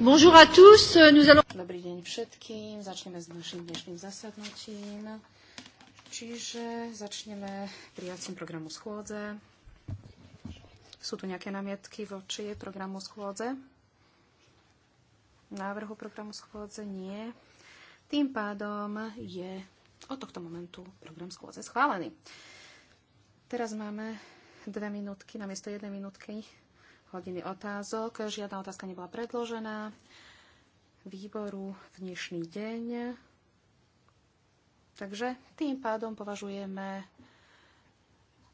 Bonjour à tous, nous allons... Dobrý deň všetkým, začneme s našim dnešným zasadnutím. Čiže začneme prijacím programu schôdze. Sú tu nejaké namietky voči programu schôdze? Návrhu programu schôdze nie. Tým pádom je od tohto momentu program schôdze schválený. Teraz máme dve minútky, namiesto jednej minútky hodiny otázok. Žiadna otázka nebola predložená výboru v dnešný deň. Takže tým pádom považujeme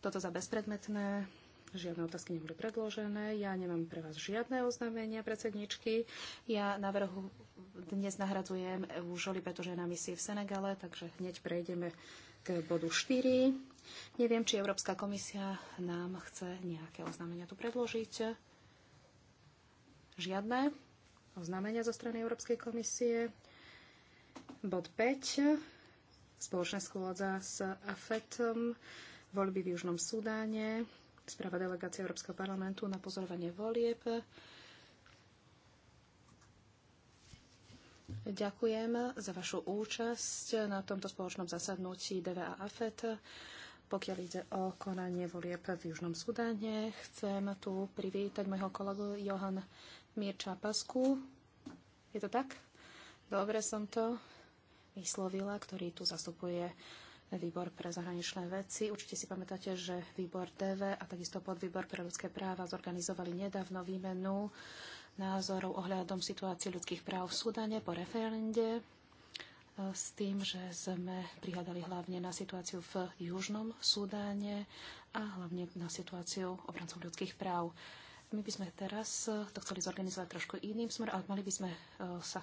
toto za bezpredmetné. Žiadne otázky neboli predložené. Ja nemám pre vás žiadne oznámenia predsedničky. Ja navrhu dnes nahradzujem EU Žoli, pretože je na misii v Senegale, takže hneď prejdeme k bodu 4. Neviem, či Európska komisia nám chce nejaké oznámenia tu predložiť žiadne oznámenia zo strany Európskej komisie. Bod 5. Spoločná schôdza s AFETom voľby v Južnom Sudáne. Správa delegácie Európskeho parlamentu na pozorovanie volieb. Ďakujem za vašu účasť na tomto spoločnom zasadnutí DVA AFET. Pokiaľ ide o konanie volieb v Južnom Sudáne, chcem tu privítať môjho kolegu Johan Mirča Pasku. Je to tak? Dobre som to vyslovila, ktorý tu zastupuje výbor pre zahraničné veci. Určite si pamätáte, že výbor TV a takisto podvýbor pre ľudské práva zorganizovali nedávno výmenu názorov ohľadom situácie ľudských práv v Sudane po referende e, s tým, že sme prihľadali hlavne na situáciu v Južnom Sudáne a hlavne na situáciu obrancov ľudských práv my by sme teraz eh, to chceli zorganizovať trošku iným smerom, ale mali by sme eh, sa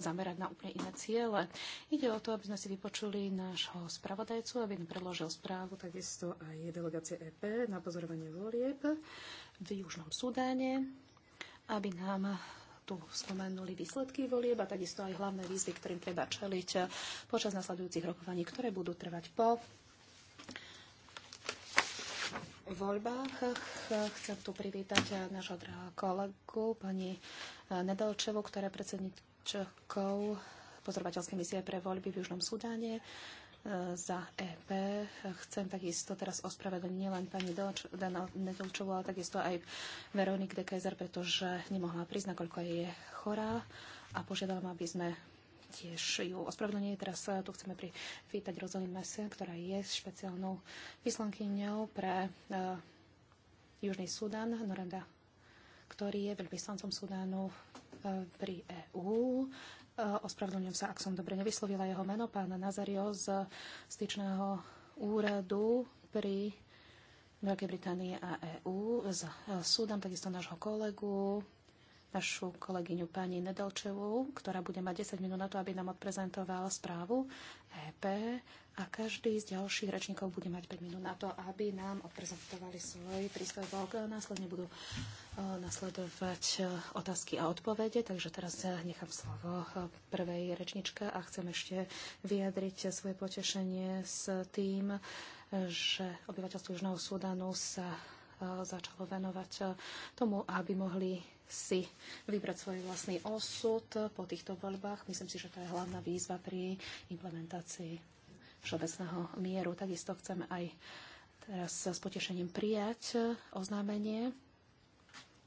zamerať na úplne iné ciele. Ide o to, aby sme si vypočuli nášho spravodajcu, aby nám predložil správu, takisto aj delegácie EP na pozorovanie volieb v Južnom Sudáne, aby nám tu spomenuli výsledky volieb a takisto aj hlavné výzvy, ktorým treba čeliť počas nasledujúcich rokovaní, ktoré budú trvať po voľbách. Chcem tu privítať nášho drahého kolegu, pani Nedelčevu, ktorá je predsedničkou pozorovateľskej misie pre voľby v Južnom Sudáne e, za EP. Chcem takisto teraz ospravedlniť nielen pani Nedelčovú, ale takisto aj Veronik de Kaiser, pretože nemohla prísť, nakoľko je chorá a požiadala ma, aby sme tiež ju ospravedlňuje. Teraz eh, tu chceme privítať Rosalind Mese, ktorá je špeciálnou vyslankyňou pre uh, Južný Sudan, Noranda, ktorý je veľvyslancom Sudánu uh, pri EÚ. Uh, ospravedlňujem sa, ak som dobre nevyslovila jeho meno, pána Nazario z styčného úradu pri Veľkej Británii a EÚ, z Súdan, takisto nášho kolegu, našu kolegyňu pani Nedelčevú, ktorá bude mať 10 minút na to, aby nám odprezentovala správu EP a každý z ďalších rečníkov bude mať 5 minút na to, aby nám odprezentovali svoj príspevok. Následne budú e, nasledovať e, otázky a odpovede, takže teraz e, nechám slovo prvej rečničke a chcem ešte vyjadriť svoje potešenie s tým, že obyvateľstvo Južného Sudanu sa začalo venovať tomu, aby mohli si vybrať svoj vlastný osud po týchto voľbách. Myslím si, že to je hlavná výzva pri implementácii všeobecného mieru. Takisto chceme aj teraz s potešením prijať oznámenie.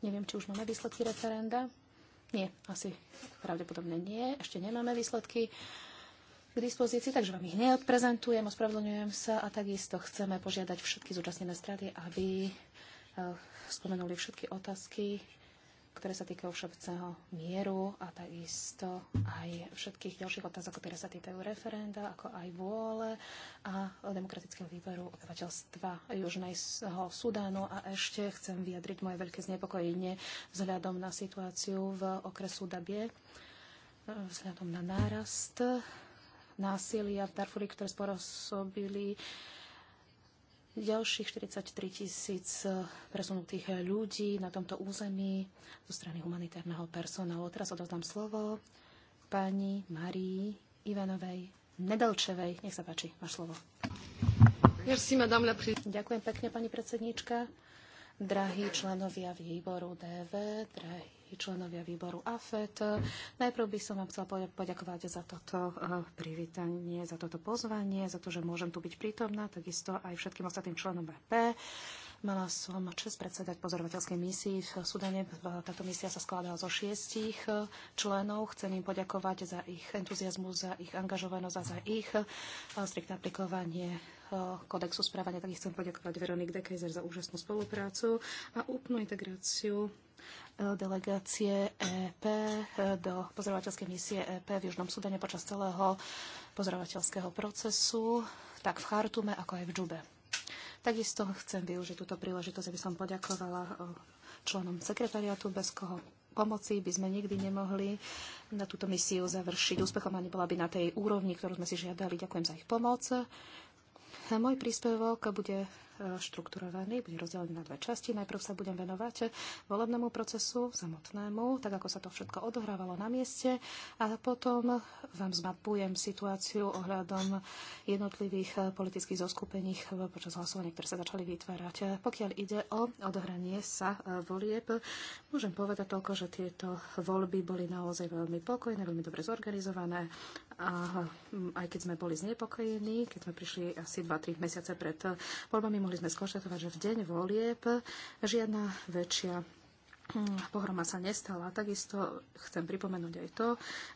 Neviem, či už máme výsledky referenda. Nie, asi pravdepodobne nie. Ešte nemáme výsledky k dispozícii, takže vám ich neodprezentujem, ospravedlňujem sa a takisto chceme požiadať všetky zúčastnené strany, aby eh, spomenuli všetky otázky, ktoré sa týkajú všeobecného mieru a takisto aj všetkých ďalších otázok, ktoré sa týkajú referenda, ako aj vôle a demokratického výberu obyvateľstva Južného Sudánu. A ešte chcem vyjadriť moje veľké znepokojenie vzhľadom na situáciu v okresu Dabie, vzhľadom na nárast násilia v Darfuri, ktoré spôsobili ďalších 43 tisíc eh, presunutých eh, ľudí na tomto území zo strany humanitárneho personálu. Teraz odovzdám slovo pani Marii Ivanovej Nedelčevej. Nech sa páči, máš slovo. Merci, madame la Ďakujem pekne, pani predsedníčka. Drahí členovia výboru DV, drahí členovia výboru AFET. Najprv by som vám chcela poďakovať za toto eh, privítanie, za toto pozvanie, za to, že môžem tu byť prítomná, takisto aj všetkým ostatným členom EP. Mala som čest predsedať pozorovateľskej misii v Sudane. Táto misia sa skladala zo šiestich eh, členov. Chcem im poďakovať za ich entuziasmus, za ich angažovanosť a za ich eh, striktné aplikovanie kodexu správania. Tak chcem poďakovať Veronik Dekejzer za úžasnú spoluprácu a úplnú integráciu delegácie EP e, do pozorovateľskej misie EP v Južnom Sudane počas celého pozorovateľského procesu, tak v Chartume, ako aj v Džube. Takisto chcem využiť túto príležitosť, aby som poďakovala e, členom sekretariatu, bez koho pomoci by sme nikdy nemohli na túto misiu završiť úspechom ani bola by na tej úrovni, ktorú sme si žiadali. Ďakujem za ich pomoc. Môj príspevok bude štrukturovaný, bude rozdelený na dve časti. Najprv sa budem venovať volebnému procesu samotnému, tak ako sa to všetko odohrávalo na mieste a potom vám zmapujem situáciu ohľadom jednotlivých politických zoskupení počas hlasovania, ktoré sa začali vytvárať. Pokiaľ ide o odohranie sa e, volieb, môžem povedať toľko, že tieto voľby boli naozaj veľmi pokojné, veľmi dobre zorganizované a aj keď sme boli znepokojení, keď sme prišli asi 2-3 mesiace pred voľbami, mohli sme skonštatovať, že v deň volieb žiadna väčšia hm, pohroma sa nestala. Takisto chcem pripomenúť aj to,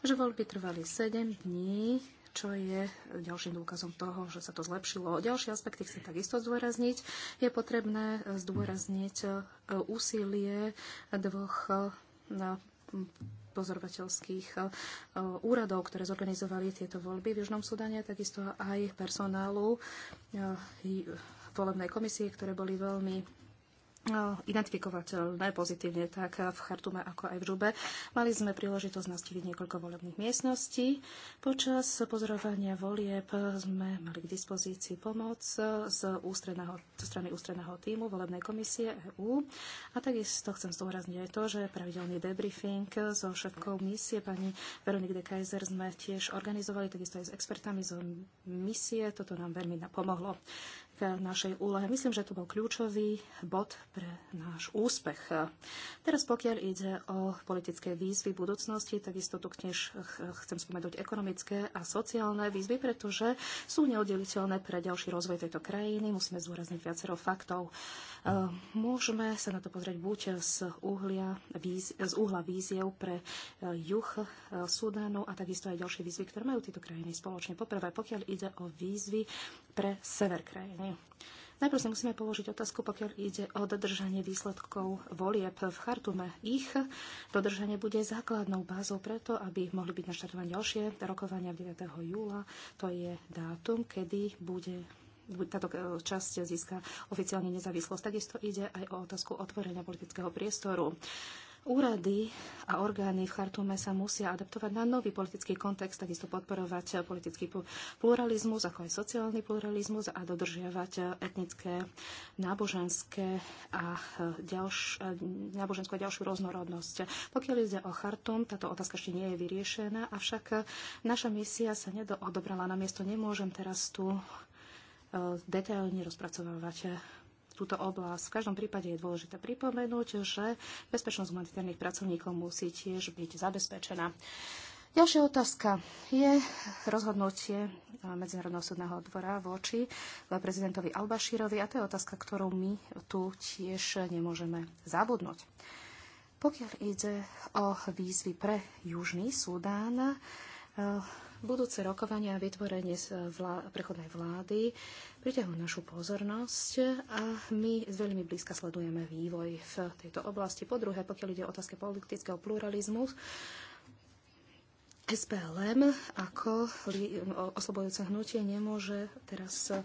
že voľby trvali 7 dní, čo je ďalším dôkazom toho, že sa to zlepšilo. Ďalšie aspekty chcem takisto zdôrazniť. Je potrebné zdôrazniť eh, úsilie dvoch eh, hm, pozorovateľských eh, úradov, ktoré zorganizovali tieto voľby v Južnom Sudane, takisto aj personálu volebnej komisie, ktoré boli veľmi eh, identifikovateľné pozitívne tak v Chartume ako aj v Žube. Mali sme príležitosť navštíviť niekoľko volebných miestností. Počas pozorovania volieb sme mali k dispozícii pomoc z, ústredného, z strany ústredného týmu volebnej komisie EÚ. A takisto chcem zdôrazniť aj to, že pravidelný debriefing so šéfkou misie pani Veronik de Kaiser sme tiež organizovali, takisto aj s expertami zo misie. Toto nám veľmi napomohlo. K našej úlohe. Myslím, že to bol kľúčový bod pre náš úspech. Teraz pokiaľ ide o politické výzvy budúcnosti, takisto tu tiež chcem spomenúť ekonomické a sociálne výzvy, pretože sú neoddeliteľné pre ďalší rozvoj tejto krajiny. Musíme zúrazniť viacero faktov. Eh, môžeme sa na to pozrieť buď z, uhlia, víz, z uhla víziev pre eh, juh eh, Sudánu a takisto aj ďalšie výzvy, ktoré majú tieto krajiny spoločne. Poprvé, pokiaľ ide o výzvy pre sever krajiny. Najprv si musíme položiť otázku, pokiaľ ide o dodržanie výsledkov volieb v Chartume. Ich dodržanie bude základnou bázou preto, aby mohli byť naštartované ďalšie rokovania 9. júla. To je dátum, kedy bude táto e, časť získa oficiálne nezávislosť. Takisto ide aj o otázku otvorenia politického priestoru. Úrady a orgány v Chartume sa musia adaptovať na nový politický kontext, takisto podporovať politický pluralizmus, ako aj sociálny pluralizmus a dodržiavať e, etnické, náboženské a, e, ďalš, náboženskú a ďalšiu rôznorodnosť. Pokiaľ ide o Chartum, táto otázka ešte nie je vyriešená, avšak naša misia sa nedoodobrala na miesto. Nemôžem teraz tu E, detailne rozpracovávať túto oblasť. V každom prípade je dôležité pripomenúť, že bezpečnosť humanitárnych pracovníkov musí tiež byť zabezpečená. Ďalšia otázka je rozhodnutie Medzinárodného súdneho dvora voči prezidentovi Albašírovi a to je otázka, ktorú my tu tiež nemôžeme zabudnúť. Pokiaľ ide o výzvy pre Južný Sudán, e, budúce rokovania a vytvorenie eh, vlá- prechodnej vlády priťahujú našu pozornosť a my veľmi blízka sledujeme vývoj v tejto oblasti. Po druhé, pokiaľ ide o otázky politického pluralizmu, SPLM ako oslobojúce hnutie nemôže teraz eh,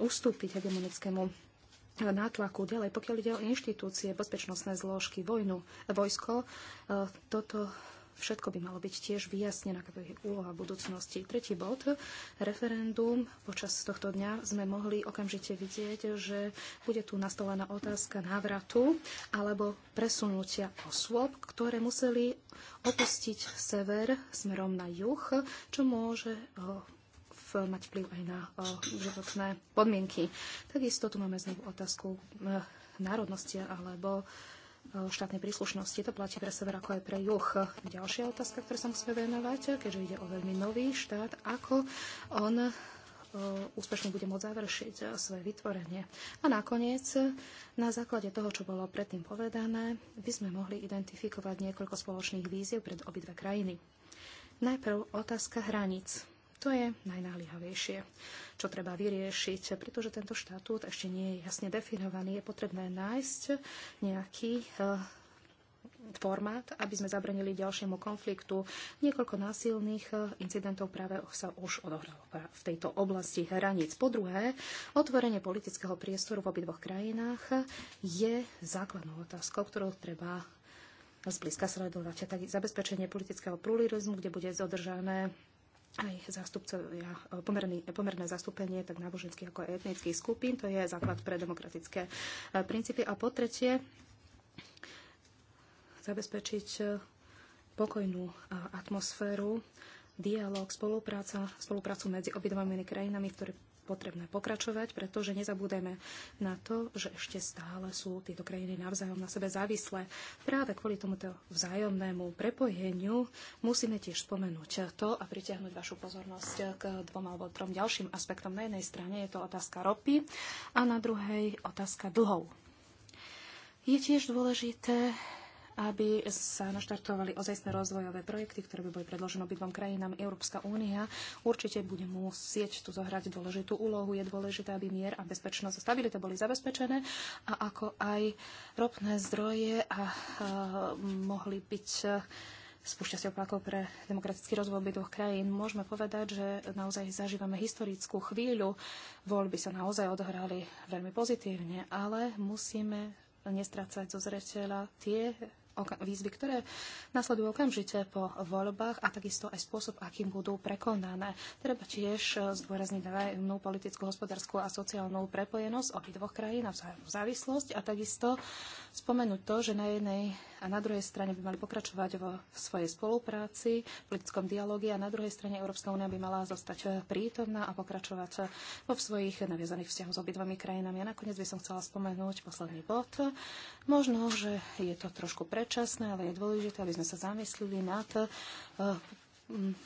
ustúpiť hegemonickému eh, nátlaku. Ďalej, pokiaľ ide o inštitúcie, bezpečnostné zložky, vojnu, vojsko, toto všetko by malo byť tiež vyjasnené, aká je úloha budúcnosti. Tretí bod, referendum. Počas tohto dňa sme mohli okamžite vidieť, že bude tu nastolená otázka návratu alebo presunutia osôb, ktoré museli opustiť sever smerom na juh, čo môže eh, mať vplyv aj na eh, životné podmienky. Takisto tu máme znovu otázku eh, národnosti alebo uh, štátnej príslušnosti. To platí pre sever ako aj pre juh. Ďalšia otázka, ktorá sa musíme venovať, keďže ide o veľmi nový štát, ako on e, úspešne bude môcť završiť e, svoje vytvorenie. A nakoniec, na základe toho, čo bolo predtým povedané, by sme mohli identifikovať niekoľko spoločných víziev pred obidve krajiny. Najprv otázka hraníc. To je najnáhlihavejšie, čo treba vyriešiť, pretože tento štatút ešte nie je jasne definovaný. Je potrebné nájsť nejaký eh, formát, aby sme zabranili ďalšiemu konfliktu. Niekoľko násilných eh, incidentov práve sa už odohralo v tejto oblasti hraníc. Po druhé, otvorenie politického priestoru v obidvoch krajinách je základnou otázkou, ktorou treba zblízka sledovať. Tak zabezpečenie politického pluralizmu, kde bude zodržané aj zástupcovia, pomerný, pomerné zastúpenie tak náboženských ako aj etnických skupín. To je základ pre demokratické eh, princípy. A po tretie, zabezpečiť eh, pokojnú eh, atmosféru, dialog, spolupráca, spoluprácu medzi obidvami krajinami, v ktorej potrebné pokračovať, pretože nezabúdajme na to, že ešte stále sú tieto krajiny navzájom na sebe závislé. Práve kvôli tomuto vzájomnému prepojeniu musíme tiež spomenúť to a pritiahnuť vašu pozornosť k dvom alebo trom ďalším aspektom. Na jednej strane je to otázka ropy a na druhej otázka dlhov. Je tiež dôležité aby sa naštartovali ozajstné rozvojové projekty, ktoré by boli predložené obidvom krajinám. Európska únia určite bude musieť tu zohrať dôležitú úlohu. Je dôležité, aby mier a bezpečnosť a stabilita boli zabezpečené a ako aj ropné zdroje a, a mohli byť spúšťa oplakov pre demokratický rozvoj obidvoch krajín. Môžeme povedať, že naozaj zažívame historickú chvíľu. Voľby sa naozaj odohrali veľmi pozitívne, ale musíme nestrácať zo zreteľa tie výzvy, ktoré nasledujú okamžite po voľbách a takisto aj spôsob, akým budú prekonané. Treba tiež e, zdôrazniť vzájomnú politickú, hospodárskú a sociálnu prepojenosť obidvoch krajín a vzájomnú závislosť a takisto spomenúť to, že na jednej a na druhej strane by mali pokračovať vo svojej spolupráci, v politickom dialóge a na druhej strane Európska únia by mala zostať prítomná a pokračovať vo svojich naviazaných vzťahoch s obidvomi krajinami. A nakoniec by som chcela spomenúť posledný bod. Možno, že je to trošku predčasné, ale je dôležité, aby sme sa zamyslili nad eh,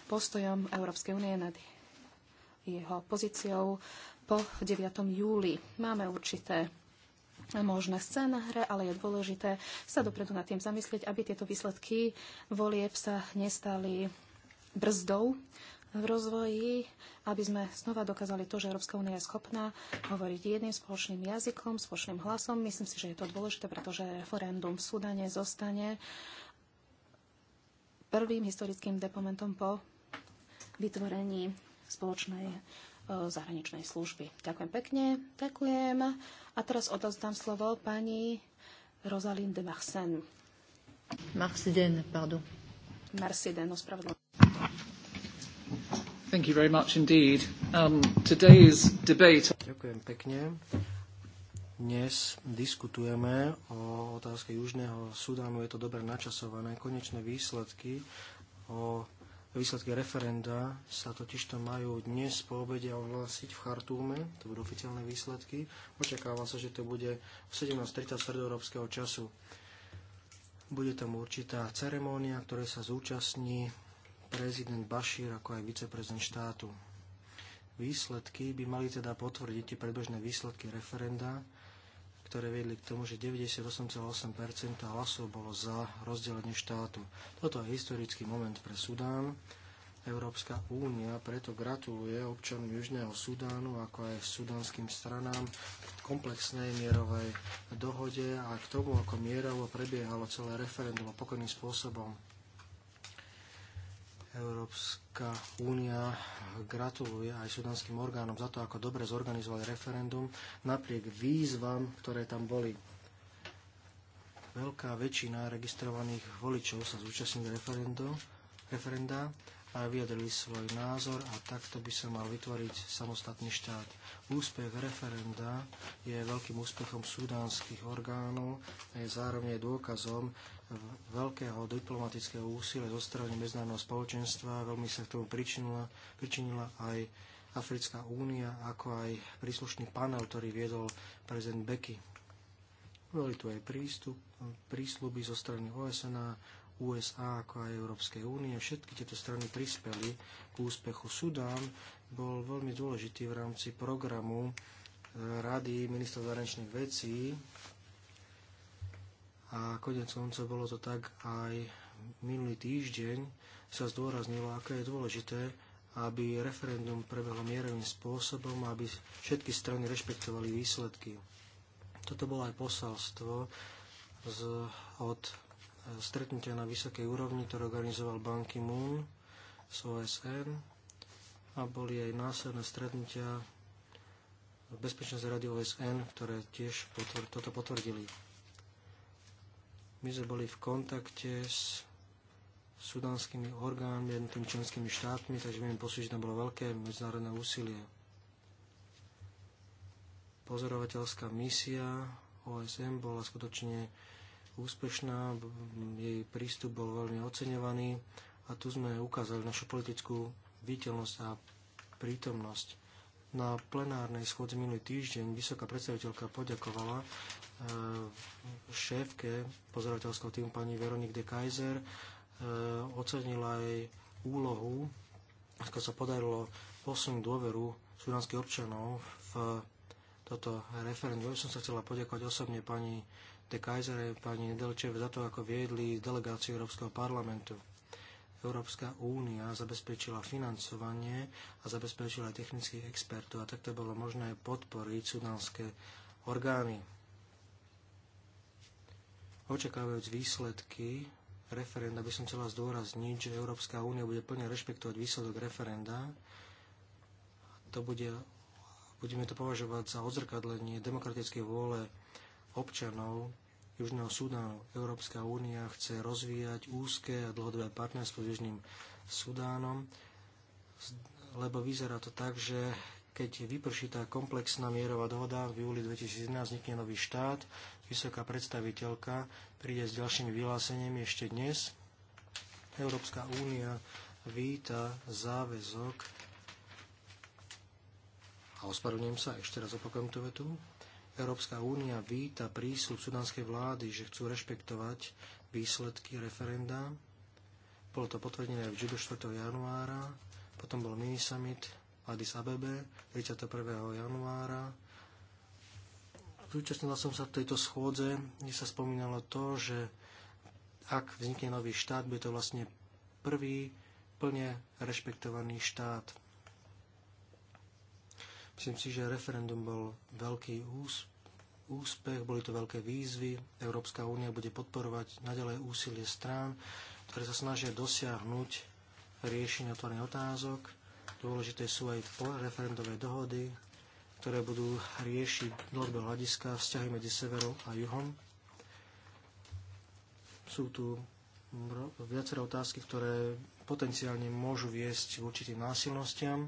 postojom Európskej únie, nad jeho pozíciou po 9. júli. Máme určité možné scénáre, ale je dôležité sa dopredu nad tým zamyslieť, aby tieto výsledky volieb sa nestali brzdou v rozvoji, aby sme znova dokázali to, že Európska únia je schopná hovoriť jedným spoločným jazykom, spoločným hlasom. Myslím si, že je to dôležité, pretože referendum v Sudane zostane prvým historickým dokumentom po vytvorení spoločnej e, zahraničnej služby. Ďakujem pekne. Ďakujem. A teraz odozdám slovo pani Rosaline de Marsen. Marsiden, pardon. Marsiden, ospravedlňujem. Thank you very much indeed. Um, today's debate... Ďakujem pekne. Dnes diskutujeme o otázke Južného Sudánu. Je to dobre načasované. Konečné výsledky o Výsledky referenda sa totižto majú dnes po obede ohlásiť v Chartúme, to budú oficiálne výsledky. Očakáva sa, že to bude v 17.30 stredoeurópskeho času. Bude tam určitá ceremónia, ktorej sa zúčastní prezident Bašír ako aj viceprezident štátu. Výsledky by mali teda potvrdiť tie predbežné výsledky referenda, ktoré viedli k tomu, že 98,8 hlasov bolo za rozdelenie štátu. Toto je historický moment pre Sudán. Európska únia preto gratuluje občanom Južného Sudánu, ako aj sudánskym stranám, k komplexnej mierovej dohode a k tomu, ako mierovo prebiehalo celé referendum a pokojným spôsobom. Európska únia gratuluje aj sudanským orgánom za to, ako dobre zorganizovali referendum, napriek výzvam, ktoré tam boli. Veľká väčšina registrovaných voličov sa zúčastnila referenda a vyjadrili svoj názor a takto by sa mal vytvoriť samostatný štát. Úspech referenda je veľkým úspechom sudánskych orgánov a je zároveň dôkazom veľkého diplomatického úsilia zo strany medzinárodného spoločenstva. Veľmi sa k tomu pričinila, pričinila aj Africká únia, ako aj príslušný panel, ktorý viedol prezident Beky. Boli tu aj prístup, prísluby zo strany OSN, USA ako aj Európskej únie. Všetky tieto strany prispeli k úspechu. Sudán bol veľmi dôležitý v rámci programu e, Rady ministrov zahraničných vecí a konec konca bolo to tak aj minulý týždeň sa zdôraznilo, aké je dôležité, aby referendum prebehlo mierovým spôsobom, aby všetky strany rešpektovali výsledky. Toto bolo aj posalstvo z, od stretnutia na vysokej úrovni, ktoré organizoval Ban Ki-moon z OSN a boli aj následné stretnutia bezpečnosti rady OSN, ktoré tiež potvr- toto potvrdili. My sme boli v kontakte s sudánskymi orgánmi, jednotými členskými štátmi, takže viem posúdiť, že tam bolo veľké medzinárodné úsilie. Pozorovateľská misia OSM bola skutočne úspešná, jej prístup bol veľmi oceňovaný a tu sme ukázali našu politickú viditeľnosť a prítomnosť. Na plenárnej schôdzi minulý týždeň vysoká predstaviteľka poďakovala e, šéfke pozorovateľského týmu pani Veronik de Kaiser, e, ocenila jej úlohu, ako sa podarilo posunúť dôveru sudánskych občanov v toto referendum. Ja som sa chcela poďakovať osobne pani de Kaiser a pani Nedelčev za to, ako viedli delegáciu Európskeho parlamentu. Európska únia zabezpečila financovanie a zabezpečila technických expertov a takto bolo možné podporiť sudánske orgány. Očakávajúc výsledky referenda by som chcela zdôrazniť, že Európska únia bude plne rešpektovať výsledok referenda. To bude Budeme to považovať za odzrkadlenie demokratickej vôle občanov Južného Sudánu. Európska únia chce rozvíjať úzke a dlhodobé partnerstvo s Južným Sudánom, lebo vyzerá to tak, že keď vyprší tá komplexná mierová dohoda v júli 2011 vznikne nový štát, vysoká predstaviteľka príde s ďalšími vyhláseniami ešte dnes. Európska únia víta záväzok a ospravedlňujem sa, ešte raz opakujem tú vetu, Európska únia víta prísľub sudanskej vlády, že chcú rešpektovať výsledky referenda. Bolo to potvrdené v Džibu 4. januára, potom bol minisummit v Addis Abebe 31. januára. Zúčastnila som sa v tejto schôdze, kde sa spomínalo to, že ak vznikne nový štát, bude to vlastne prvý plne rešpektovaný štát Myslím si, že referendum bol veľký úspech, boli to veľké výzvy. Európska únia bude podporovať naďalej úsilie strán, ktoré sa snažia dosiahnuť riešenie otvorených otázok. Dôležité sú aj referendové dohody, ktoré budú riešiť dlhodobé hľadiska vzťahy medzi severom a juhom. Sú tu viaceré otázky, ktoré potenciálne môžu viesť k určitým násilnostiam.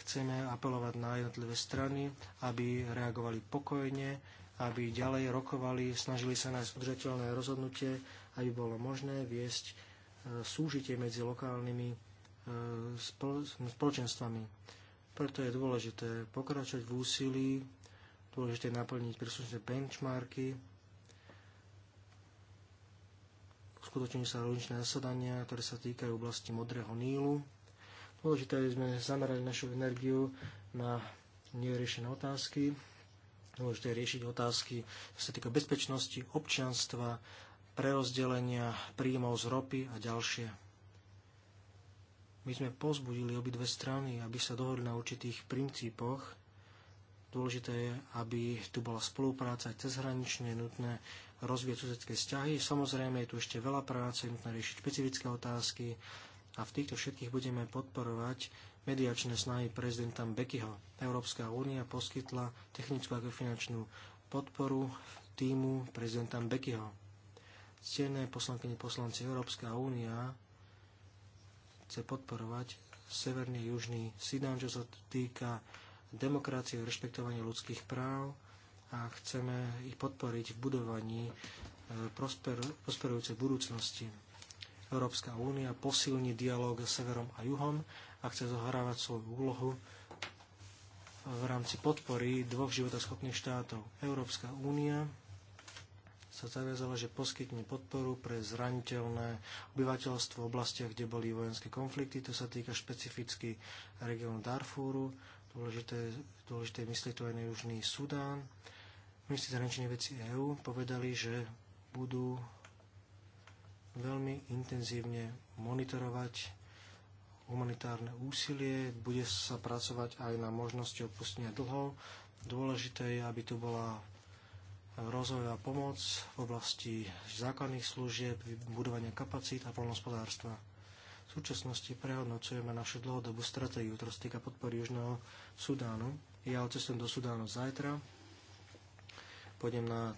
Chceme apelovať na jednotlivé strany, aby reagovali pokojne, aby ďalej rokovali, snažili sa nájsť udržateľné rozhodnutie, aby bolo možné viesť e, súžitie medzi lokálnymi e, spoločenstvami. Preto je dôležité pokračovať v úsilí, dôležité naplniť príslušné benchmarky, skutočne sa rozličné zasadania, ktoré sa týkajú oblasti Modrého Nílu, Dôležité, aby sme zamerali našu energiu na neriešené otázky. Dôležité je riešiť otázky, čo sa týka bezpečnosti, občianstva, prerozdelenia príjmov z ropy a ďalšie. My sme pozbudili obidve strany, aby sa dohodli na určitých princípoch. Dôležité je, aby tu bola spolupráca aj cezhranične, nutné rozvieť susedské vzťahy. Samozrejme, je tu ešte veľa práce, nutné riešiť špecifické otázky, a v týchto všetkých budeme podporovať mediačné snahy prezidenta Bekyho. Európska únia poskytla technickú ako finančnú podporu týmu prezidenta Bekyho. Ctené poslankyne poslanci Európska únia chce podporovať severný a južný Sidán, čo sa týka demokracie, a rešpektovania ľudských práv a chceme ich podporiť v budovaní eh, prosperujúcej budúcnosti Európska únia posilní dialog s severom a juhom a chce zohrávať svoju úlohu v rámci podpory dvoch životoschopných štátov. Európska únia sa zaviazala, že poskytne podporu pre zraniteľné obyvateľstvo v oblastiach, kde boli vojenské konflikty. To sa týka špecificky regiónu Darfúru. Dôležité, dôležité myslieť tu aj na Južný Sudán. Ministri zahraničných vecí EÚ povedali, že budú veľmi intenzívne monitorovať humanitárne úsilie, bude sa pracovať aj na možnosti opustenia dlhov. Dôležité je, aby tu bola rozvojová pomoc v oblasti základných služieb, budovania kapacít a polnospodárstva. V súčasnosti prehodnocujeme našu dlhodobú stratégiu, ktorá sa týka podpory Južného Sudánu. Ja odcestujem do Sudánu zajtra, pôjdem na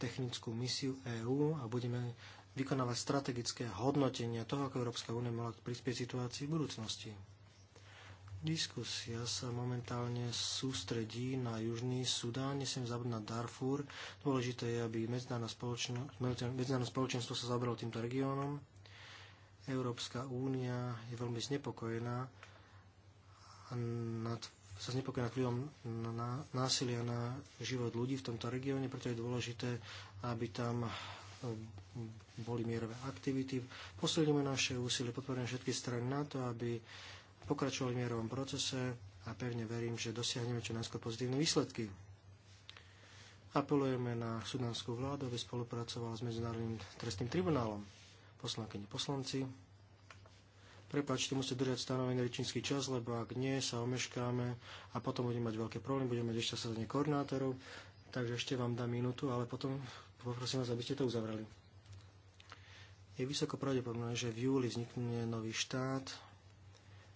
technickú misiu EÚ a budeme vykonávať strategické hodnotenia toho, ako Európska únia mala prispieť situácii v budúcnosti. Diskusia sa momentálne sústredí na Južný Sudán, nesem zabudnúť na Darfur. Dôležité je, aby medzinárodné spoločenstvo sa zabralo týmto regiónom. Európska únia je veľmi znepokojená nad, sa znepokojí vplyvom na, na, násilia na život ľudí v tomto regióne, preto je dôležité, aby tam Eh, boli mierové aktivity. Posledujeme naše úsilie, podporujeme všetky strany na to, aby pokračovali v mierovom procese a pevne verím, že dosiahneme čo najskôr pozitívne výsledky. Apelujeme na sudánsku vládu, aby spolupracovala s Medzinárodným trestným tribunálom. Poslankyni poslanci, prepačte, musíte držať stanovený rečnícky čas, lebo ak nie, sa omeškáme a potom budeme mať veľké problémy, budeme mať ešte sa koordinátorov, takže ešte vám dám minútu, ale potom poprosím vás, aby ste to uzavrali. Je vysoko pravdepodobné, že v júli vznikne nový štát.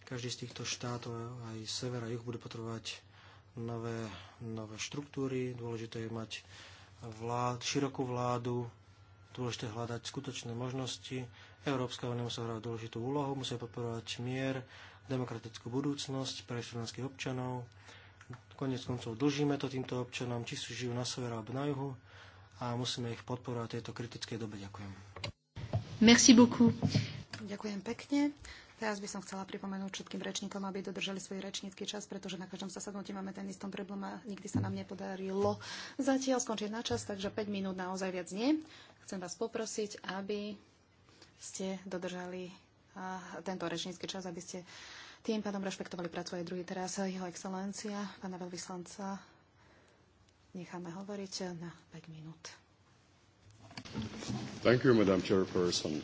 Každý z týchto štátov, aj sever a juh, bude potrebovať nové, nové štruktúry. Dôležité je mať vlád, širokú vládu, dôležité hľadať skutočné možnosti. Európska únia musí hrať dôležitú úlohu, musí podporovať mier, demokratickú budúcnosť pre slovenských občanov. Konec koncov dlžíme to týmto občanom, či sú žijú na severu alebo na juhu a musíme ich podporovať v tejto kritickej dobe. Ďakujem. Merci beaucoup. Ďakujem pekne. Teraz by som chcela pripomenúť všetkým rečníkom, aby dodržali svoj rečnícky čas, pretože na každom zasadnutí máme ten istý problém a nikdy sa nám nepodarilo zatiaľ skončiť na čas, takže 5 minút naozaj viac nie. Chcem vás poprosiť, aby ste dodržali tento rečnícky čas, aby ste tým pádom rešpektovali prácu aj druhý. Teraz jeho excelencia, pána veľvyslanca necháme hovoriť na 5 minút. Thank you, Madam Chairperson.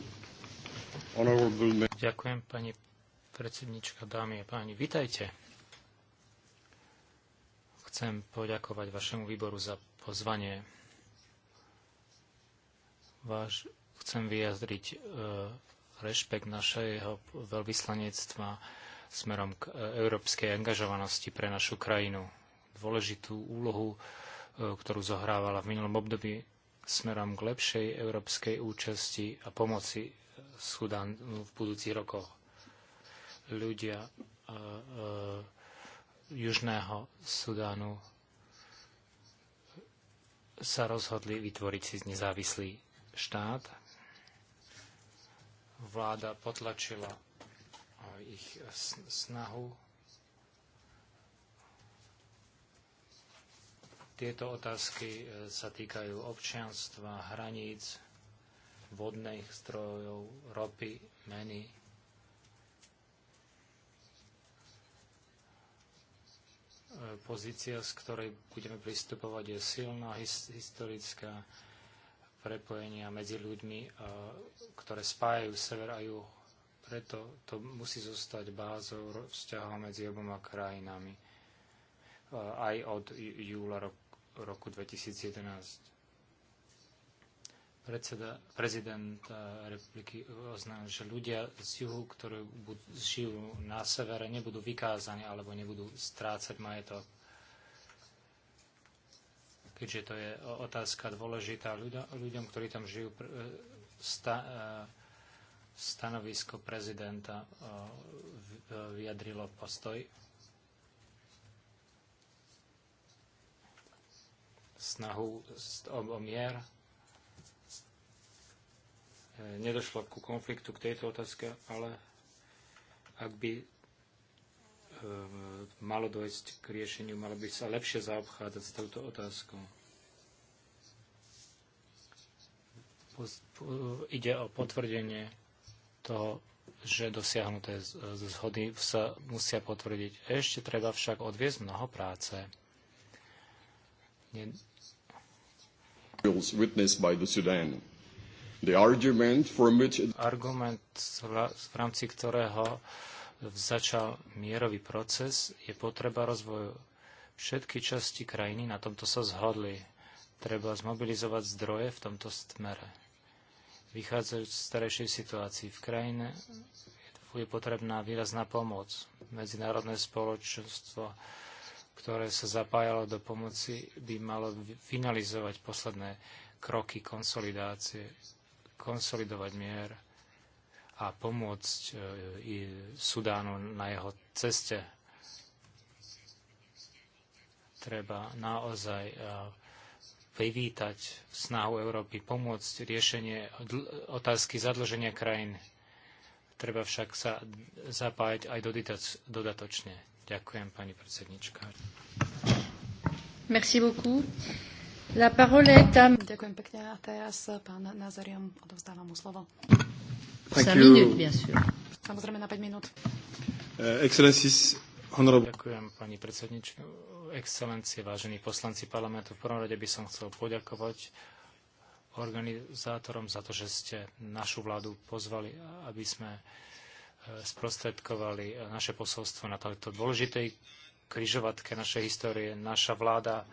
Honorable... Ďakujem, pani predsednička, dámy a páni. Vítajte. Chcem poďakovať vašemu výboru za pozvanie. Váš, chcem vyjadriť e, rešpekt našeho veľvyslanectva smerom k e, európskej angažovanosti pre našu krajinu. Dôležitú úlohu ktorú zohrávala v minulom období smerom k lepšej európskej účasti a pomoci eh, Sudánu eh, v budúcich rokoch. Ľudia eh, Južného Sudánu sa rozhodli vytvoriť si nezávislý štát. Vláda potlačila ich snahu Tieto otázky e, sa týkajú občianstva, hraníc, vodných strojov, ropy, meny. E, pozícia, z ktorej budeme pristupovať, je silná, historická prepojenia medzi ľuďmi, e, ktoré spájajú sever a juh. Preto to musí zostať bázou vzťahov medzi oboma krajinami aj od júla roku roku 2011. Predseda, prezident eh, republiky oznámil, že ľudia z juhu, ktorí žijú na severe, nebudú vykázaní alebo nebudú strácať majetok. Keďže to je otázka dôležitá ľuďom, ktorí tam žijú, eh, sta, eh, stanovisko prezidenta vyjadrilo postoj snahu o mier. E, nedošlo ku konfliktu k tejto otázke, ale ak by e, malo dojsť k riešeniu, malo by sa lepšie zaobchádzať s touto otázkou. Ide o potvrdenie toho, že dosiahnuté zhody sa musia potvrdiť. Ešte treba však odviezť mnoho práce witnessed by the Sudan. The argument from which Argument, v rámci ktorého začal mierový proces, je potreba rozvoju. Všetky časti krajiny na tomto sa zhodli. Treba zmobilizovať zdroje v tomto smere. Vychádzajúc z starejšej situácii v krajine, je potrebná výrazná pomoc. Medzinárodné spoločenstvo ktoré sa zapájalo do pomoci, by malo finalizovať posledné kroky konsolidácie, konsolidovať mier a pomôcť e, i Sudánu na jeho ceste. Treba naozaj e, privítať snahu Európy pomôcť riešenie otázky zadlženia krajín. Treba však sa zapájať aj dodatočne Ďakujem, pani predsednička. Merci beaucoup. La parole est à... Ďakujem pekne. A teraz eh, pán Nazariom odovzdávam mu slovo. Thank you. Samozrejme na 5 minút. Uh, excellencies, honorable... Ďakujem, pani predsednička. Excelencie, vážení poslanci parlamentu. V prvom rade by som chcel poďakovať organizátorom za to, že ste našu vládu pozvali, aby sme uh, sprostredkovali naše posolstvo na tejto dôležitej križovatke našej histórie. Naša vláda,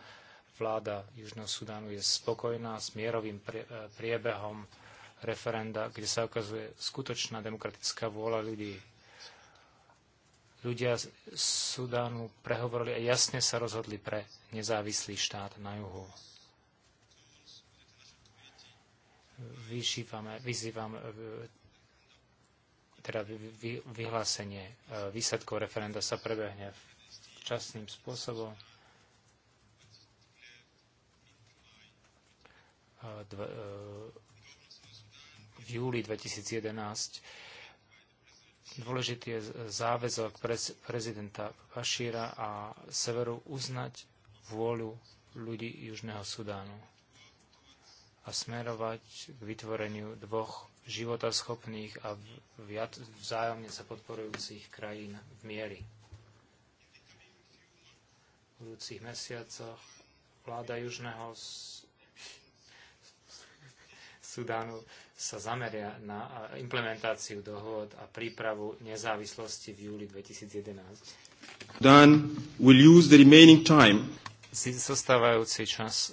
vláda Južného Sudánu je spokojná s mierovým e, priebehom referenda, kde sa ukazuje skutočná demokratická vôľa ľudí. Ľudia z Sudánu prehovorili a jasne sa rozhodli pre nezávislý štát na juhu. vyzývame teda vyhlásenie e, výsledkov referenda sa prebehne včasným spôsobom. E, e, v júli 2011 dôležitý je záväzok prezidenta Bašíra a Severu uznať vôľu ľudí Južného Sudánu a smerovať k vytvoreniu dvoch životaschopných a viac vzájomne sa podporujúcich krajín v miery. V budúcich mesiacoch vláda Južného Sudánu sa zameria na implementáciu dohôd a prípravu nezávislosti v júli 2011. zostávajúci čas e,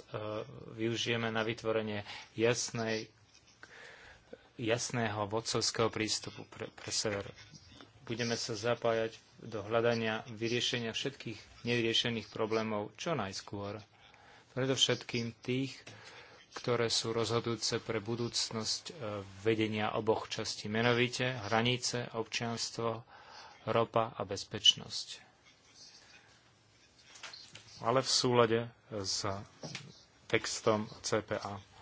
využijeme na vytvorenie jasnej jasného vodcovského prístupu pre, pre sever. Budeme sa zapájať do hľadania vyriešenia všetkých nevyriešených problémov čo najskôr. Predovšetkým tých, ktoré sú rozhodujúce pre budúcnosť e, vedenia oboch častí, menovite hranice, občianstvo, ropa a bezpečnosť. Ale v súlade s textom CPA.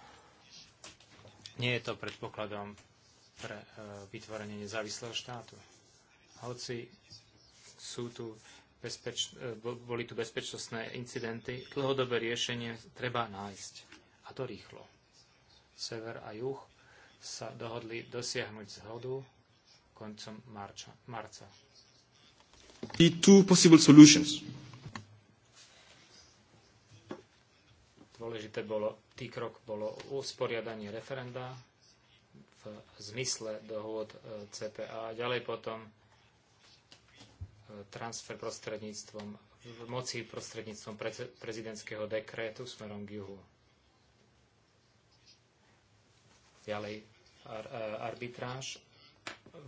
Nie je to predpokladom pre e, vytvorenie nezávislého štátu. Hoci sú tu bezpeč- e, boli tu bezpečnostné incidenty, dlhodobé riešenie treba nájsť. A to rýchlo. Sever a juh sa dohodli dosiahnuť zhodu koncom marča, marca. The two possible solutions. dôležité bolo, tý krok bolo usporiadanie referenda v zmysle dohôd e, CPA a ďalej potom e, transfer prostredníctvom v moci prostredníctvom prezidentského dekrétu smerom k juhu. Ďalej ar, e, arbitráž.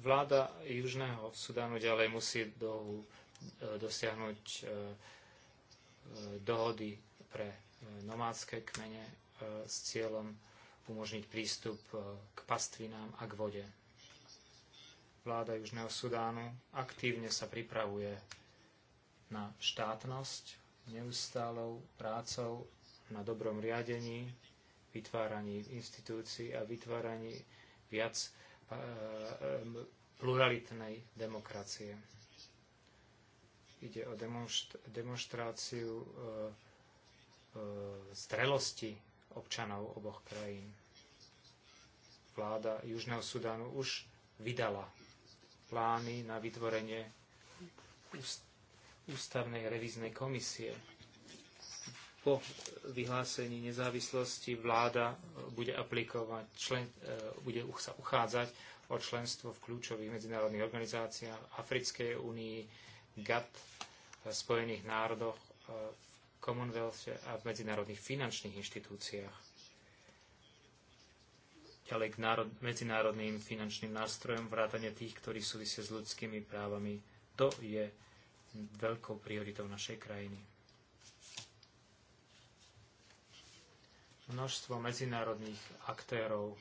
Vláda Južného Sudánu ďalej musí dohu, dosiahnuť dohody pre E, nomádske kmene e, s cieľom umožniť prístup e, k pastvinám a k vode. Vláda Južného Sudánu aktívne sa pripravuje na štátnosť neustálou prácou na dobrom riadení, vytváraní inštitúcií a vytváraní viac pluralitnej demokracie. Ide o demonstráciu zrelosti e, občanov oboch krajín. Vláda Južného Sudánu už vydala plány na vytvorenie ústavnej revíznej komisie. Po vyhlásení nezávislosti vláda bude aplikovať, člen, e, bude sa uchádzať o členstvo v kľúčových medzinárodných organizáciách Africkej únii, GATT, Spojených národoch, v e, Commonwealthe a v medzinárodných finančných inštitúciách. Ďalej k národ, medzinárodným finančným nástrojom vrátane tých, ktorí súvisia s ľudskými právami. To je veľkou prioritou našej krajiny. Množstvo medzinárodných aktérov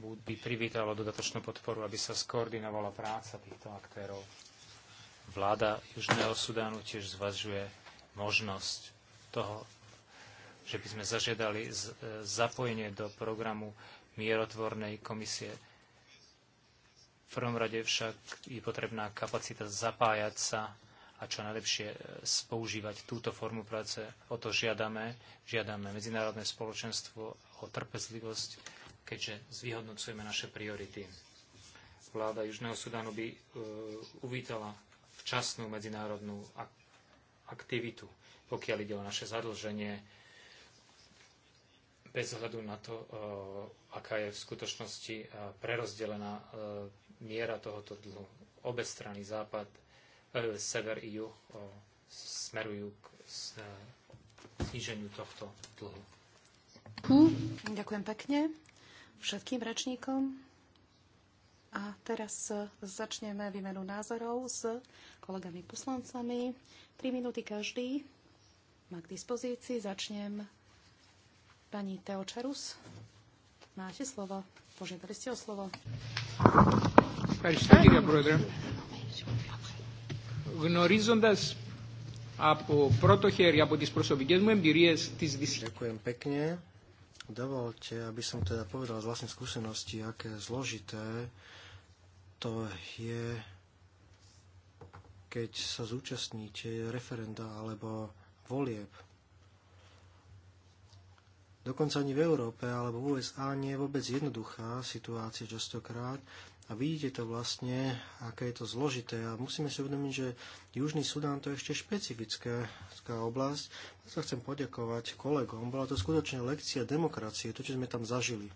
by privítalo dodatočnú podporu, aby sa skoordinovala práca týchto aktérov. Vláda Južného Sudánu tiež zvažuje možnosť toho, že by sme zažiadali e, zapojenie do programu mierotvornej komisie. V prvom rade však je potrebná kapacita zapájať sa a čo najlepšie e, spoužívať túto formu práce. O to žiadame. Žiadame medzinárodné spoločenstvo o trpezlivosť, keďže zvyhodnocujeme naše priority. Vláda Južného Sudánu by e, uvítala včasnú medzinárodnú aktivitu, pokiaľ ide o naše zadlženie, bez ohľadu na to, e, aká je v skutočnosti e, prerozdelená e, miera tohoto dlhu. Obe strany, západ, sever i juh, smerujú k zníženiu tohto dlhu. Ďakujem pekne všetkým rečníkom. A teraz e, začneme výmenu názorov s kolegami poslancami. Tri minúty každý má k dispozícii. Začnem pani Teo Máte slovo. Požiadali ste o slovo. Ďakujem pekne. Dovolte, aby som teda povedal z vlastnej skúsenosti, aké zložité to je, keď sa zúčastníte referenda alebo volieb. Dokonca ani v Európe alebo v USA nie je vôbec jednoduchá situácia častokrát a vidíte to vlastne, aké je to zložité a musíme si uvedomiť, že Južný Sudán to je ešte špecifická oblasť. Ja sa chcem poďakovať kolegom, bola to skutočne lekcia demokracie, to, čo sme tam zažili.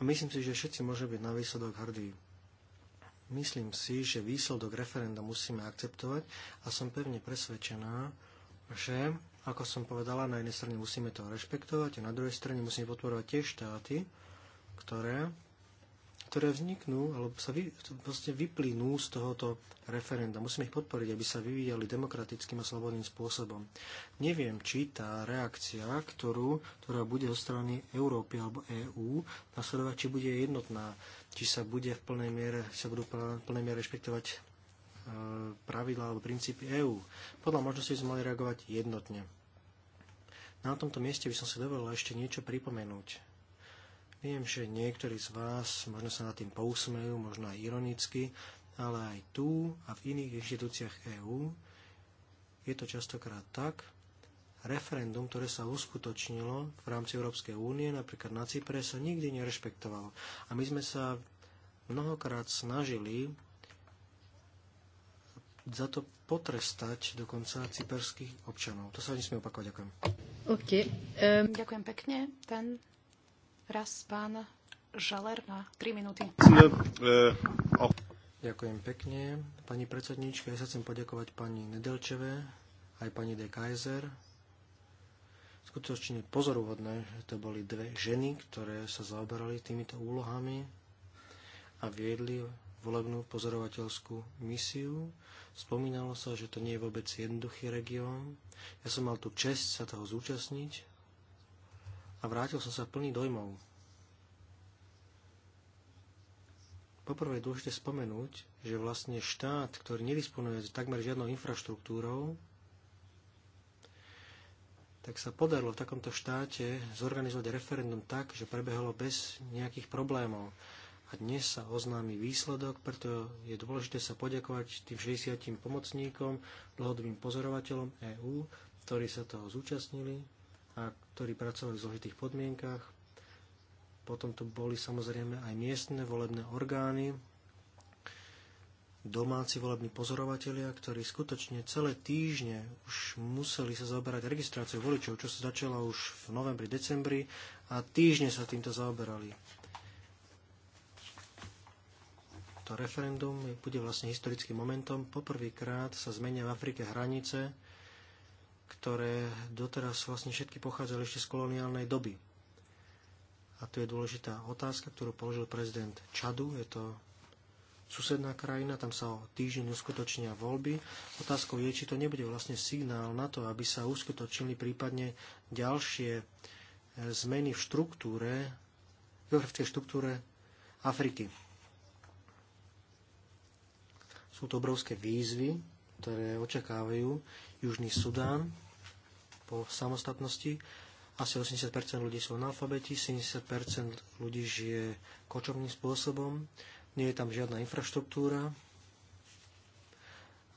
A myslím si, že všetci môžeme byť na výsledok hrdí. Myslím si, že výsledok referenda musíme akceptovať a som pevne presvedčená, že, ako som povedala, na jednej strane musíme to rešpektovať a na druhej strane musíme podporovať tie štáty, ktoré ktoré vzniknú alebo sa vy, vlastne vyplynú z tohoto referenda. Musíme ich podporiť, aby sa vyvíjali demokratickým a slobodným spôsobom. Neviem, či tá reakcia, ktorú, ktorá bude zo strany Európy alebo EÚ, nasledovať, či bude jednotná, či sa bude v plnej miere, sa budú v plnej miere rešpektovať e, pravidla alebo princípy EÚ. Podľa možnosti sme mali reagovať jednotne. Na tomto mieste by som si dovolil ešte niečo pripomenúť Viem, že niektorí z vás možno sa nad tým pousmejú, možno aj ironicky, ale aj tu a v iných inštitúciách EÚ je to častokrát tak, referendum, ktoré sa uskutočnilo v rámci Európskej únie, napríklad na Cypre, sa nikdy nerešpektovalo. A my sme sa mnohokrát snažili za to potrestať dokonca cyperských občanov. To sa nesmie opakovať. Ďakujem. OK. Um... Ďakujem pekne. Ten Raz pán Žaler má 3 minúty. Ďakujem pekne. Pani predsedníčka, ja sa chcem poďakovať pani Nedelčeve, aj pani De Kaiser. Skutočne pozorúhodné, že to boli dve ženy, ktoré sa zaoberali týmito úlohami a viedli volebnú pozorovateľskú misiu. Spomínalo sa, že to nie je vôbec jednoduchý región. Ja som mal tu čest sa toho zúčastniť a vrátil som sa plný dojmov. Poprvé je dôležité spomenúť, že vlastne štát, ktorý nedisponuje takmer žiadnou infraštruktúrou, tak sa podarilo v takomto štáte zorganizovať referendum tak, že prebehlo bez nejakých problémov. A dnes sa oznámi výsledok, preto je dôležité sa poďakovať tým 60 pomocníkom, dlhodobým pozorovateľom EÚ, ktorí sa toho zúčastnili, a ktorí pracovali v zložitých podmienkach. Potom tu boli samozrejme aj miestne volebné orgány, domáci volební pozorovatelia, ktorí skutočne celé týždne už museli sa zaoberať registráciou voličov, čo sa začalo už v novembri, decembri a týždne sa týmto zaoberali. To referendum bude vlastne historickým momentom. Poprvýkrát sa zmenia v Afrike hranice ktoré doteraz vlastne všetky pochádzali ešte z koloniálnej doby. A to je dôležitá otázka, ktorú položil prezident Čadu. Je to susedná krajina, tam sa o týždeň uskutočnia voľby. Otázkou je, či to nebude vlastne signál na to, aby sa uskutočnili prípadne ďalšie e, zmeny v štruktúre, geografickej štruktúre Afriky. Sú to obrovské výzvy, ktoré očakávajú Južný Sudán po samostatnosti. Asi 80% ľudí sú analfabeti, 70% ľudí žije kočovným spôsobom, nie je tam žiadna infraštruktúra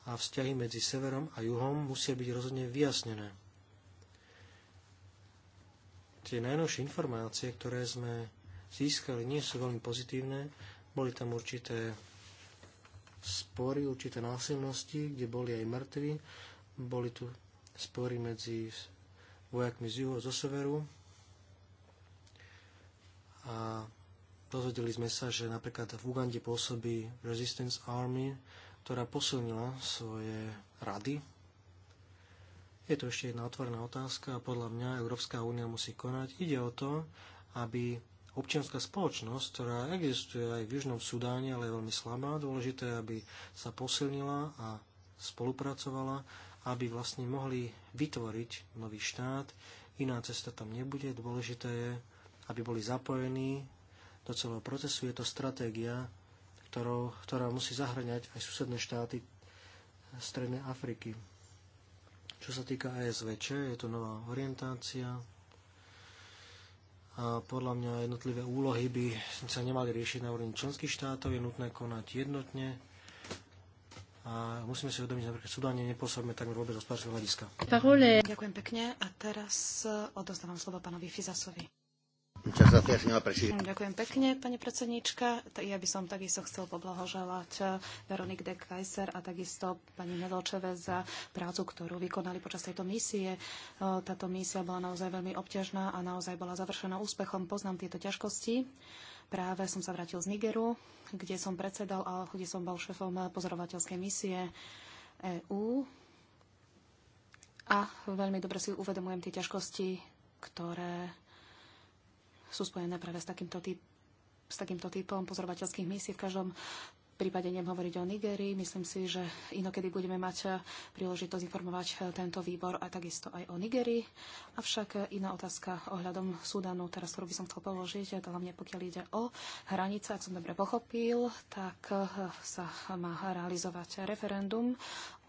a vzťahy medzi severom a juhom musia byť rozhodne vyjasnené. Tie najnovšie informácie, ktoré sme získali, nie sú veľmi pozitívne. Boli tam určité spory, určité násilnosti, kde boli aj mŕtvi. Boli tu spory medzi vojakmi z juhu zo severu a dozvedeli sme sa, že napríklad v Ugande pôsobí Resistance Army, ktorá posilnila svoje rady. Je to ešte jedna otvorená otázka a podľa mňa Európska únia musí konať. Ide o to, aby občianská spoločnosť, ktorá existuje aj v Južnom Sudáne, ale je veľmi slabá, dôležité, aby sa posilnila a spolupracovala aby vlastne mohli vytvoriť nový štát. Iná cesta tam nebude. Dôležité je, aby boli zapojení do celého procesu. Je to stratégia, ktorou, ktorá musí zahrňať aj susedné štáty Strednej Afriky. Čo sa týka ESVČ, je to nová orientácia, a podľa mňa jednotlivé úlohy by sa nemali riešiť na úrovni členských štátov, je nutné konať jednotne a musíme si uvedomiť, že napríklad v Sudáne nepôsobíme takmer vôbec hospodárskeho hľadiska. Ďakujem pekne a teraz eh, odozdávam slovo pánovi Fizasovi. Mm, ďakujem pekne, pani predsedníčka. Ja by som takisto chcel poblahoželať eh, Veronik de Kaiser a takisto pani Nedolčeve za prácu, ktorú vykonali počas tejto misie. Eh, táto misia bola naozaj veľmi obťažná a naozaj bola završená úspechom. Poznám tieto ťažkosti práve som sa vrátil z Nigeru, kde som predsedal a kde som bol šéfom pozorovateľskej misie EÚ. A veľmi dobre si uvedomujem tie ťažkosti, ktoré sú spojené práve s takýmto, typ, s takýmto typom pozorovateľských misií. V každom prípade nem hovoriť o Nigerii. Myslím si, že inokedy budeme mať eh, príležitosť informovať eh, tento výbor a takisto aj o Nigerii. Avšak eh, iná otázka ohľadom Sudanu, teraz, ktorú by som chcel položiť, To hlavne pokiaľ ide o hranice, ak som dobre pochopil, tak sa má realizovať referendum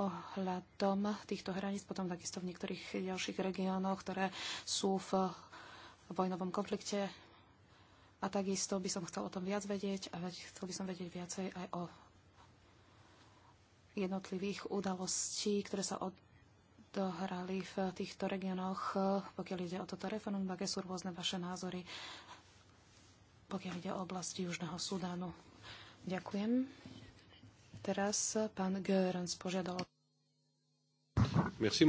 ohľadom týchto hraníc, potom takisto v niektorých ďalších regiónoch, ktoré sú v vojnovom konflikte a takisto by som chcel o tom viac vedieť a chcel by som vedieť viacej aj o jednotlivých udalostí, ktoré sa odohrali v týchto regiónoch, eh, pokiaľ ide o toto referendum, aké sú rôzne vaše názory, pokiaľ ide o oblasti Južného Sudánu. Ďakujem. Teraz pán Görens požiadal. Merci,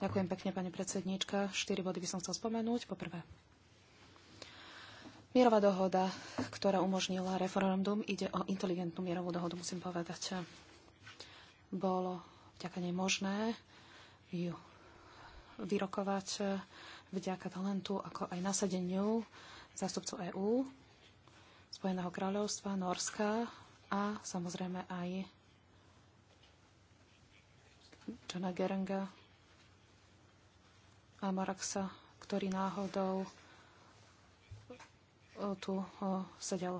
Ďakujem pekne, pani predsedníčka. Štyri body by som chcel spomenúť. Poprvé, Mierová dohoda, ktorá umožnila referendum, ide o inteligentnú mierovú dohodu, musím povedať. Bolo vďaka nej možné ju vyrokovať vďaka talentu, ako aj nasadeniu zástupcov EÚ, Spojeného kráľovstva, Norska a samozrejme aj Johna Geringa a Maraxa, ktorý náhodou tu sedel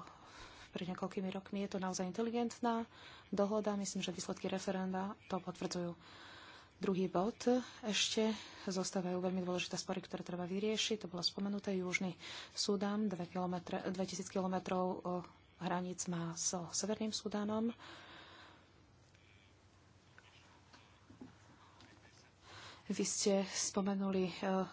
pred niekoľkými rokmi. Je to naozaj inteligentná dohoda. Myslím, že výsledky referenda to potvrdzujú. Druhý bod. Ešte zostávajú veľmi dôležité spory, ktoré treba vyriešiť. To bolo spomenuté. Južný Súdan, 2000 km hraníc má so Severným Súdanom. Vy ste spomenuli e,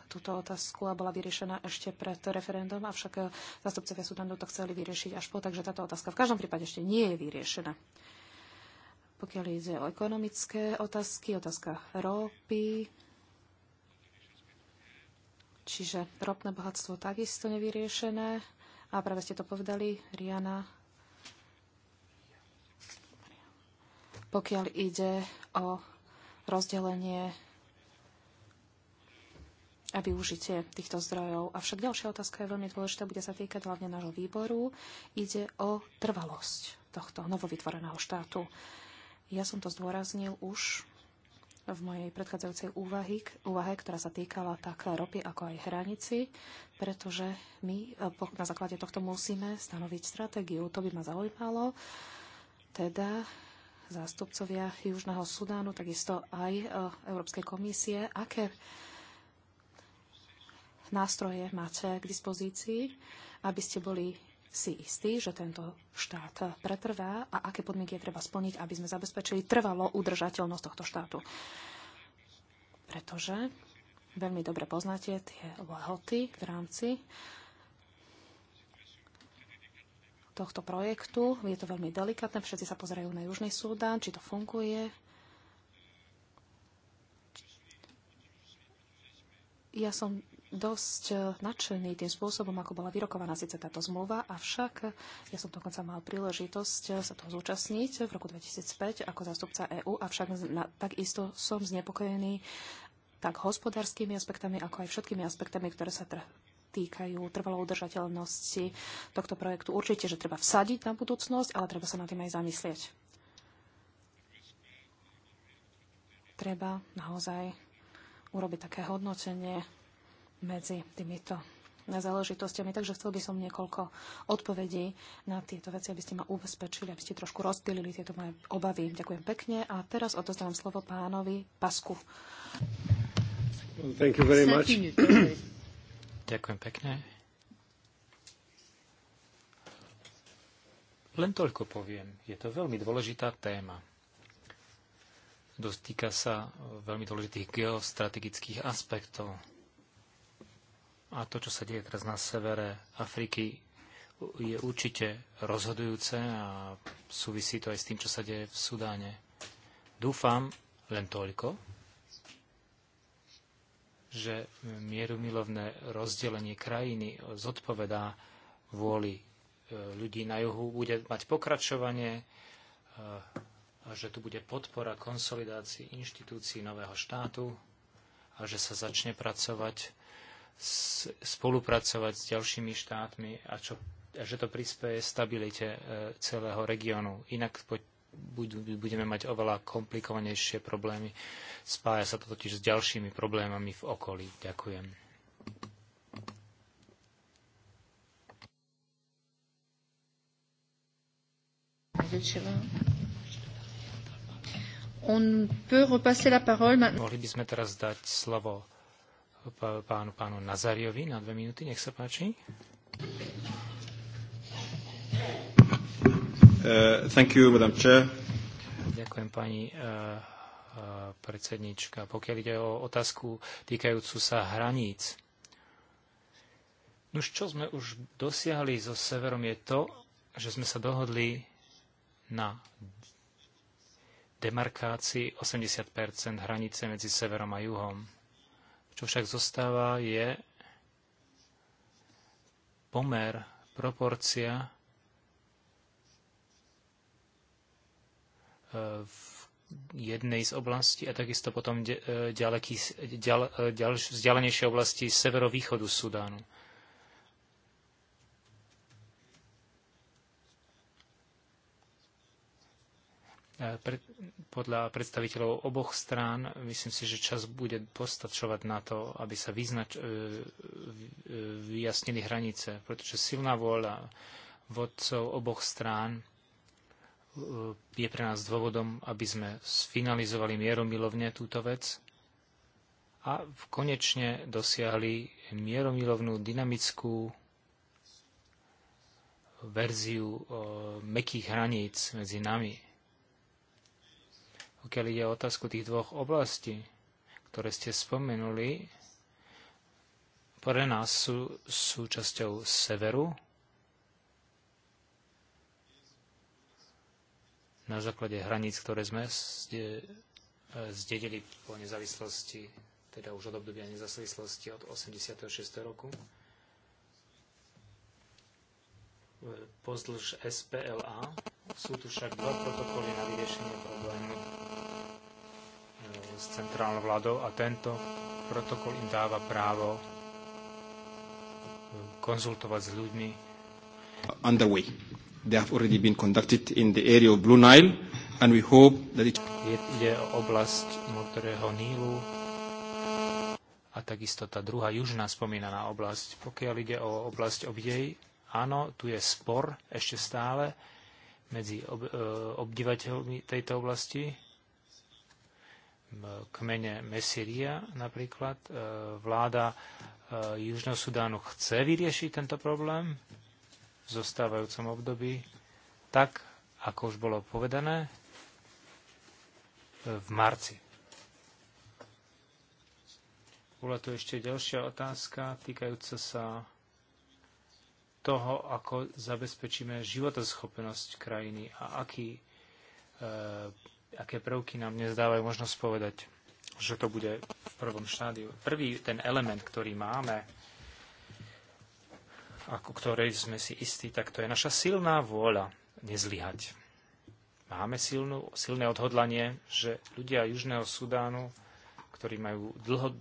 túto otázku a bola vyriešená ešte pred referendum, avšak e, zastupcovia Sudanu to chceli vyriešiť až po, takže táto otázka v každom prípade ešte nie je vyriešená. Pokiaľ ide o ekonomické otázky, otázka ropy, čiže ropné bohatstvo takisto nevyriešené. A práve ste to povedali, Riana. Pokiaľ ide o rozdelenie a využitie týchto zdrojov. Avšak ďalšia otázka je veľmi dôležitá, bude sa týkať hlavne nášho výboru. Ide o trvalosť tohto novovytvoreného štátu. Ja som to zdôraznil už v mojej predchádzajúcej úvahy, úvahe, ktorá sa týkala tak ropy, ako aj hranici, pretože my eh, na základe tohto musíme stanoviť stratégiu. To by ma zaujímalo. Teda zástupcovia Južného Sudánu, takisto aj eh, Európskej komisie, aké nástroje máte k dispozícii, aby ste boli si istí, že tento štát pretrvá a aké podmienky je treba splniť, aby sme zabezpečili trvalo udržateľnosť tohto štátu. Pretože veľmi dobre poznáte tie lehoty v rámci tohto projektu. Je to veľmi delikátne, všetci sa pozerajú na Južný Súdán, či to funguje. Ja som dosť e, nadšený tým spôsobom, ako bola vyrokovaná síce táto zmluva, avšak e, ja som dokonca mal príležitosť e, sa toho zúčastniť v roku 2005 ako zástupca EÚ, avšak na, takisto som znepokojený tak hospodárskymi aspektami, ako aj všetkými aspektami, ktoré sa tr- týkajú trvalo udržateľnosti tohto projektu. Určite, že treba vsadiť na budúcnosť, ale treba sa na tým aj zamyslieť. Treba naozaj urobiť také hodnotenie medzi týmito záležitostiami. Takže chcel by som niekoľko odpovedí na tieto veci, aby ste ma ubezpečili, aby ste trošku rozdelili tieto moje obavy. Ďakujem pekne. A teraz odozdávam slovo pánovi Pasku. Thank you very much. Ďakujem pekne. Len toľko poviem. Je to veľmi dôležitá téma. Dostýka sa veľmi dôležitých geostrategických aspektov a to, čo sa deje teraz na severe Afriky, je určite rozhodujúce a súvisí to aj s tým, čo sa deje v Sudáne. Dúfam len toľko, že mierumilovné rozdelenie krajiny zodpovedá vôli e, ľudí na juhu, bude mať pokračovanie e, a že tu bude podpora konsolidácii inštitúcií nového štátu a že sa začne pracovať spolupracovať s ďalšími štátmi a, čo, a že to prispieje stabilite e, celého regiónu. Inak budeme mať oveľa komplikovanejšie problémy. Spája sa to totiž s ďalšími problémami v okolí. Ďakujem. Mohli by sme teraz dať slovo pánu, pánu Nazariovi na dve minúty. Nech sa páči. Uh, thank you, Madam Chair. Ďakujem, pani uh, uh predsednička. Pokiaľ ide o otázku týkajúcu sa hraníc, no čo sme už dosiahli so severom je to, že sme sa dohodli na demarkácii 80 hranice medzi severom a juhom. Čo však zostáva je pomer, proporcia e, v jednej z oblastí a takisto potom e, ďaleký, ďal, e, ďal, vzdialenejšie oblasti severovýchodu Sudánu. Pre, podľa predstaviteľov oboch strán, myslím si, že čas bude postačovať na to, aby sa vyznač, e, e, vyjasnili hranice, pretože silná vôľa vodcov oboch strán e, je pre nás dôvodom, aby sme sfinalizovali mieromilovne túto vec a konečne dosiahli mieromilovnú dynamickú verziu mekých hraníc medzi nami pokiaľ ide o otázku tých dvoch oblastí, ktoré ste spomenuli, pre nás sú súčasťou severu. Na základe hraníc, ktoré sme e, zdedili po nezávislosti, teda už od obdobia nezávislosti od 86. roku, e, pozdĺž SPLA. Sú tu však dva protokoly na vyriešenie problému s centrálnou vládou a tento protokol im dáva právo eh, konzultovať s ľuďmi. Underway. They have already been conducted in the area of Blue Nile and we hope that it... Ide o oblasť Modrého Nílu a takisto tá druhá južná spomínaná oblasť. Pokiaľ ide o oblasť obdej, áno, tu je spor ešte stále medzi ob, e, obdivateľmi tejto oblasti, kmene Mesiria napríklad. E, vláda e, Južného Sudánu chce vyriešiť tento problém v zostávajúcom období tak, ako už bolo povedané, e, v marci. Bola tu ešte ďalšia otázka týkajúca sa toho, ako zabezpečíme životoschopnosť krajiny a aký e, aké prvky nám nezdávajú možnosť povedať, že to bude v prvom štádiu. Prvý ten element, ktorý máme, ako ktorej sme si istí, tak to je naša silná vôľa nezlyhať. Máme silnú, silné odhodlanie, že ľudia Južného Sudánu, ktorí majú dlho,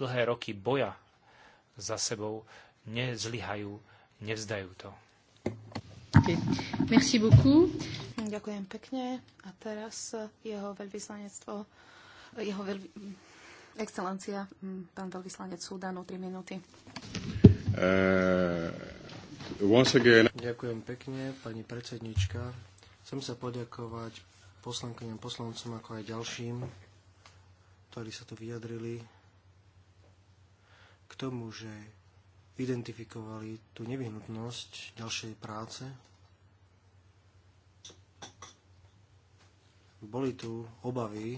dlhé roky boja za sebou, nezlyhajú, nevzdajú to. Okay. Merci beaucoup. Ďakujem pekne. A teraz jeho veľvyslanectvo, jeho veľ... excelencia, pán veľvyslanec Súdanu, 3 minúty. Uh, once again. Ďakujem pekne, pani predsednička. Chcem sa poďakovať poslankyňom, poslancom, ako aj ďalším, ktorí sa tu vyjadrili k tomu, že identifikovali tú nevyhnutnosť ďalšej práce Boli tu obavy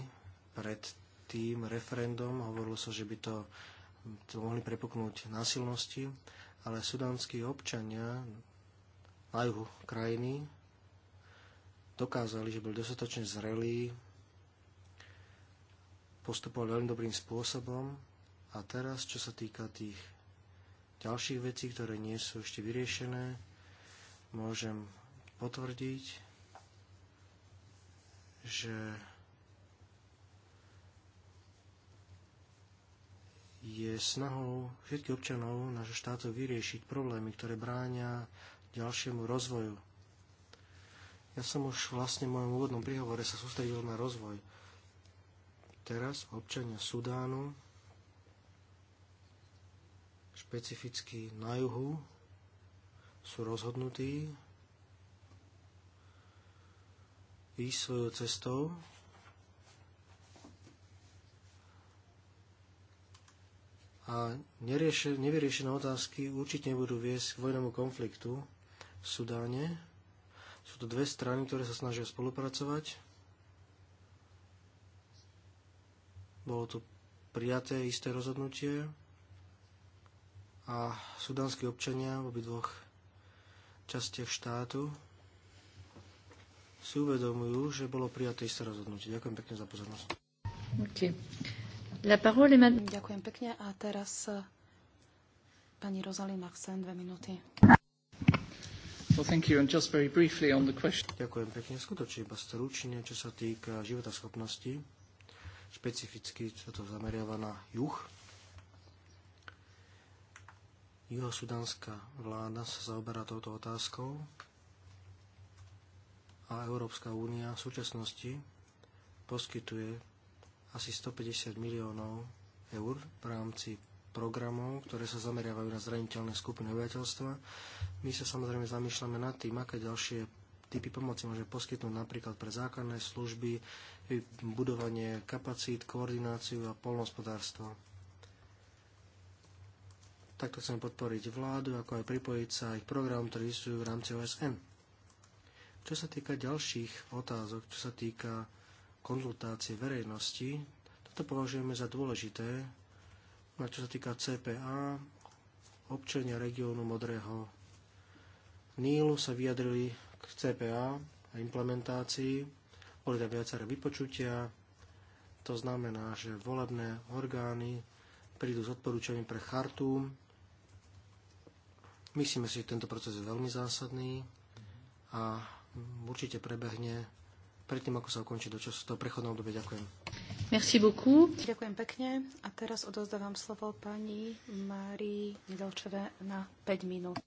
pred tým referendum, hovorilo sa, že by to, to mohli prepuknúť násilnosti, ale sudánsky občania na juhu krajiny dokázali, že boli dostatočne zrelí, postupovali veľmi dobrým spôsobom a teraz, čo sa týka tých ďalších vecí, ktoré nie sú ešte vyriešené, môžem potvrdiť, že je snahou všetkých občanov nášho štátu vyriešiť problémy, ktoré bránia ďalšiemu rozvoju. Ja som už vlastne v mojom úvodnom príhovore sa sústredil na rozvoj. Teraz občania Sudánu, špecificky na juhu, sú rozhodnutí ísť svojou cestou. A nevyriešené otázky určite nebudú viesť k vojnému konfliktu v Sudáne. Sú to dve strany, ktoré sa snažia spolupracovať. Bolo tu prijaté isté rozhodnutie a sudánsky občania v obidvoch častiach štátu si uvedomujú, že bolo prijaté isté rozhodnutie. Ďakujem pekne za pozornosť. Okay. La parole est Ďakujem pekne a teraz eh, pani Rozalina Chsen, dve minúty. Well, thank you. And just very briefly on the question. Ďakujem pekne. Skutočne iba stručne, čo sa týka života schopnosti. Špecificky sa to zameriava na juh. Juhosudánska vláda sa zaoberá touto otázkou a Európska únia v súčasnosti poskytuje asi 150 miliónov eur v rámci programov, ktoré sa zameriavajú na zraniteľné skupiny obyvateľstva. My sa samozrejme zamýšľame nad tým, aké ďalšie typy pomoci môže poskytnúť napríklad pre základné služby, budovanie kapacít, koordináciu a polnohospodárstvo takto chceme podporiť vládu, ako aj pripojiť sa aj k programom, ktorí sú v rámci OSN. Čo sa týka ďalších otázok, čo sa týka konzultácie verejnosti, toto považujeme za dôležité. A čo sa týka CPA, občania regiónu Modrého Nílu sa vyjadrili k CPA a implementácii. Boli tam viaceré vypočutia. To znamená, že volebné orgány prídu s odporúčaním pre chartu. Myslíme si, že tento proces je veľmi zásadný a určite prebehne predtým, ako sa ukončí do času toho prechodného obdobia. Ďakujem. Merci beaucoup. Ďakujem pekne. A teraz odozdávam slovo pani Marii Nedelčeve na 5 minút.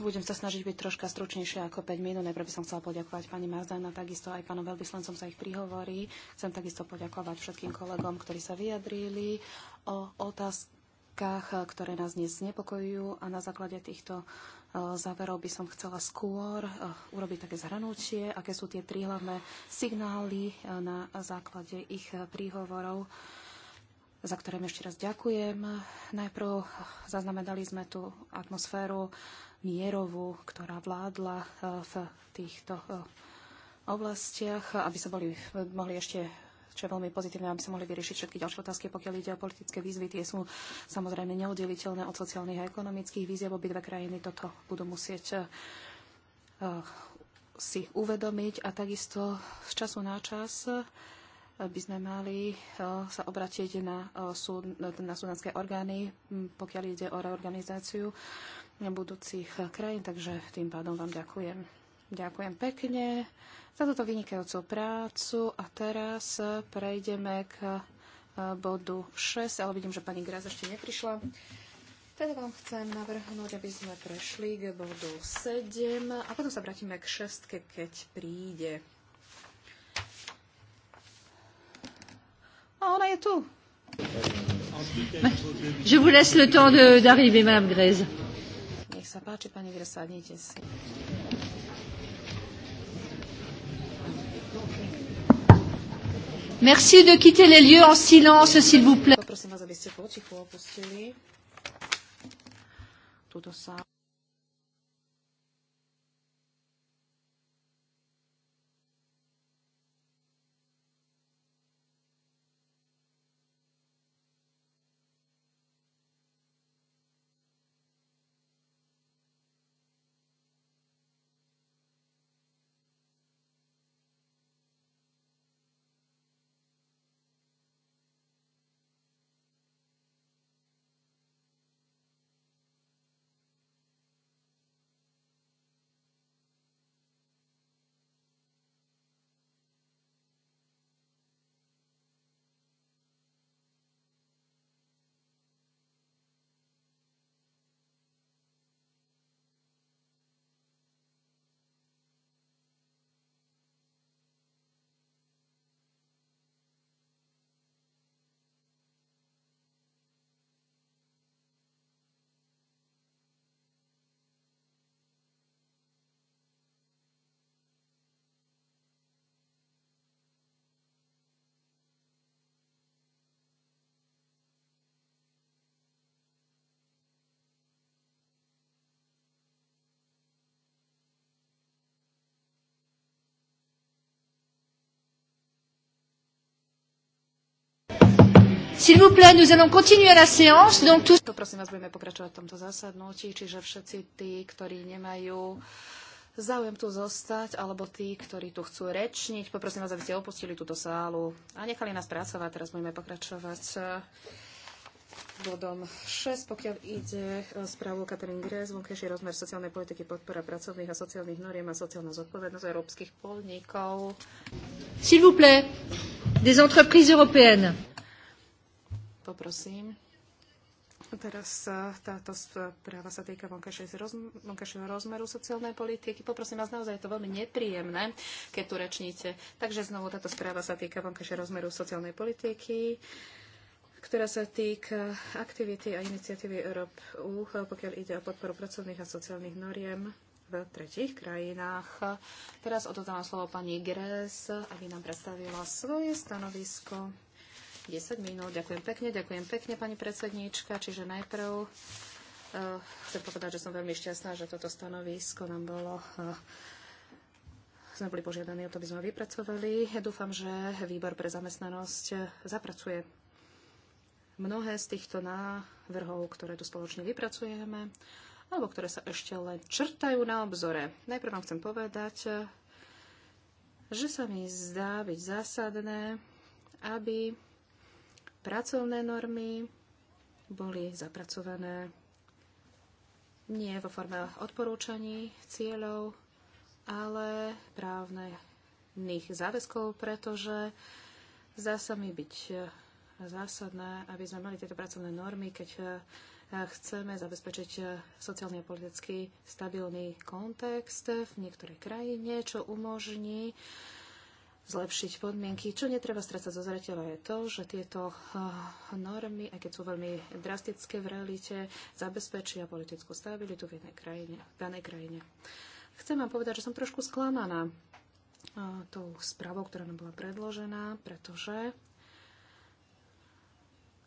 Budem sa snažiť byť troška stručnejšia ako 5 minút. Najprv by som chcela poďakovať pani Marzana, takisto aj pánom veľvyslancom za ich príhovory. Chcem takisto poďakovať všetkým kolegom, ktorí sa vyjadrili o otázkach, ktoré nás dnes znepokojujú a na základe týchto Eh, záverov by som chcela skôr eh, urobiť také zhranúčie, aké sú tie tri hlavné signály eh, na základe ich príhovorov za ktorým ešte raz ďakujem. Najprv zaznamenali sme tú atmosféru mierovú, ktorá vládla v týchto oblastiach, aby sa boli, mohli ešte čo je veľmi pozitívne, aby sa mohli vyriešiť všetky ďalšie otázky, pokiaľ ide o politické výzvy. Tie sú samozrejme neoddeliteľné od sociálnych a ekonomických výziev. Obidve krajiny toto budú musieť uh, si uvedomiť a takisto z času na čas eh, by sme mali eh, sa obratiť na, súd, na súdanské orgány, hm, pokiaľ ide o reorganizáciu budúcich krajín. Takže tým pádom vám ďakujem. Ďakujem pekne za túto vynikajúcu prácu a teraz prejdeme k e, bodu 6, ale vidím, že pani Graz ešte neprišla. Teda vám chcem navrhnúť, aby sme prešli k bodu 7 a potom sa vrátime k 6, keď príde. A ona je tu. Je vous laisse le temps d'arriver, Madame Grèze. Nech sa páči, pani Grez, sadnite si. Merci de quitter les lieux en silence, s'il vous plaît. S'il vous plaît, nous allons continuer la séance. Donc tous... Poprosím vás, budeme pokračovať v tomto zasadnutí, čiže všetci tí, ktorí nemajú záujem tu zostať, alebo tí, ktorí tu chcú rečniť, poprosím vás, aby ste opustili túto sálu a nechali nás pracovať. Teraz budeme pokračovať eh, bodom 6, pokiaľ ide eh, správu Katarín Grez, vonkajší rozmer sociálnej politiky, podpora pracovných a sociálnych noriem a sociálna zodpovednosť európskych podnikov. S'il vous plaît, des entreprises européennes Poprosím. Teraz e, táto správa sa týka vonkajšieho rozmeru sociálnej politiky. Poprosím vás, naozaj je to veľmi nepríjemné, keď tu rečníte. Takže znovu táto správa sa týka vonkajšieho rozmeru sociálnej politiky ktorá sa týka aktivity a iniciatívy EU, pokiaľ ide o podporu pracovných a sociálnych noriem v tretich krajinách. Teraz odozdávam slovo pani Gres, aby nám predstavila svoje stanovisko. 10 minút. Ďakujem pekne, ďakujem pekne, pani predsedníčka. Čiže najprv uh, chcem povedať, že som veľmi šťastná, že toto stanovisko nám bolo uh, sme boli požiadaní o to, aby sme vypracovali. Ja dúfam, že výbor pre zamestnanosť eh, zapracuje mnohé z týchto návrhov, ktoré tu spoločne vypracujeme, alebo ktoré sa ešte len črtajú na obzore. Najprv vám chcem povedať, že sa mi zdá byť zásadné, aby pracovné normy boli zapracované nie vo forme odporúčaní cieľov, ale právnych záväzkov, pretože zdá sa mi byť eh, zásadné, aby sme mali tieto pracovné normy, keď eh, chceme zabezpečiť eh, sociálny a politicky stabilný kontext v niektorej krajine, čo umožní zlepšiť podmienky. Čo netreba strácať zo zreteľa je to, že tieto eh, normy, aj keď sú veľmi drastické v realite, zabezpečia politickú stabilitu v, jednej krajine, v danej krajine. Chcem vám povedať, že som trošku sklamaná eh, tou správou, ktorá nám bola predložená, pretože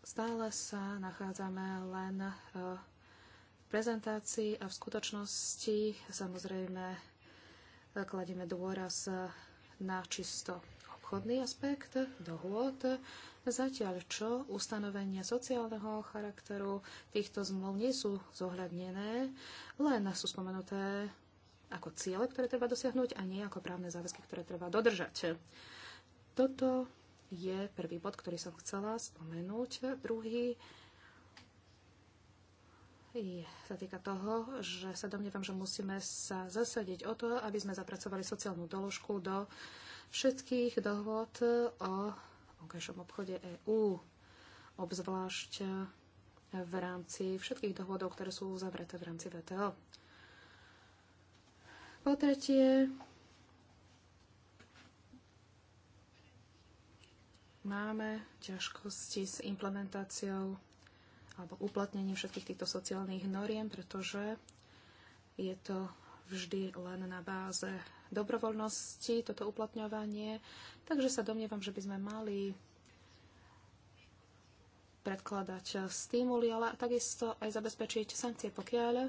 stále sa nachádzame len eh, v prezentácii a v skutočnosti samozrejme kladieme dôraz na čisto obchodný aspekt dohôd, zatiaľ čo ustanovenia sociálneho charakteru týchto zmluv nie sú zohľadnené, len sú spomenuté ako ciele, ktoré treba dosiahnuť a nie ako právne záväzky, ktoré treba dodržať. Toto je prvý bod, ktorý som chcela spomenúť. Druhý sa týka toho, že sa domnievam, že musíme sa zasadiť o to, aby sme zapracovali sociálnu doložku do všetkých dohôd o vonkajšom obchode EÚ, obzvlášť v rámci všetkých dohodov, ktoré sú uzavreté v rámci VTO. Po tretie, máme ťažkosti s implementáciou alebo uplatnením všetkých týchto sociálnych noriem, pretože je to vždy len na báze dobrovoľnosti, toto uplatňovanie. Takže sa domnievam, že by sme mali predkladať stimuly, ale takisto aj zabezpečiť sankcie, pokiaľ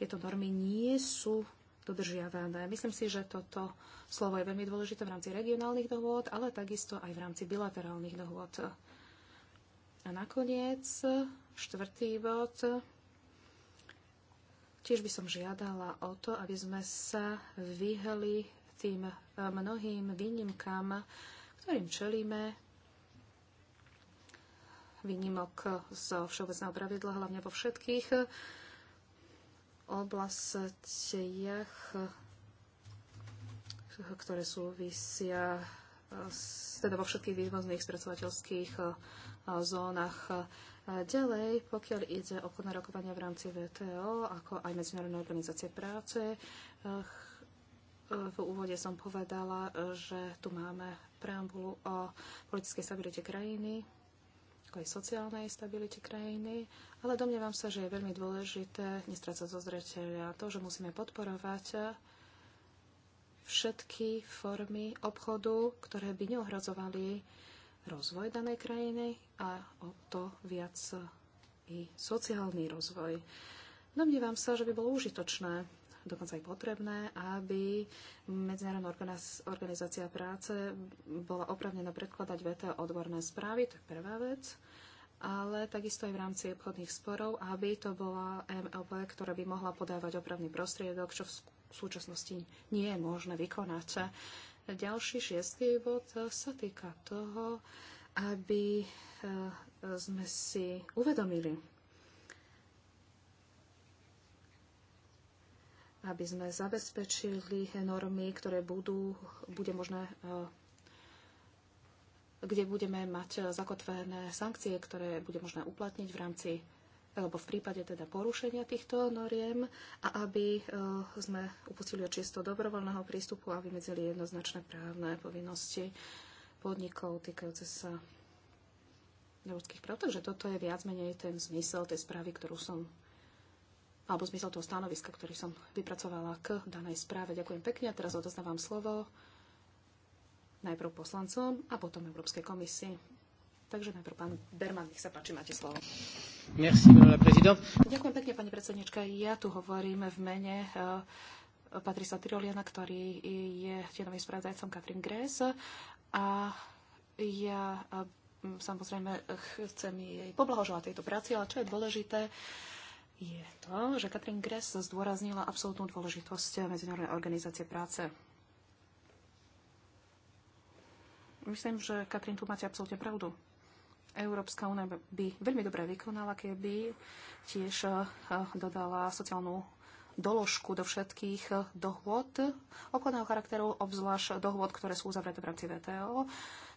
tieto normy nie sú dodržiavané. Myslím si, že toto slovo je veľmi dôležité v rámci regionálnych dohôd, ale takisto aj v rámci bilaterálnych dohôd. A nakoniec, štvrtý bod, tiež by som žiadala o to, aby sme sa vyhli tým e, mnohým výnimkám, ktorým čelíme výnimok zo všeobecného pravidla, hlavne vo všetkých oblastiach, ktoré súvisia teda vo všetkých vývozných spracovateľských e, zónach. E, ďalej, pokiaľ ide o obchodné rokovania v rámci VTO, ako aj Medzinárodnej organizácie práce, e, v úvode som povedala, že tu máme preambulu o politickej stabilite krajiny, ako aj sociálnej stabilite krajiny, ale domnievam sa, že je veľmi dôležité nestrácať zo zreteľa to, že musíme podporovať všetky formy obchodu, ktoré by neohrazovali rozvoj danej krajiny a o to viac i sociálny rozvoj. Domnívam sa, že by bolo užitočné, dokonca aj potrebné, aby Medzinárodná organizácia práce bola opravnená predkladať VTO odborné správy, to je prvá vec, ale takisto aj v rámci obchodných sporov, aby to bola MLP, ktorá by mohla podávať opravný prostriedok, čo v v súčasnosti nie je možné vykonať. Ďalší šiestý bod sa týka toho, aby eh, sme si uvedomili, aby sme zabezpečili normy, ktoré budú, bude možné eh, kde budeme mať zakotvené sankcie, ktoré bude možné uplatniť v rámci alebo v prípade teda porušenia týchto noriem a aby e, sme upustili od čisto dobrovoľného prístupu a vymedzili jednoznačné právne povinnosti podnikov týkajúce sa ľudských práv. Takže toto je viac menej ten zmysel tej správy, ktorú som alebo zmysel toho stanoviska, ktorý som vypracovala k danej správe. Ďakujem pekne. Teraz odozdávam slovo najprv poslancom a potom Európskej komisii. Takže najprv pán Berman, nech sa páči, máte slovo. Merci, la Ďakujem pekne, pani predsednička. Ja tu hovorím v mene eh, Patrisa Tyroliana, ktorý je tienovým spravodajcom Katrin Gress. A ja eh, samozrejme chcem jej poblahožovať tejto práci, ale čo je dôležité, je to, že Katrin Gress zdôraznila absolútnu dôležitosť Medzinárodnej organizácie práce. Myslím, že Katrin, tu máte absolútne pravdu. Európska únia by veľmi dobre vykonala, keby tiež eh, dodala sociálnu doložku do všetkých eh, dohôd obchodného charakteru, obzvlášť dohôd, ktoré sú uzavreté v rámci VTO.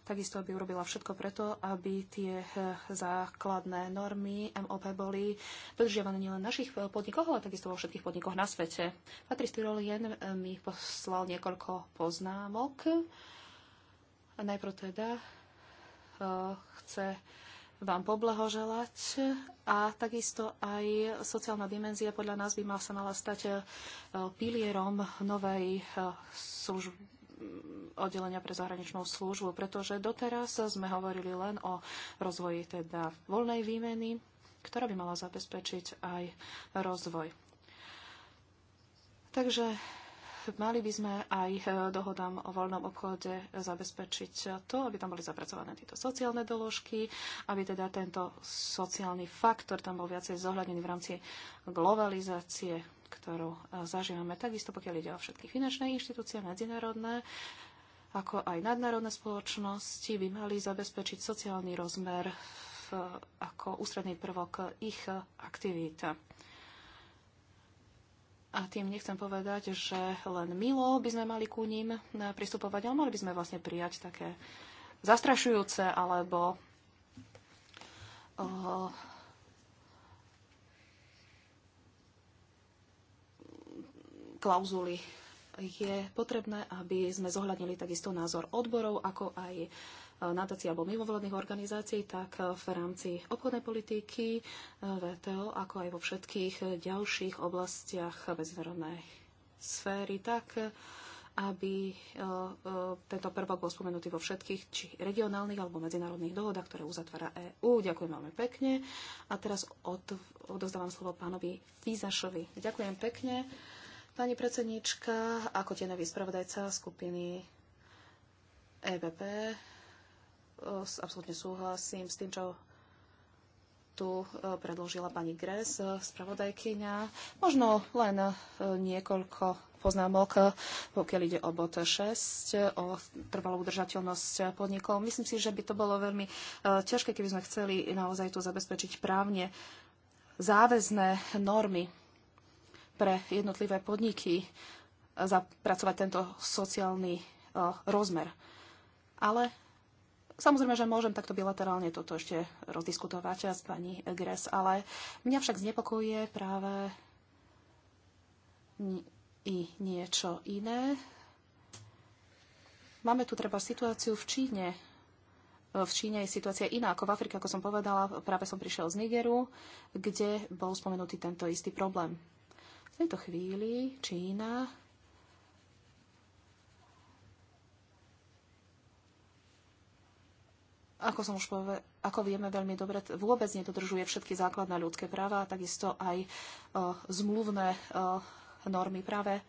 Takisto by urobila všetko preto, aby tie eh, základné normy MOP boli dodržiavané nielen v našich podnikoch, ale takisto vo všetkých podnikoch na svete. Patrice Tyrolien mi poslal niekoľko poznámok. Najprv teda E, chce vám poblahoželať a takisto aj sociálna dimenzia podľa nás by sa mala stať e, pilierom novej e, služby oddelenia pre zahraničnú službu, pretože doteraz sme hovorili len o rozvoji teda voľnej výmeny, ktorá by mala zabezpečiť aj rozvoj. Takže mali by sme aj e, dohodám o voľnom obchode zabezpečiť to, aby tam boli zapracované tieto sociálne doložky, aby teda tento sociálny faktor tam bol viacej zohľadený v rámci globalizácie, ktorú e, zažívame. Takisto pokiaľ ide o všetky finančné inštitúcie, medzinárodné, ako aj nadnárodné spoločnosti by mali zabezpečiť sociálny rozmer v, ako ústredný prvok ich aktivít. A tým nechcem povedať, že len milo by sme mali ku ním eh, pristupovať, ale mali by sme vlastne prijať také zastrašujúce alebo uh, klauzuly. Je potrebné, aby sme zohľadnili takisto názor odborov, ako aj uh, nadácií alebo mimovládnych organizácií, tak v rámci obchodnej politiky eh, VTO, ako aj vo všetkých ďalších oblastiach medzinárodnej sféry, tak aby eh, eh, tento prvok bol spomenutý vo všetkých či regionálnych alebo medzinárodných dohodách, ktoré uzatvára EÚ. Ďakujem veľmi pekne. A teraz od, slovo pánovi Fizašovi. Ďakujem pekne. Pani predsednička, ako tienový spravodajca skupiny EBP absolútne súhlasím s tým, čo tu e, predložila pani Gres, e, spravodajkyňa. Možno len e, niekoľko poznámok, pokiaľ ide o bod 6, o trvalú udržateľnosť podnikov. Myslím si, že by to bolo veľmi ťažké, keby sme chceli naozaj tu zabezpečiť právne záväzné normy pre jednotlivé podniky zapracovať tento sociálny rozmer. Ale Samozrejme, že môžem takto bilaterálne toto ešte rozdiskutovať s pani Gres, ale mňa však znepokojuje práve i niečo iné. Máme tu treba situáciu v Číne. V Číne je situácia iná ako v Afrike, ako som povedala. Práve som prišiel z Nigeru, kde bol spomenutý tento istý problém. V tejto chvíli Čína Ako som už povedal, ako vieme veľmi dobre, vôbec nedodržuje všetky základné ľudské práva a takisto aj o, e, zmluvné o, e, normy práve.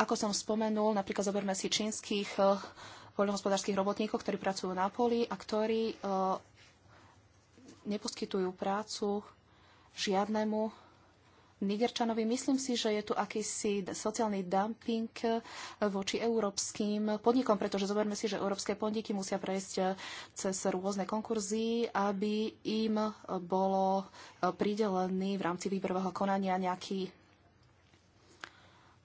Ako som spomenul, napríklad zoberme si čínskych voľnohospodárských e, robotníkov, ktorí pracujú na poli a ktorí o, neposkytujú prácu žiadnemu Nigerčanovi. Myslím si, že je tu akýsi sociálny dumping eh, voči európskym podnikom, pretože zoberme si, že európske podniky musia prejsť eh, cez rôzne konkurzy, aby im eh, bolo pridelený v rámci výberového konania nejaký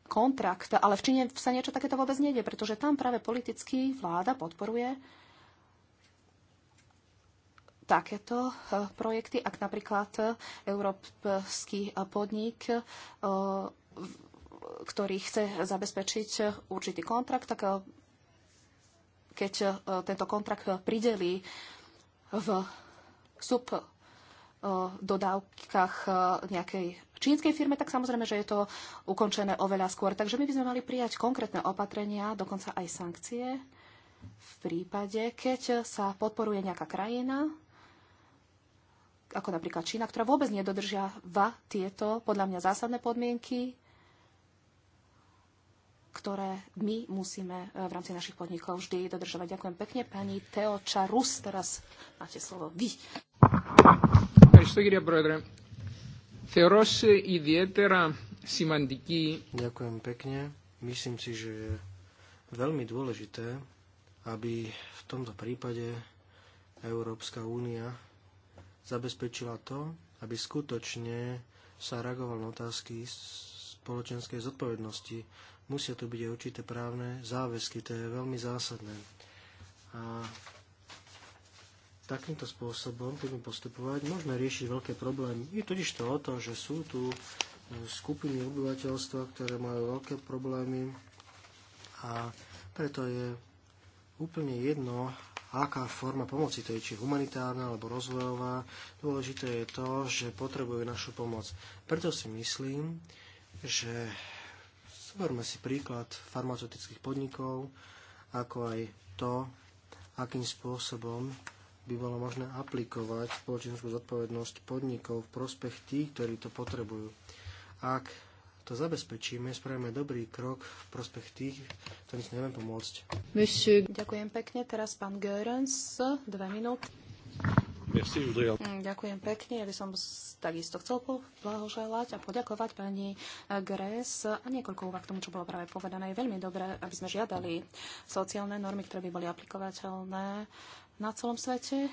kontrakt, ale v Číne sa niečo takéto vôbec nejde, pretože tam práve politicky vláda podporuje takéto e, projekty, ak napríklad e, európsky e, podnik ktorý chce zabezpečiť určitý kontrakt, tak keď tento kontrakt prideli v sub dodávkach nejakej čínskej firme, tak samozrejme, že je to ukončené oveľa skôr. Takže my by sme mali prijať konkrétne opatrenia, dokonca aj sankcie v prípade, keď sa podporuje nejaká krajina ako napríklad Čína, ktorá vôbec nedodržiava tieto podľa mňa zásadné podmienky, ktoré my musíme e, v rámci našich podnikov vždy dodržovať. Ďakujem pekne. Pani Teo Čarus, teraz máte slovo vy. Ďakujem pekne. Myslím si, že je veľmi dôležité, aby v tomto prípade Európska únia zabezpečila to, aby skutočne sa reagoval na otázky spoločenskej zodpovednosti. Musia tu byť aj určité právne záväzky, to je veľmi zásadné. A takýmto spôsobom budeme postupovať, môžeme riešiť veľké problémy. Je totiž to o tom, že sú tu e, skupiny obyvateľstva, ktoré majú veľké problémy a preto je úplne jedno, aká forma pomoci to je, či humanitárna alebo rozvojová. Dôležité je to, že potrebujú našu pomoc. Preto si myslím, že zoberme si príklad farmaceutických podnikov, ako aj to, akým spôsobom by bolo možné aplikovať spoločenskú zodpovednosť podnikov v prospech tých, ktorí to potrebujú. Ak to zabezpečíme, spravíme dobrý krok v prospech tých, ktorým si neviem pomôcť. Merci. Ďakujem pekne. Teraz pán Görens, dve minúty. Merci, mm, Ďakujem pekne. Ja by som takisto chcel blahoželať a poďakovať pani Gres a niekoľko úvah k tomu, čo bolo práve povedané. Je veľmi dobré, aby sme žiadali sociálne normy, ktoré by boli aplikovateľné na celom svete.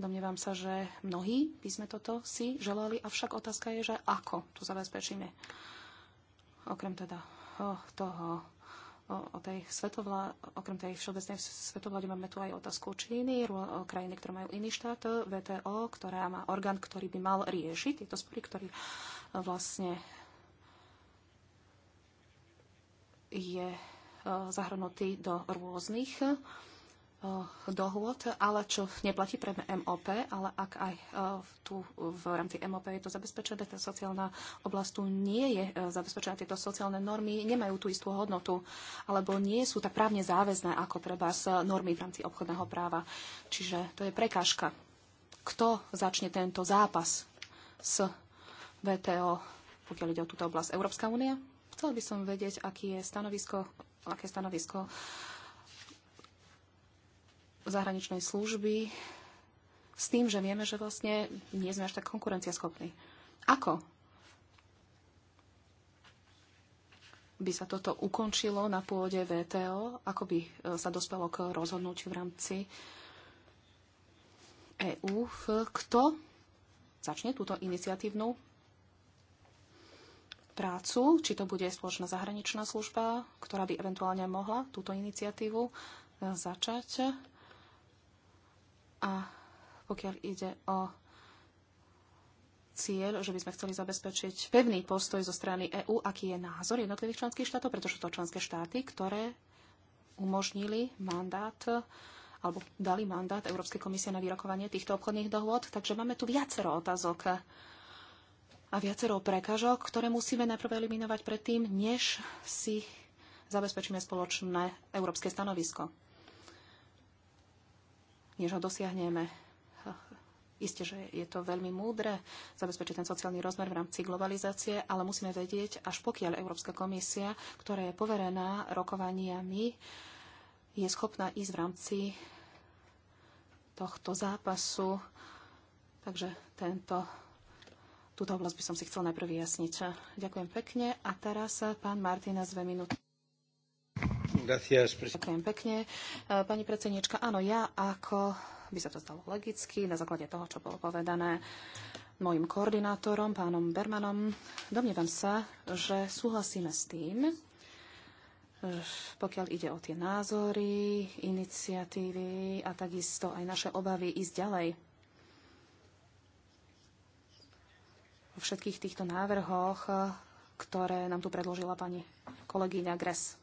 Domnievam sa, že mnohí by sme toto si želali, avšak otázka je, že ako to zabezpečíme okrem teda toho, o, o tej svetovlá, okrem tej všeobecnej svetovláde máme tu aj otázku Číny, krajiny, ktoré majú iný štát, VTO, ktorá má orgán, ktorý by mal riešiť tieto spory, ktorý e, vlastne je e, zahrnutý do rôznych Eh, dohôd, ale čo neplatí pre MOP, ale ak aj eh, tu v rámci MOP je to zabezpečené, tá sociálna oblasť tu nie je eh, zabezpečená. Tieto sociálne normy nemajú tú istú hodnotu, alebo nie sú tak právne záväzné, ako treba vás normy v rámci obchodného práva. Čiže to je prekážka. Kto začne tento zápas s VTO, pokiaľ ide o túto oblasť? Európska únia? Chcel by som vedieť, aký je stanovisko, aké je stanovisko zahraničnej služby s tým, že vieme, že vlastne nie sme až tak konkurencieschopní. Ako by sa toto ukončilo na pôde VTO? Ako by e, sa dospelo k rozhodnutiu v rámci EÚ? Kto začne túto iniciatívnu prácu? Či to bude spoločná zahraničná služba, ktorá by eventuálne mohla túto iniciatívu e, začať? A pokiaľ ide o cieľ, že by sme chceli zabezpečiť pevný postoj zo strany EÚ, aký je názor jednotlivých členských štátov, pretože to členské štáty, ktoré umožnili mandát alebo dali mandát Európskej komisie na vyrokovanie týchto obchodných dohôd. Takže máme tu viacero otázok a viacero prekážok, ktoré musíme najprv eliminovať predtým, než si zabezpečíme spoločné európske stanovisko než ho dosiahneme. Isté, že je to veľmi múdre zabezpečiť ten sociálny rozmer v rámci globalizácie, ale musíme vedieť, až pokiaľ Európska komisia, ktorá je poverená rokovaniami, je schopná ísť v rámci tohto zápasu. Takže tento, túto oblasť by som si chcel najprv vyjasniť. Ďakujem pekne. A teraz pán Martina, dve minúty. Ďakujem pekne. E, pani predsednička, áno, ja ako by sa to stalo logicky, na základe toho, čo bolo povedané mojim koordinátorom, pánom Bermanom, domnievam sa, že súhlasíme s tým, e, pokiaľ ide o tie názory, iniciatívy a takisto aj naše obavy ísť ďalej. Vo všetkých týchto návrhoch, e, ktoré nám tu predložila pani kolegyňa Gres.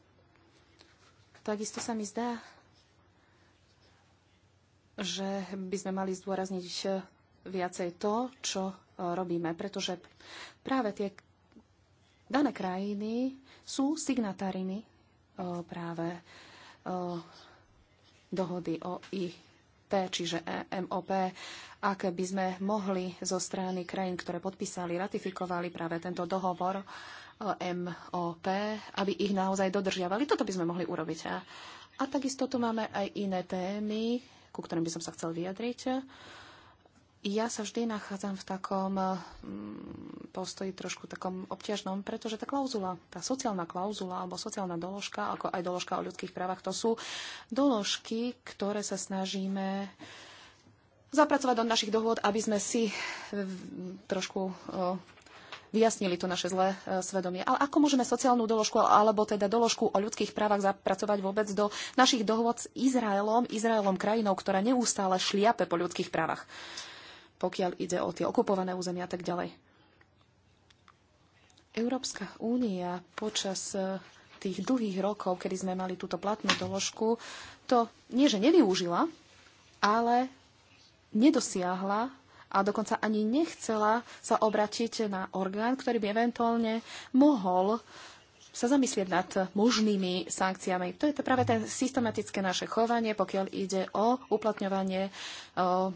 Takisto sa mi zdá, že by sme mali zdôrazniť eh, viacej to, čo eh, robíme, pretože práve tie dané krajiny sú signatárimi eh, práve dohody o IP, čiže e MOP, ak by sme mohli zo strany krajín, ktoré podpísali, ratifikovali práve tento dohovor, MOP, aby ich naozaj dodržiavali. Toto by sme mohli urobiť. A, a takisto tu máme aj iné témy, ku ktorým by som sa chcel vyjadriť. Ja sa vždy nachádzam v takom mm, postoji trošku takom obťažnom, pretože tá klauzula, tá sociálna klauzula alebo sociálna doložka, ako aj doložka o ľudských právach, to sú doložky, ktoré sa snažíme zapracovať do našich dohôd, aby sme si trošku vyjasnili to naše zlé e, svedomie. Ale ako môžeme sociálnu doložku alebo teda doložku o ľudských právach zapracovať vôbec do našich dohôd s Izraelom, Izraelom krajinou, ktorá neustále šliape po ľudských právach, pokiaľ ide o tie okupované územia a tak ďalej. Európska únia počas e, tých dlhých rokov, kedy sme mali túto platnú doložku, to nie, že nevyužila, ale nedosiahla a dokonca ani nechcela sa obratiť na orgán, ktorý by eventuálne mohol sa zamyslieť nad možnými sankciami. To je to práve ten systematické naše chovanie, pokiaľ ide o uplatňovanie o,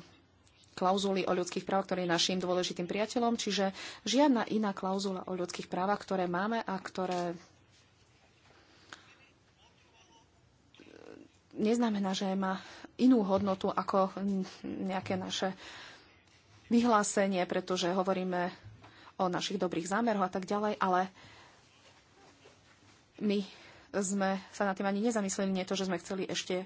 klauzuly o ľudských právach, ktoré je našim dôležitým priateľom, čiže žiadna iná klauzula o ľudských právach, ktoré máme a ktoré neznamená, že má inú hodnotu ako nejaké naše vyhlásenie, pretože hovoríme o našich dobrých zámeroch a tak ďalej, ale my sme sa na tým ani nezamysleli, nie to, že sme chceli ešte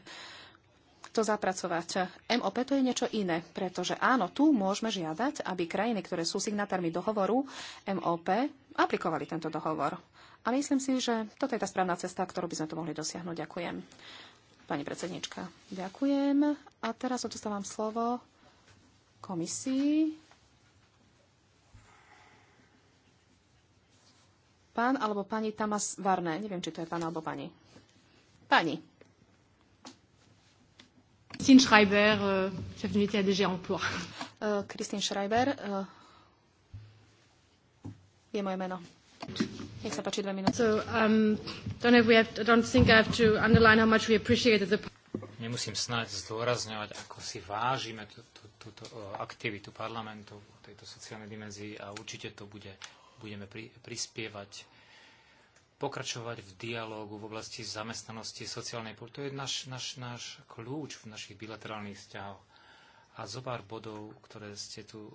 to zapracovať. MOP to je niečo iné, pretože áno, tu môžeme žiadať, aby krajiny, ktoré sú signatármi dohovoru MOP, aplikovali tento dohovor. A myslím si, že toto je tá správna cesta, ktorú by sme to mohli dosiahnuť. Ďakujem. Pani predsednička, ďakujem. A teraz odostávam slovo komisii. Pán alebo pani Tamas Varné. Neviem, či to je pán alebo pani. Pani. Christine Schreiber, euh, chef de d'unité DG Emploi. Euh, Christine Schreiber, euh, je moje meno. Nech sa páči dve minúty. So, um, don't, have, we have, don't think I have to underline how much we appreciate the nemusím snáď zdôrazňovať, ako si vážime tú, tú, túto aktivitu parlamentu v tejto sociálnej dimenzii a určite to bude, budeme pri, prispievať, pokračovať v dialógu v oblasti zamestnanosti sociálnej. To je náš, náš, náš kľúč v našich bilaterálnych vzťahoch. A zo pár bodov, ktoré ste tu e,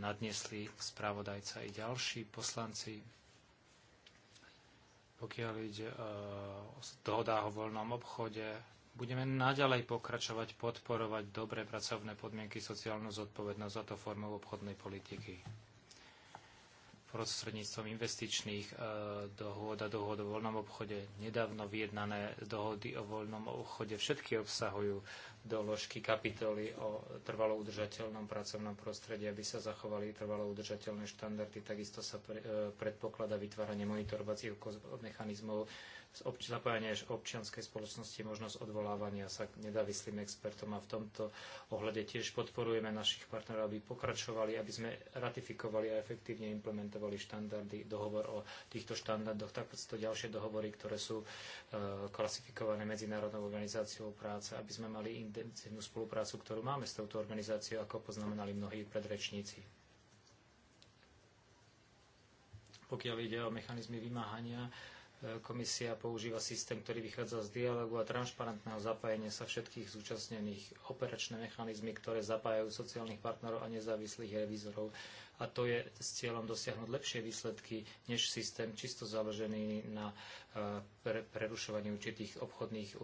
nadnesli, správodajca i ďalší poslanci, pokiaľ ide e, o dohodách o voľnom obchode, Budeme naďalej pokračovať, podporovať dobré pracovné podmienky, sociálnu zodpovednosť a to formou obchodnej politiky prostredníctvom investičných e, dohôd a dohôd o voľnom obchode. Nedávno vyjednané dohody o voľnom obchode všetky obsahujú doložky kapitoly o trvalo udržateľnom pracovnom prostredí, aby sa zachovali trvalo udržateľné štandardy. Takisto sa pre, e, predpokladá vytváranie monitorovacích mechanizmov, obč- zapájanie občianskej spoločnosti, možnosť odvolávania sa k nedávislým expertom a v tomto ohľade tiež podporujeme našich partnerov, aby pokračovali, aby sme ratifikovali a efektívne implementovali štandardy, dohovor o týchto štandardoch, to ďalšie dohovory, ktoré sú e, klasifikované Medzinárodnou organizáciou práce, aby sme mali intenzívnu spoluprácu, ktorú máme s touto organizáciou, ako poznamenali mnohí predrečníci. Pokiaľ ide o mechanizmy vymáhania, e, komisia používa systém, ktorý vychádza z dialogu a transparentného zapájenia sa všetkých zúčastnených operačné mechanizmy, ktoré zapájajú sociálnych partnerov a nezávislých revizorov a to je s cieľom dosiahnuť lepšie výsledky než systém čisto založený na eh, prerušovaní určitých obchodných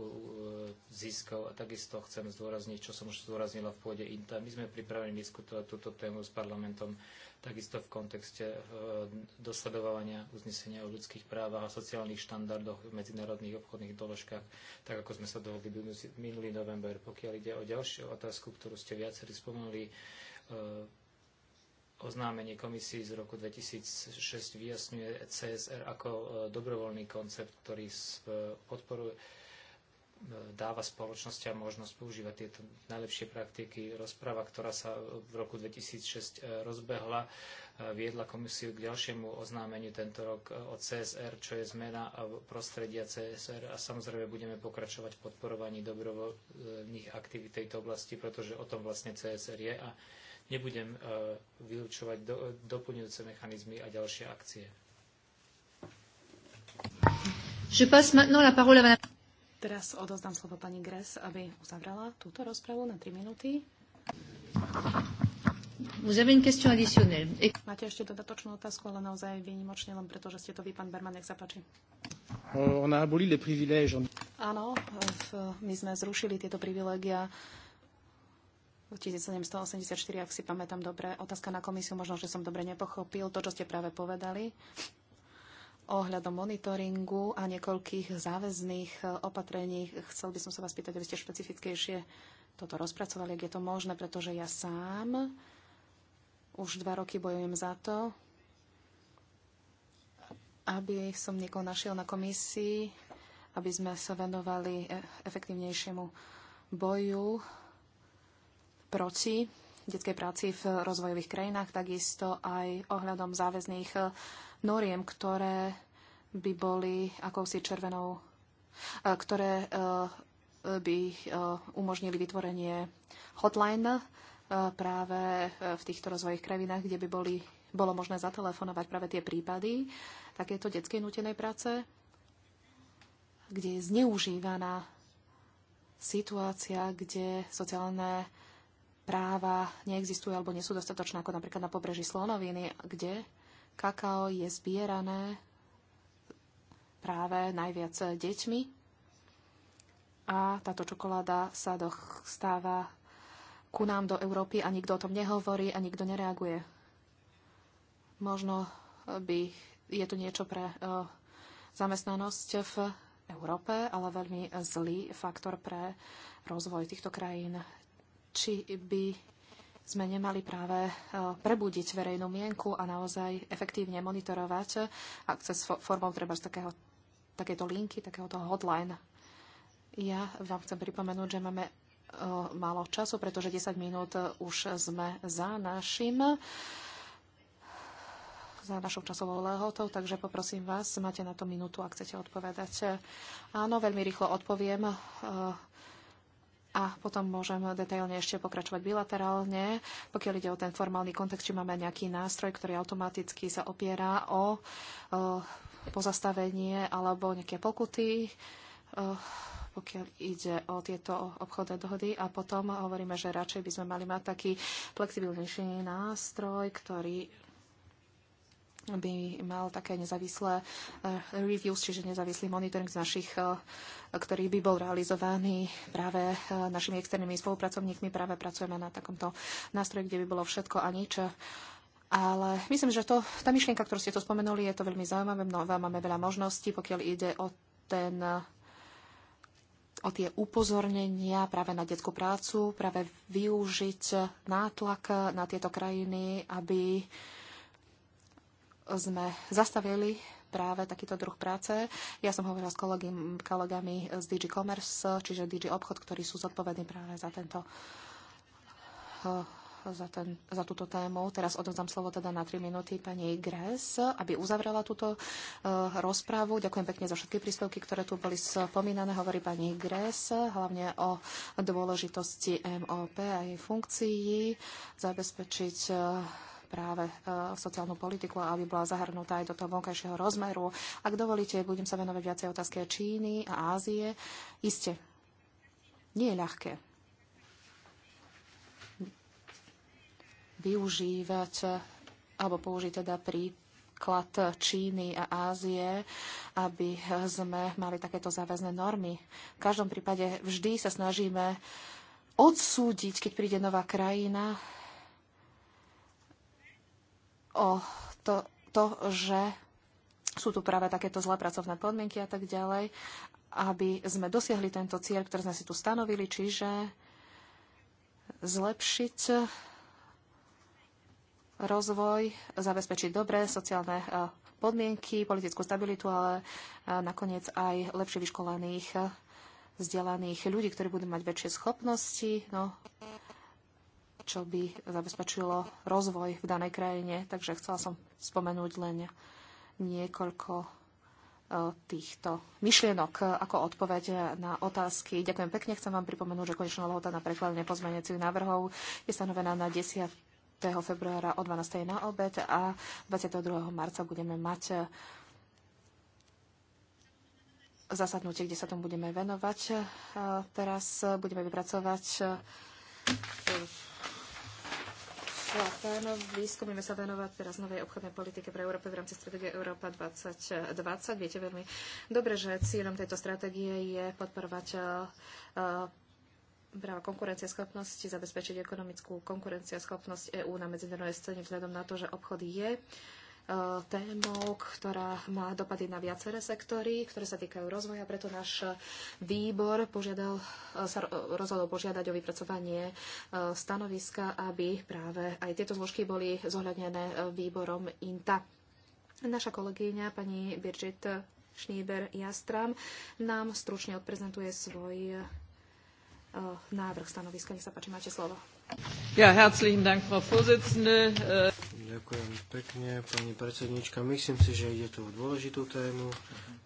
získov A takisto chcem zdôrazniť, čo som už zdôraznila v pôde INTA. My sme pripravení diskutovať túto tému s parlamentom takisto v kontexte eh, dosledovania uznesenia o ľudských právach a sociálnych štandardoch v medzinárodných obchodných doložkách, tak ako sme sa dohodli minulý november. Pokiaľ ide o ďalšiu otázku, ktorú ste viacerí spomenuli, eh, oznámenie komisii z roku 2006 vyjasňuje CSR ako e, dobrovoľný koncept, ktorý e, podporuje, e, dáva spoločnosťam možnosť používať tieto najlepšie praktiky. Rozprava, ktorá sa v roku 2006 rozbehla, viedla komisiu k ďalšiemu oznámeniu tento rok o CSR, čo je zmena prostredia CSR a samozrejme budeme pokračovať v podporovaní dobrovoľných aktivít tejto oblasti, pretože o tom vlastne CSR je a Nebudem e, vylúčovať do, doplňujúce mechanizmy a ďalšie akcie. Je passe maintenant la parole à madame. Teraz odozdám slovo pani Gres, aby uzavrala túto rozpravu na 3 minúty. Vous avez une question additionnelle. Et... Máte ešte dodatočnú otázku, ale naozaj výnimočne len preto, že ste to vy, pán Berman, nech sa páči. Áno, my sme zrušili tieto privilégia 1784, ak si pamätám dobre. Otázka na komisiu, možno, že som dobre nepochopil to, čo ste práve povedali ohľadom monitoringu a niekoľkých záväzných eh, opatrení. Chcel by som sa vás pýtať, aby ste špecifickejšie toto rozpracovali, ak je to možné, pretože ja sám už dva roky bojujem za to, aby som niekoho našiel na komisii, aby sme sa venovali eh, efektívnejšiemu boju proti detskej práci v rozvojových krajinách, takisto aj ohľadom záväzných eh, noriem, ktoré by boli akousi červenou, eh, ktoré eh, by umožnili vytvorenie hotline práve v týchto rozvojových krajinách, kde by boli, bolo možné zatelefonovať práve tie prípady takéto detskej nutenej práce, kde je zneužívaná situácia, kde sociálne práva neexistujú alebo nie sú dostatočné, ako napríklad na pobreží Slonoviny, kde kakao je zbierané práve najviac deťmi a táto čokoláda sa dostáva ku nám do Európy a nikto o tom nehovorí a nikto nereaguje. Možno eh, by je to niečo pre eh, zamestnanosť v Európe, ale veľmi zlý faktor pre rozvoj týchto krajín či by sme nemali práve e, prebudiť verejnú mienku a naozaj efektívne monitorovať, ak cez formou treba z takého, takéto linky, takéhoto hotline. Ja vám chcem pripomenúť, že máme e, málo času, pretože 10 minút e, už sme za našim za našou časovou lehotou, takže poprosím vás, máte na to minútu, ak chcete odpovedať. Áno, veľmi rýchlo odpoviem a potom môžem detailne ešte pokračovať bilaterálne, pokiaľ ide o ten formálny kontext, či máme nejaký nástroj, ktorý automaticky sa opiera o, o pozastavenie alebo nejaké pokuty, o, pokiaľ ide o tieto obchodné dohody. A potom hovoríme, že radšej by sme mali mať taký flexibilnejší nástroj, ktorý by mal také nezávislé eh, reviews, čiže nezávislý monitoring z našich, eh, ktorý by bol realizovaný práve eh, našimi externými spolupracovníkmi. Práve pracujeme na takomto nástroji, kde by bolo všetko a nič. Ale myslím, že to, tá myšlienka, ktorú ste to spomenuli, je to veľmi zaujímavé. Mnoho, máme veľa možností, pokiaľ ide o ten o tie upozornenia práve na detskú prácu, práve využiť nátlak na tieto krajiny, aby uh, sme zastavili práve takýto druh práce. Ja som hovorila s kolegy, kolegami z DG Commerce, čiže DG Obchod, ktorí sú zodpovední práve za tento eh, za, ten, za túto tému. Teraz odovzdám slovo teda na 3 minúty pani Gres, aby uzavrela túto uh, rozprávu. Ďakujem pekne za všetky príspevky, ktoré tu boli spomínané. Hovorí pani Gres hlavne o dôležitosti MOP a jej funkcii zabezpečiť uh, práve e, sociálnu politiku aby bola zahrnutá aj do toho vonkajšieho rozmeru. Ak dovolíte, budem sa venovať viacej otázke Číny a Ázie. Isté, nie je ľahké využívať alebo použiť teda príklad Číny a Ázie, aby sme mali takéto záväzné normy. V každom prípade vždy sa snažíme odsúdiť, keď príde nová krajina, o to, to, že sú tu práve takéto zlé pracovné podmienky a tak ďalej, aby sme dosiahli tento cieľ, ktorý sme si tu stanovili, čiže zlepšiť rozvoj, zabezpečiť dobré sociálne e, podmienky, politickú stabilitu, ale e, nakoniec aj lepšie vyškolených e, vzdelaných ľudí, ktorí budú mať väčšie schopnosti. No, čo by zabezpečilo rozvoj v danej krajine. Takže chcela som spomenúť len niekoľko e, týchto myšlienok ako odpoveď na otázky. Ďakujem pekne. Chcem vám pripomenúť, že konečná lehota na prekladanie pozmeniacich návrhov je stanovená na 10. februára o 12. na obed a 22. marca budeme mať e, zasadnutie, kde sa tomu budeme venovať. E, teraz budeme vypracovať a pánov, výskum sa venovať teraz novej obchodnej politike pre Európe v rámci stratégie Európa 2020. Viete veľmi dobre, že cieľom tejto stratégie je podporovať e, práva konkurencieschopnosti, zabezpečiť ekonomickú konkurencieschopnosť EÚ na medzinárodnej scéne vzhľadom na to, že obchod je témou, ktorá má dopady na viaceré sektory, ktoré sa týkajú rozvoja, preto náš výbor požiadal, e, sa rozhodol požiadať o vypracovanie e, stanoviska, aby práve aj tieto zložky boli zohľadnené e, výborom INTA. Naša kolegyňa pani Birgit Schneider jastram nám stručne odprezentuje svoj návrh stanoviska. Nech sa páči, máte slovo. Ja, herzlichen Dank, Frau Vorsitzende. Äh, Ďakujem pekne, pani predsednička. Myslím si, že ide tu o dôležitú tému.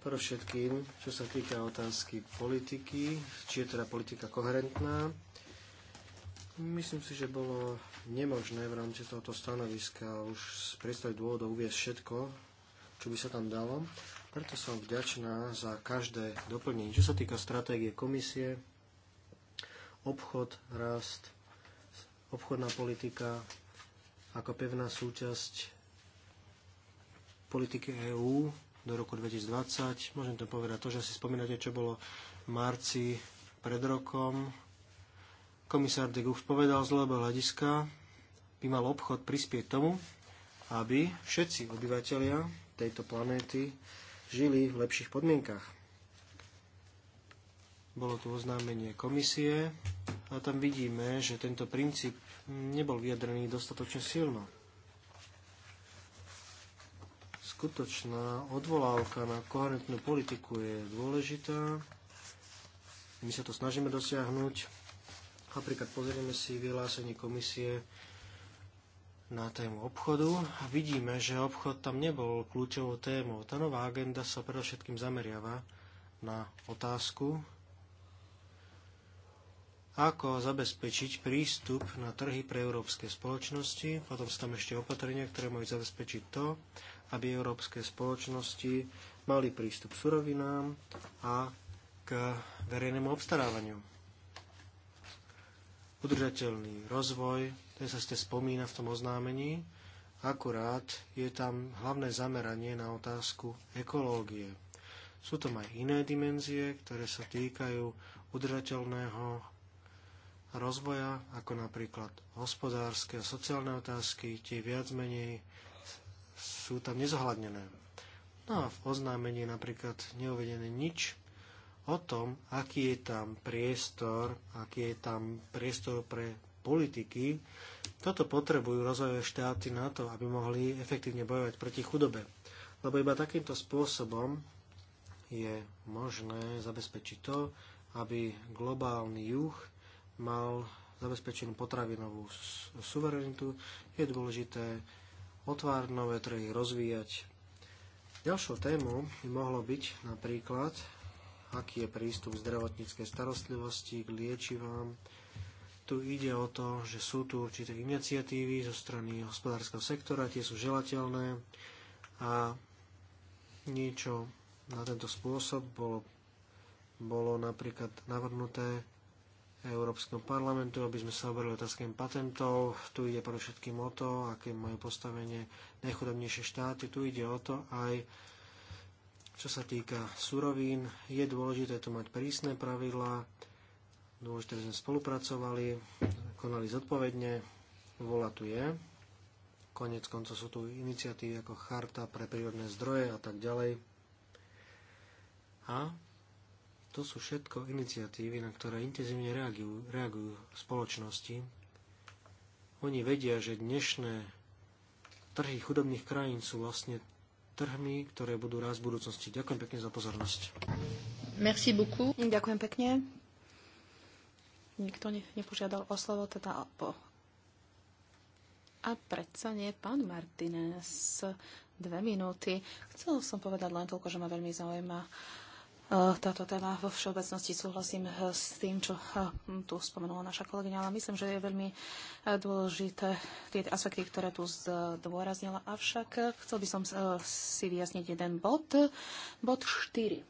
Pre všetkým, čo sa týka otázky politiky, či je teda politika koherentná, myslím si, že bolo nemožné v rámci tohoto stanoviska už z predstaviť dôvodov uviezť všetko, čo by sa tam dalo. Preto som vďačná za každé doplnenie. Čo sa týka stratégie komisie, obchod, rast, obchodná politika, ako pevná súčasť politiky EÚ do roku 2020. Môžem to povedať to, že si spomínate, čo bolo v marci pred rokom. Komisár de Gucht povedal z dlhého hľadiska, by mal obchod prispieť tomu, aby všetci obyvateľia tejto planéty žili v lepších podmienkach. Bolo tu oznámenie komisie a tam vidíme, že tento princíp nebol vyjadrený dostatočne silno. Skutočná odvolávka na koherentnú politiku je dôležitá. My sa to snažíme dosiahnuť. Napríklad pozrieme si vyhlásenie komisie na tému obchodu a vidíme, že obchod tam nebol kľúčovou témou. Tá nová agenda sa predovšetkým zameriava na otázku, ako zabezpečiť prístup na trhy pre európske spoločnosti. Potom sú tam ešte opatrenia, ktoré majú zabezpečiť to, aby európske spoločnosti mali prístup k surovinám a k verejnému obstarávaniu. Udržateľný rozvoj, ten sa ste spomína v tom oznámení, akurát je tam hlavné zameranie na otázku ekológie. Sú tam aj iné dimenzie, ktoré sa týkajú udržateľného rozvoja, ako napríklad hospodárske a sociálne otázky, tie viac menej sú tam nezohľadnené. No a v oznámení je napríklad neuvedené nič o tom, aký je tam priestor, aký je tam priestor pre politiky. Toto potrebujú rozvojové štáty na to, aby mohli efektívne bojovať proti chudobe. Lebo iba takýmto spôsobom je možné zabezpečiť to, aby globálny juh mal zabezpečenú potravinovú suverenitu, je dôležité otvárať nové trhy, rozvíjať. Ďalšou témou by mohlo byť napríklad, aký je prístup zdravotníckej starostlivosti, k liečivám. Tu ide o to, že sú tu určité iniciatívy zo strany hospodárskeho sektora, tie sú želateľné a niečo na tento spôsob bolo, bolo napríklad navrhnuté Európskeho parlamentu, aby sme sa obrali otázkem patentov. Tu ide pre všetkým o to, aké majú postavenie najchudobnejšie štáty. Tu ide o to aj, čo sa týka surovín. Je dôležité tu mať prísne pravidlá, dôležité, aby sme spolupracovali, konali zodpovedne, vola tu je. Konec koncov sú tu iniciatívy ako Charta pre prírodné zdroje a tak ďalej. A to sú všetko iniciatívy, na ktoré intenzívne reagujú, reagujú spoločnosti. Oni vedia, že dnešné trhy chudobných krajín sú vlastne trhmi, ktoré budú rásť v budúcnosti. Ďakujem pekne za pozornosť. Merci beaucoup. Ďakujem pekne. Nikto ne, nepožiadal o slovo, teda po. A predsa nie, pán Martinez, dve minúty. Chcel som povedať len toľko, že ma veľmi zaujíma E, táto téma vo všeobecnosti súhlasím e, s tým, čo e, tu spomenula naša kolegyňa, ale myslím, že je veľmi dôležité tie aspekty, ktoré tu zdôraznila. Avšak chcel by som si vyjasniť jeden bod. Bod 4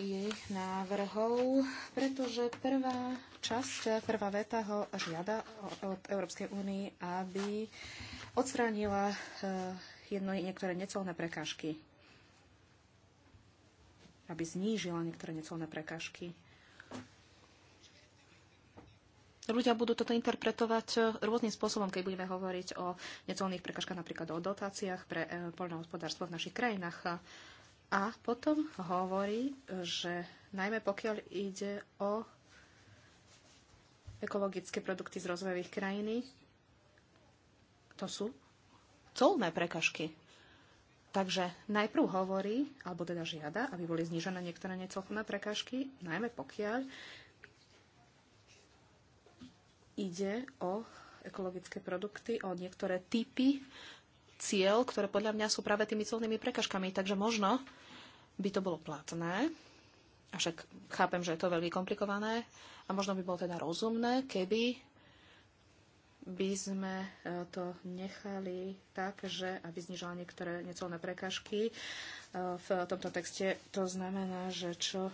jej návrhov, pretože prvá časť, prvá veta ho žiada od Európskej únii, aby odstránila jedno, niektoré necelné prekážky aby znížila niektoré necelné prekážky. Ľudia budú toto interpretovať eh, rôznym spôsobom, keď budeme hovoriť o necelných prekažkách, napríklad o dotáciách pre eh, poľnohospodárstvo v našich krajinách. A potom hovorí, že najmä pokiaľ ide o ekologické produkty z rozvojových krajín, to sú colné prekažky. Takže najprv hovorí, alebo teda žiada, aby boli znížené niektoré necelkovné prekážky, najmä pokiaľ ide o ekologické produkty, o niektoré typy cieľ, ktoré podľa mňa sú práve tými celnými prekažkami. Takže možno by to bolo platné, avšak chápem, že je to veľmi komplikované a možno by bolo teda rozumné, keby by sme e, to nechali tak, že aby znižala niektoré necelné prekažky e, v tomto texte. To znamená, že čo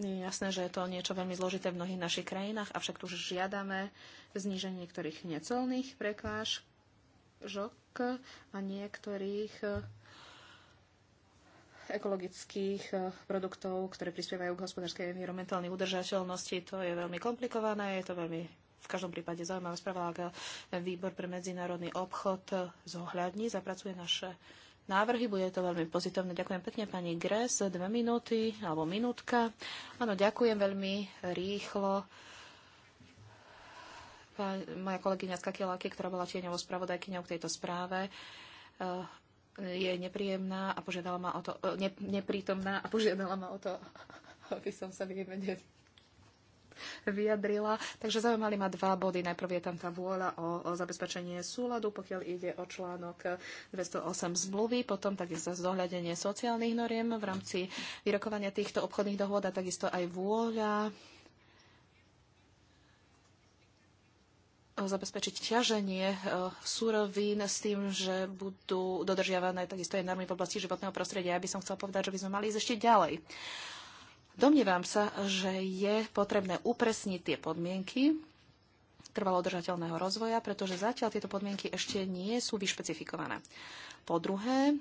je jasné, že je to niečo veľmi zložité v mnohých našich krajinách, avšak tu žiadame zníženie niektorých necelných prekážok a niektorých e, ekologických eh, produktov, ktoré prispievajú k hospodárskej environmentálnej udržateľnosti. To je veľmi komplikované, je to veľmi v každom prípade zaujímavá správa, ak eh, výbor pre medzinárodný obchod eh, zohľadní, zapracuje naše návrhy, bude to veľmi pozitívne. Ďakujem pekne pani Gres, dve minúty alebo minútka. Áno, ďakujem veľmi rýchlo moja kolegyňa Skakielaky, ktorá bola tieňovou spravodajkyňou k tejto správe, je nepríjemná a požiadala ma o to, e, ne, neprítomná a požiadala ma o to, aby som sa vyjemene vyjadrila. Takže zaujímali ma dva body. Najprv je tam tá vôľa o, o zabezpečenie súladu, pokiaľ ide o článok 208 zmluvy, potom takisto zohľadenie sociálnych noriem v rámci vyrokovania týchto obchodných dohôd a takisto aj vôľa zabezpečiť ťaženie e, súrovín s tým, že budú dodržiavané takisto aj normy v oblasti životného prostredia. Ja by som chcela povedať, že by sme mali ísť ešte ďalej. Domnievam sa, že je potrebné upresniť tie podmienky trvalo udržateľného rozvoja, pretože zatiaľ tieto podmienky ešte nie sú vyšpecifikované. Po druhé,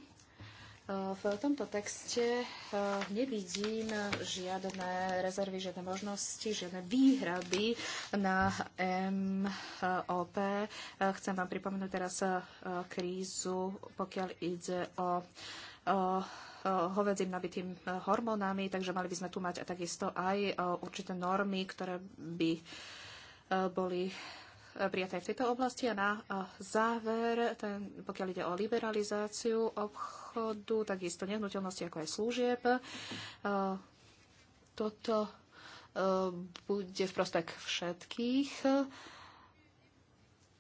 v tomto texte e, nevidím žiadne rezervy, žiadne možnosti, žiadne výhrady na MOP. E, chcem vám pripomenúť teraz e, krízu, pokiaľ ide o, hovedzím nabitým hormónami, takže mali by sme tu mať takisto aj určité normy, ktoré by boli prijaté v tejto oblasti. A na záver, ten, pokiaľ ide o liberalizáciu obchodu, obchodu, takisto nehnuteľnosti, ako aj služieb. E, toto e, bude v prospech všetkých,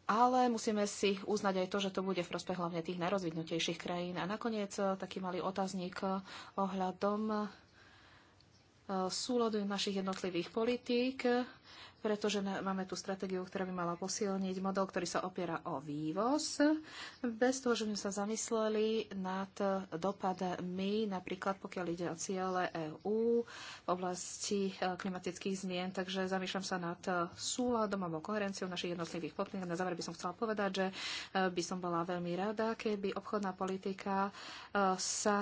ale musíme si uznať aj to, že to bude v prospech hlavne tých najrozvinutejších krajín. A nakoniec e, taký malý otáznik ohľadom súladu našich jednotlivých politík pretože máme tu stratégiu, ktorá by mala posilniť model, ktorý sa opiera o vývoz, bez toho, že by sa zamysleli nad dopadmi, napríklad pokiaľ ide o ciele EÚ v oblasti e, klimatických zmien. Takže zamýšľam sa nad e, súladom alebo koherenciou našich jednotlivých podmienok. Na záver by som chcela povedať, že e, by som bola veľmi rada, keby obchodná politika sa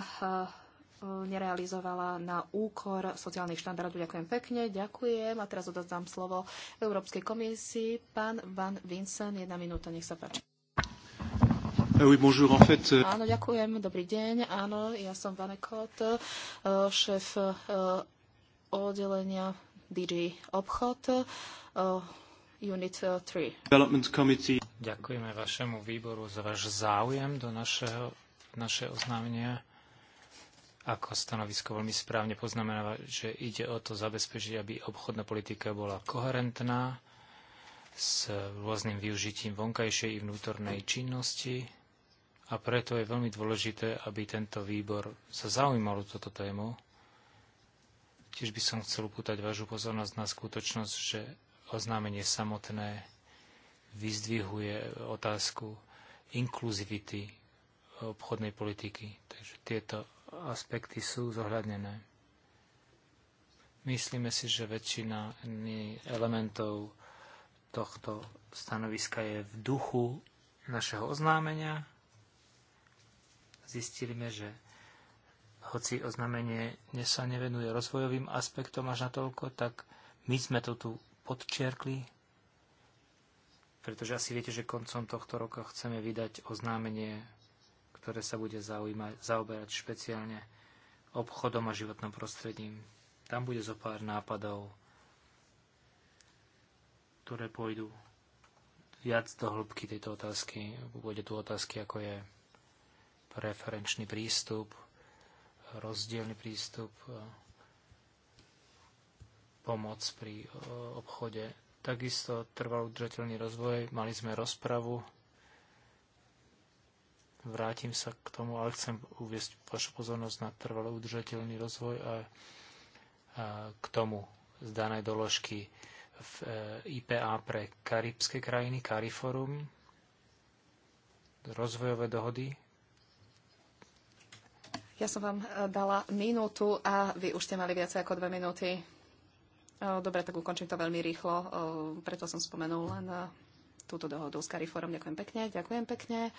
nerealizovala na úkor sociálnych štandardov. Ďakujem pekne, ďakujem. A teraz odozdám slovo Európskej komisii. Pán Van Vincent, jedna minúta, nech sa páči. Eh oui, bonjour, en fait... Euh, Áno, ďakujem, dobrý deň. Áno, ja som Vanekot, eh, šéf eh, oddelenia DG Obchod, Unit 3. Ďakujeme vašemu výboru za váš záujem do našeho, naše oznámenia ako stanovisko veľmi správne poznamenáva, že ide o to zabezpečiť, aby obchodná politika bola koherentná s rôznym využitím vonkajšej i vnútornej činnosti a preto je veľmi dôležité, aby tento výbor sa zaujímal toto tému. Tiež by som chcel upútať vašu pozornosť na skutočnosť, že oznámenie samotné vyzdvihuje otázku inkluzivity obchodnej politiky. Takže tieto aspekty sú zohľadnené. Myslíme si, že väčšina elementov tohto stanoviska je v duchu našeho oznámenia. Zistili sme, že hoci oznámenie dnes sa nevenuje rozvojovým aspektom až natoľko, tak my sme to tu podčiarkli, pretože asi viete, že koncom tohto roka chceme vydať oznámenie ktoré sa bude zaujímať, zaoberať špeciálne obchodom a životnom prostredím. Tam bude zo pár nápadov, ktoré pôjdu viac do hĺbky tejto otázky. Bude tu otázky, ako je preferenčný prístup, rozdielny prístup, pomoc pri obchode. Takisto trval udržateľný rozvoj. Mali sme rozpravu Vrátim sa k tomu, ale chcem uviesť vašu pozornosť na trvalo udržateľný rozvoj a, a k tomu z danej doložky v e, IPA pre karibské krajiny, Cariforum, rozvojové dohody, ja som vám e, dala minútu a vy už ste mali viac ako dve minúty. E, dobre, tak ukončím to veľmi rýchlo, preto som spomenul len túto dohodu s Cariforum. Ďakujem pekne, ďakujem pekne.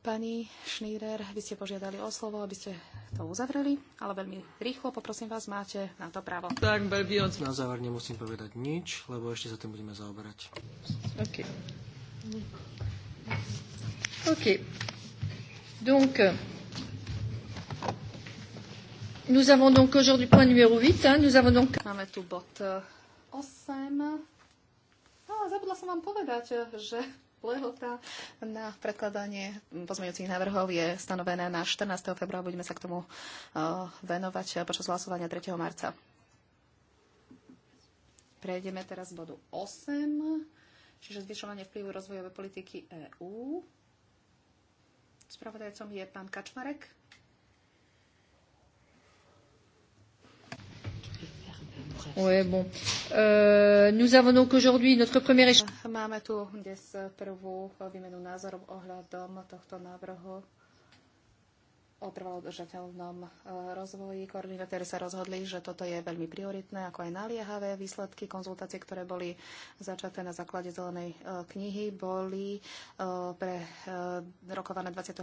Pani Schneider, vy ste požiadali o slovo, aby ste to uzavreli, ale veľmi rýchlo, poprosím vás, máte na to právo. Tak, Belgiac. Na záver nemusím povedať nič, lebo ešte sa tým budeme zaoberať. OK. OK. Donc, nous avons donc aujourd'hui point numéro 8, hein, nous avons donc... Máme tu bot 8. Ah, zabudla som vám povedať, eh, že Lehota na predkladanie pozmeňujúcich návrhov je stanovená na 14. februára. Budeme sa k tomu eh, venovať eh, počas hlasovania 3. marca. Prejdeme teraz k bodu 8, čiže zvyšovanie vplyvu rozvojovej politiky EÚ. Spravodajcom je pán Kačmarek. Ouais, bon. Euh, nous avons donc aujourd'hui notre premier échange. Máme tu dnes prvú výmenu názorov ohľadom tohto návrhu o trvalo e, rozvoji. Koordinátori sa rozhodli, že toto je veľmi prioritné, ako aj naliehavé výsledky konzultácie, ktoré boli začaté na základe zelenej e, knihy, boli e, pre rokované 22.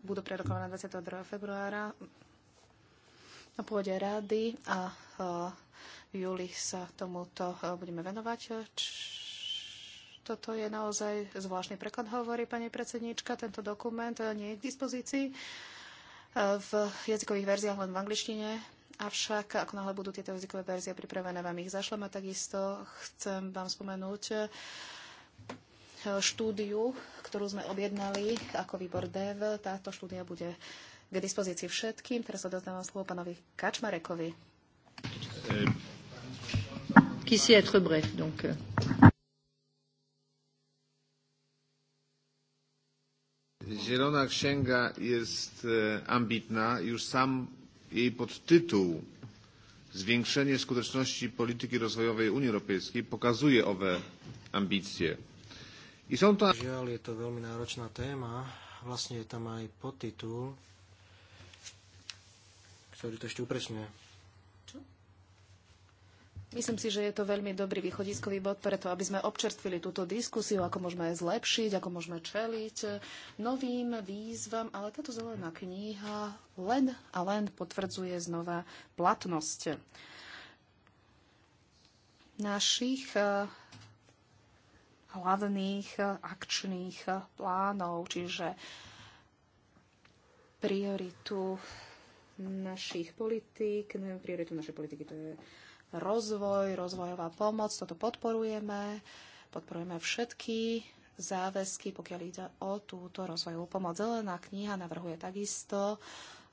budú prerokované 22. februára na pôde rady a e, v júli sa tomuto e, budeme venovať. E, toto je naozaj zvláštny preklad, hovorí pani predsedníčka. Tento dokument nie je k dispozícii v jazykových verziách len v angličtine. Avšak, ako náhle budú tieto jazykové verzie pripravené, vám ich zašlem a takisto chcem vám spomenúť štúdiu, ktorú sme objednali ako výbor DEV. Táto štúdia bude k dispozícii všetkým. Teraz sa dostávam slovo pánovi Kačmarekovi. Qui sait être bref, donc. Euh. Zielona Księga jest e, ambitna. Już sam jej podtytuł Zwiększenie skuteczności polityki rozwojowej Unii Europejskiej pokazuje owe ambicje. I są to... Žiaľ, je to veľmi náročná téma. Vlastne je tam aj podtitul ktorý to ešte upresňuje. Myslím si, že je to veľmi dobrý východiskový bod to, aby sme občerstvili túto diskusiu, ako môžeme zlepšiť, ako môžeme čeliť novým výzvam, ale táto zelená kniha len a len potvrdzuje znova platnosť našich eh, hlavných eh, akčných plánov, čiže prioritu našich politík, prioritu našej politiky to je rozvoj, rozvojová pomoc, toto podporujeme, podporujeme všetky záväzky, pokiaľ ide o túto rozvojovú pomoc. Zelená kniha navrhuje takisto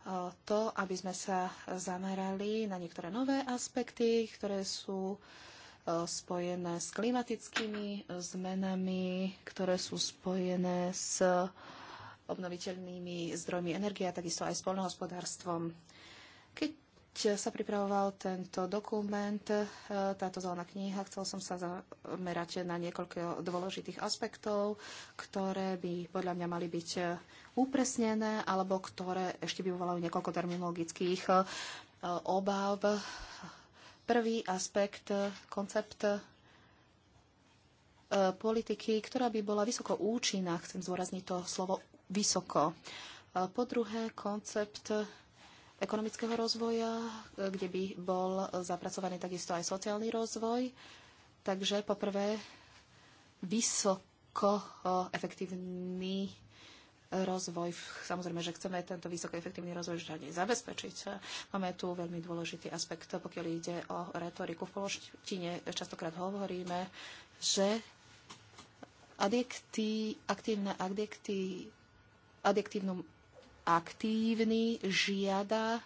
eh, to, aby sme sa zamerali na niektoré nové aspekty, ktoré sú eh, spojené s klimatickými zmenami, ktoré sú spojené s obnoviteľnými zdrojmi energie a takisto aj s Keď sa pripravoval tento dokument, e, táto zelená kniha, chcel som sa zamerať na niekoľko dôležitých aspektov, ktoré by podľa mňa mali byť e, upresnené alebo ktoré ešte by vyvolajú niekoľko terminologických e, obáv. Prvý aspekt, koncept politiky, ktorá by bola vysoko účinná, chcem zvorazniť to slovo vysoko. Po druhé, koncept ekonomického rozvoja, kde by bol zapracovaný takisto aj sociálny rozvoj. Takže poprvé, vysoko efektívny rozvoj. Samozrejme, že chceme tento vysoko efektívny rozvoj žiadne zabezpečiť. Máme tu veľmi dôležitý aspekt, pokiaľ ide o retoriku. V pološtine častokrát hovoríme, že aktívne adjektívy adjektívnom aktívny žiada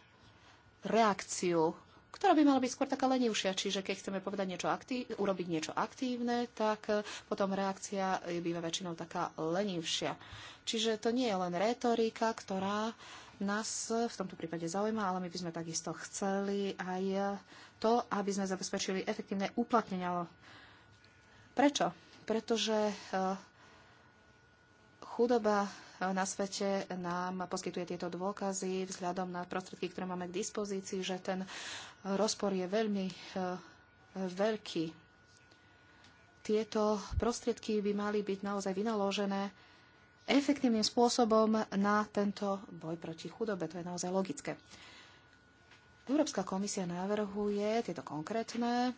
reakciu, ktorá by mala byť skôr taká lenivšia. Čiže keď chceme povedať niečo aktív, urobiť niečo aktívne, tak e, potom reakcia býva väčšinou taká lenivšia. Čiže to nie je len retorika, ktorá nás v tomto prípade zaujíma, ale my by sme takisto chceli aj to, aby sme zabezpečili efektívne uplatnenia. Prečo? Pretože e, chudoba na svete nám poskytuje tieto dôkazy vzhľadom na prostriedky, ktoré máme k dispozícii, že ten rozpor je veľmi e, veľký. Tieto prostriedky by mali byť naozaj vynaložené efektívnym spôsobom na tento boj proti chudobe. To je naozaj logické. Európska komisia navrhuje tieto konkrétne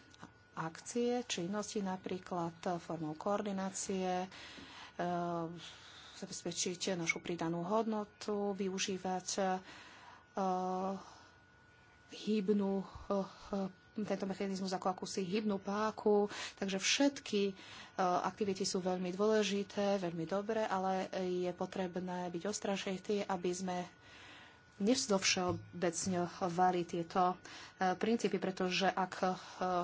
akcie, činnosti napríklad formou koordinácie, e, zabezpečiť našu pridanú hodnotu, využívať eh, hybnú eh, tento mechanizmus ako akúsi hybnú páku. Takže všetky uh, aktivity sú veľmi dôležité, veľmi dobré, ale je potrebné byť ostražití, aby sme varí tieto e, princípy, pretože ak e,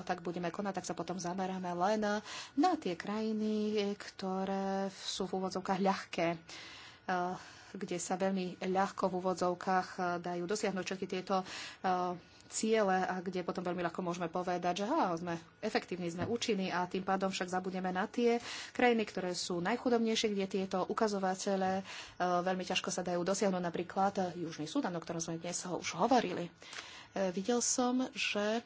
tak budeme konať, tak sa potom zameráme len na tie krajiny, ktoré sú v úvodzovkách ľahké e, kde sa veľmi ľahko v úvodzovkách dajú dosiahnuť všetky tieto ciele a kde potom veľmi ľahko môžeme povedať, že ha, sme efektívni, sme účinní a tým pádom však zabudneme na tie krajiny, ktoré sú najchudobnejšie, kde tieto ukazovatele e, veľmi ťažko sa dajú dosiahnuť, napríklad Južný Sudan, o ktorom sme dnes ho už hovorili. E, videl som, že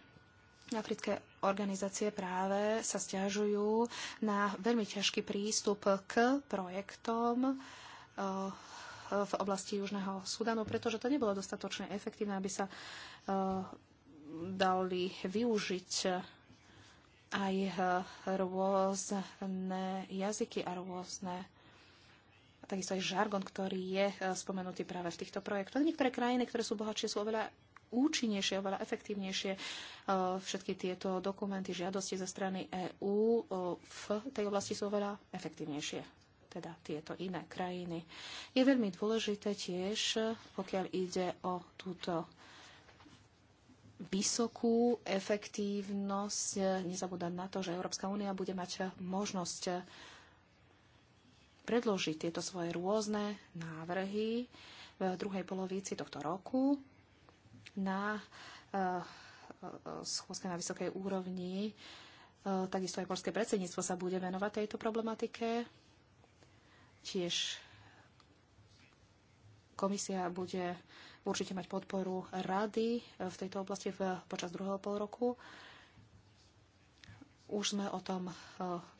africké organizácie práve sa stiažujú na veľmi ťažký prístup k projektom e, v oblasti Južného Sudanu, pretože to nebolo dostatočne efektívne, aby sa eh, dali využiť eh, aj eh, rôzne jazyky a rôzne takisto aj žargon, ktorý je spomenutý práve v týchto projektoch. Niektoré krajiny, ktoré sú bohatšie, sú oveľa účinnejšie, oveľa efektívnejšie všetky tieto dokumenty, žiadosti ze strany EÚ v tej oblasti sú oveľa efektívnejšie teda tieto iné krajiny. Je veľmi dôležité tiež, pokiaľ ide o túto vysokú efektívnosť, nezabúdať na to, že Európska únia bude mať možnosť predložiť tieto svoje rôzne návrhy v druhej polovici tohto roku na eh, schôzke na vysokej úrovni. Eh, takisto aj polské predsedníctvo sa bude venovať tejto problematike Tiež komisia bude určite mať podporu rady v tejto oblasti v, počas druhého pol roku. Už sme o tom e,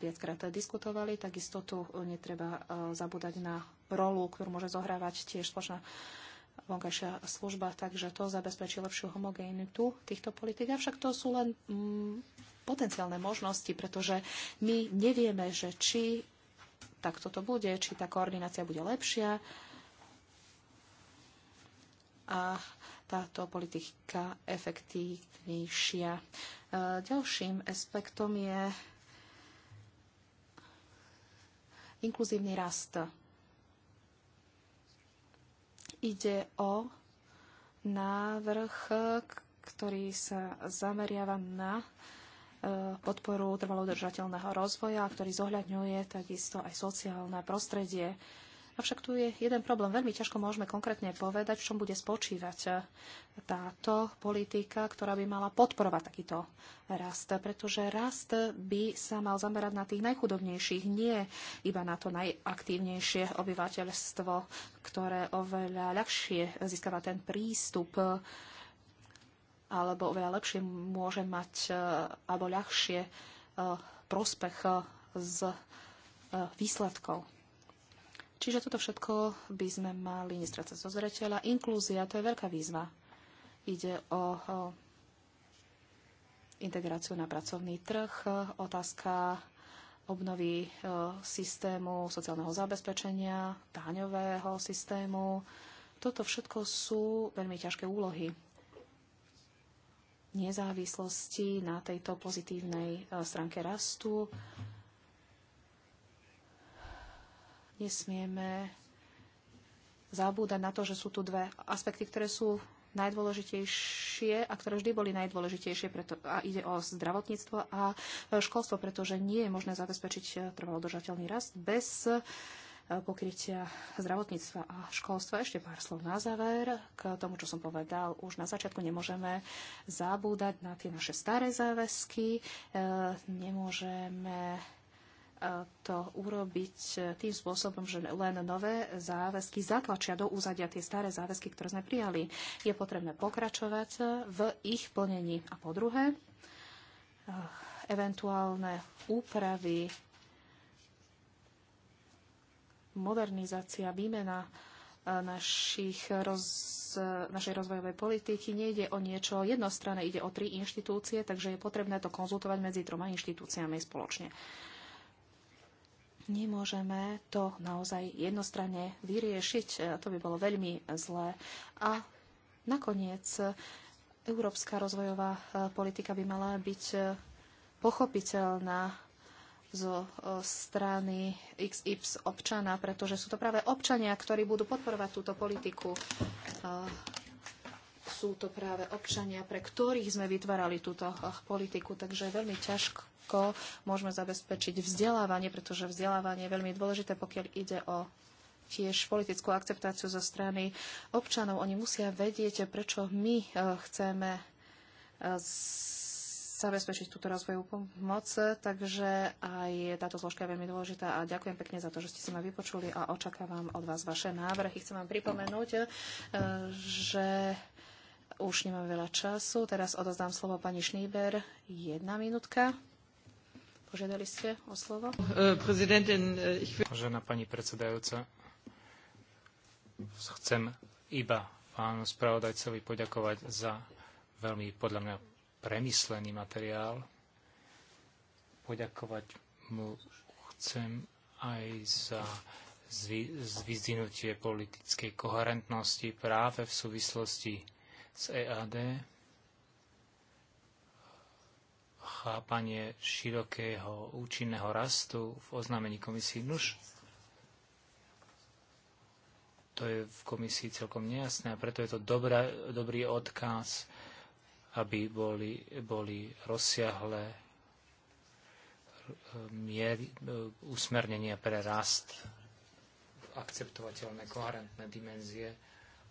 viackrát diskutovali, takisto tu netreba e, zabúdať na rolu, ktorú môže zohrávať tiež spoločná vonkajšia služba, takže to zabezpečí lepšiu homogénitu týchto politik. Avšak to sú len mm, potenciálne možnosti, pretože my nevieme, že či tak toto bude, či tá koordinácia bude lepšia. A táto politika efektívnejšia. E, ďalším aspektom je inkluzívny rast. Ide o návrh, ktorý sa zameriava na podporu trvalo udržateľného rozvoja, ktorý zohľadňuje takisto aj sociálne prostredie. Avšak tu je jeden problém. Veľmi ťažko môžeme konkrétne povedať, v čom bude spočívať táto politika, ktorá by mala podporovať takýto rast. Pretože rast by sa mal zamerať na tých najchudobnejších, nie iba na to najaktívnejšie obyvateľstvo, ktoré oveľa ľahšie získava ten prístup alebo oveľa lepšie môže mať e, alebo ľahšie e, prospech e, z výsledkov. Čiže toto všetko by sme mali nestrácať zo zreteľa. Inklúzia to je veľká výzva. Ide o integráciu na pracovný trh, otázka obnovy systému sociálneho zabezpečenia, táňového systému. Toto všetko sú veľmi ťažké úlohy nezávislosti, na tejto pozitívnej e, stránke rastu. Nesmieme zabúdať na to, že sú tu dve aspekty, ktoré sú najdôležitejšie a ktoré vždy boli najdôležitejšie, preto, a ide o zdravotníctvo a školstvo, pretože nie je možné zabezpečiť e, trvalodržateľný rast bez uh, pokrytia e, zdravotníctva a školstva. Ešte pár slov na záver. K tomu, čo som povedal, už na začiatku nemôžeme zabúdať na tie naše staré záväzky. E, nemôžeme e, to urobiť tým spôsobom, že len nové záväzky zatlačia do úzadia tie staré záväzky, ktoré sme prijali. Je potrebné pokračovať v ich plnení. A po druhé, eventuálne úpravy modernizácia, výmena e, našich roz, e, našej rozvojovej politiky. Nejde o niečo jednostranné, ide o tri inštitúcie, takže je potrebné to konzultovať medzi troma inštitúciami spoločne. Nemôžeme to naozaj jednostranne vyriešiť, e, to by bolo veľmi zlé. A nakoniec európska rozvojová politika by mala byť pochopiteľná zo e, strany XY občana, pretože sú to práve občania, ktorí budú podporovať túto politiku. E, sú to práve občania, pre ktorých sme vytvárali túto e, politiku, takže je veľmi ťažko môžeme zabezpečiť vzdelávanie, pretože vzdelávanie je veľmi dôležité, pokiaľ ide o tiež politickú akceptáciu zo strany občanov. Oni musia vedieť, prečo my chceme zabezpečiť túto rozvojovú pomoc, takže aj táto zložka je veľmi dôležitá a ďakujem pekne za to, že ste si ma vypočuli a očakávam od vás vaše návrhy. Chcem vám pripomenúť, e, že už nemám veľa času. Teraz odozdám slovo pani Šníber. Jedna minútka. Požiadali ste o slovo? E, e, Vážená pani predsedajúca, chcem iba pánu spravodajcovi poďakovať za veľmi podľa mňa premyslený materiál. Poďakovať mu chcem aj za zvyzdinutie politickej koherentnosti práve v súvislosti s EAD, chápanie širokého účinného rastu v oznámení komisii NUŠ. To je v komisii celkom nejasné a preto je to dobrá, dobrý odkaz aby boli, boli rozsiahle eh, miery, eh, usmernenia pre rast akceptovateľné, koherentné dimenzie.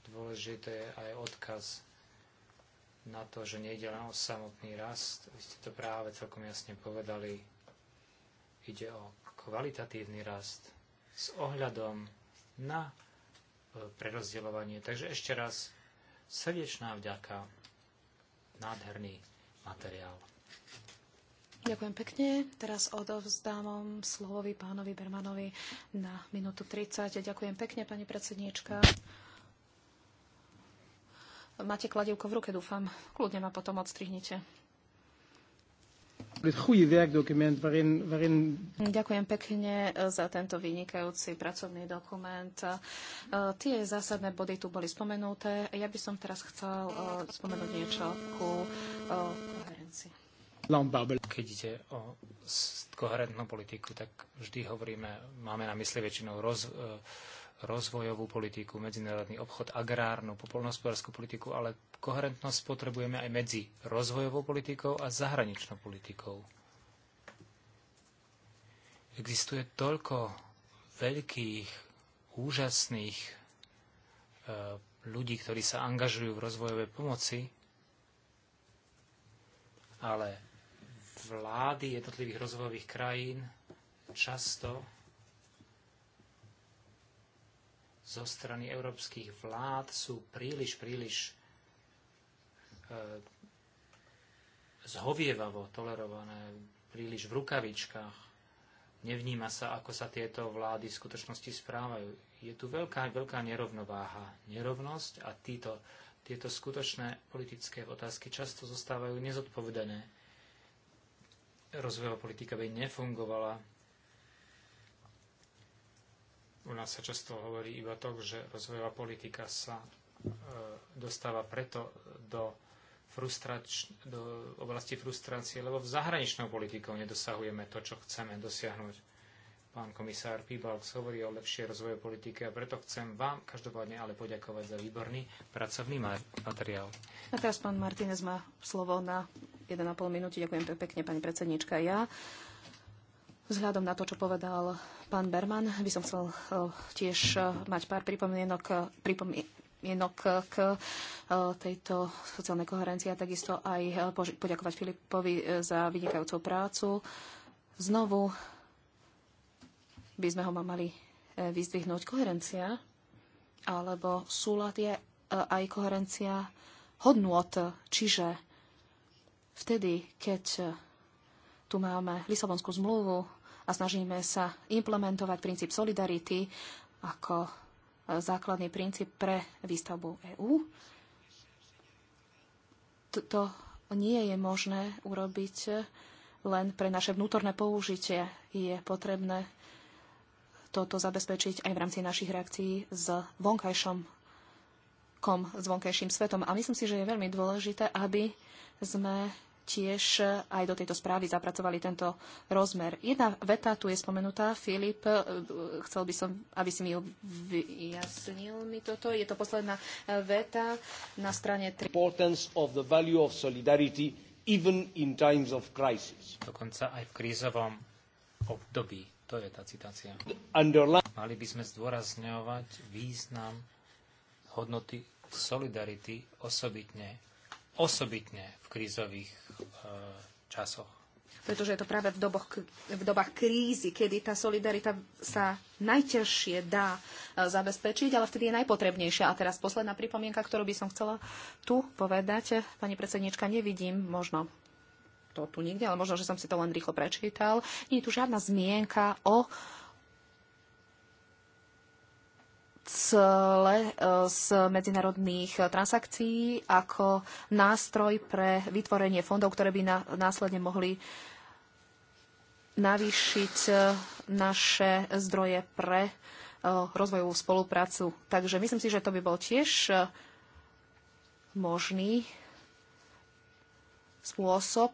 Dôležité je aj odkaz na to, že nejde len o samotný rast. Vy ste to práve celkom jasne povedali. Ide o kvalitatívny rast s ohľadom na eh, prerozdeľovanie. Takže ešte raz srdečná vďaka nádherný materiál. Ďakujem pekne. Teraz odovzdávam slovovi pánovi Bermanovi na minútu 30. Ďakujem pekne, pani predsedníčka. Máte kladivko v ruke, dúfam. Kľudne ma potom odstrihnite goede werkdocument waarin, waarin... Ďakujem pekne e, za tento vynikajúci pracovný dokument. E, tie zásadné body tu boli spomenuté. Ja by som teraz chcel e, spomenúť niečo ku koherencii. Keď ide o koherentnú politiku, tak vždy hovoríme, máme na mysli väčšinou roz, rozvojovú politiku, medzinárodný obchod, agrárnu, poľnohospodárskú politiku, ale koherentnosť potrebujeme aj medzi rozvojovou politikou a zahraničnou politikou. Existuje toľko veľkých, úžasných e, ľudí, ktorí sa angažujú v rozvojovej pomoci, ale vlády jednotlivých rozvojových krajín často zo strany európskych vlád sú príliš, príliš e, zhovievavo tolerované, príliš v rukavičkách. Nevníma sa, ako sa tieto vlády v skutočnosti správajú. Je tu veľká, veľká nerovnováha, nerovnosť a títo, tieto skutočné politické otázky často zostávajú nezodpovedané. Rozvojová politika by nefungovala u nás sa často hovorí iba to, že rozvojová politika sa e, dostáva preto do, frustrač- do oblasti frustrácie, lebo v zahraničnou politikou nedosahujeme to, čo chceme dosiahnuť. Pán komisár Pibalx hovorí o lepšej rozvojovej politike a preto chcem vám každopádne ale poďakovať za výborný pracovný materiál. A teraz pán Martinez má slovo na 1,5 minúty. Ďakujem pekne, pani predsednička. Ja Vzhľadom na to, čo povedal pán Berman, by som chcel eh, tiež eh, mať pár pripomienok, eh, pripomienok k tejto sociálnej koherencii a takisto aj poďakovať Filipovi za vynikajúcu prácu. Znovu by sme ho mali vyzdvihnúť. Koherencia alebo súlad je aj koherencia hodnot. čiže vtedy, keď tu máme Lisabonskú zmluvu, a snažíme sa implementovať princíp solidarity ako e, základný princíp pre výstavbu EÚ. To nie je možné urobiť len pre naše vnútorné použitie. Je potrebné toto zabezpečiť aj v rámci našich reakcií s vonkajšom kom, s vonkajším svetom. A myslím si, že je veľmi dôležité, aby sme tiež aj do tejto správy zapracovali tento rozmer. Jedna veta tu je spomenutá. Filip, e, chcel by som, aby si mi ju vyjasnil mi toto. Je to posledná e, veta na strane 3. Importance of the value of solidarity even in times of crisis. Dokonca aj v krízovom období. To je tá citácia. Mali by sme zdôrazňovať význam hodnoty solidarity osobitne osobitne v krízových eh, časoch. Pretože je to práve v, doboch, v dobách krízy, kedy tá solidarita sa najťažšie dá eh, zabezpečiť, ale vtedy je najpotrebnejšia. A teraz posledná pripomienka, ktorú by som chcela tu povedať. Pani predsednička, nevidím možno to tu nikde, ale možno, že som si to len rýchlo prečítal. Nie je tu žiadna zmienka o uh, cle e, z medzinárodných e, transakcií ako nástroj pre vytvorenie fondov, ktoré by následne mohli navýšiť e, naše zdroje pre rozvojovú spoluprácu. Takže myslím si, že to by bol tiež možný spôsob,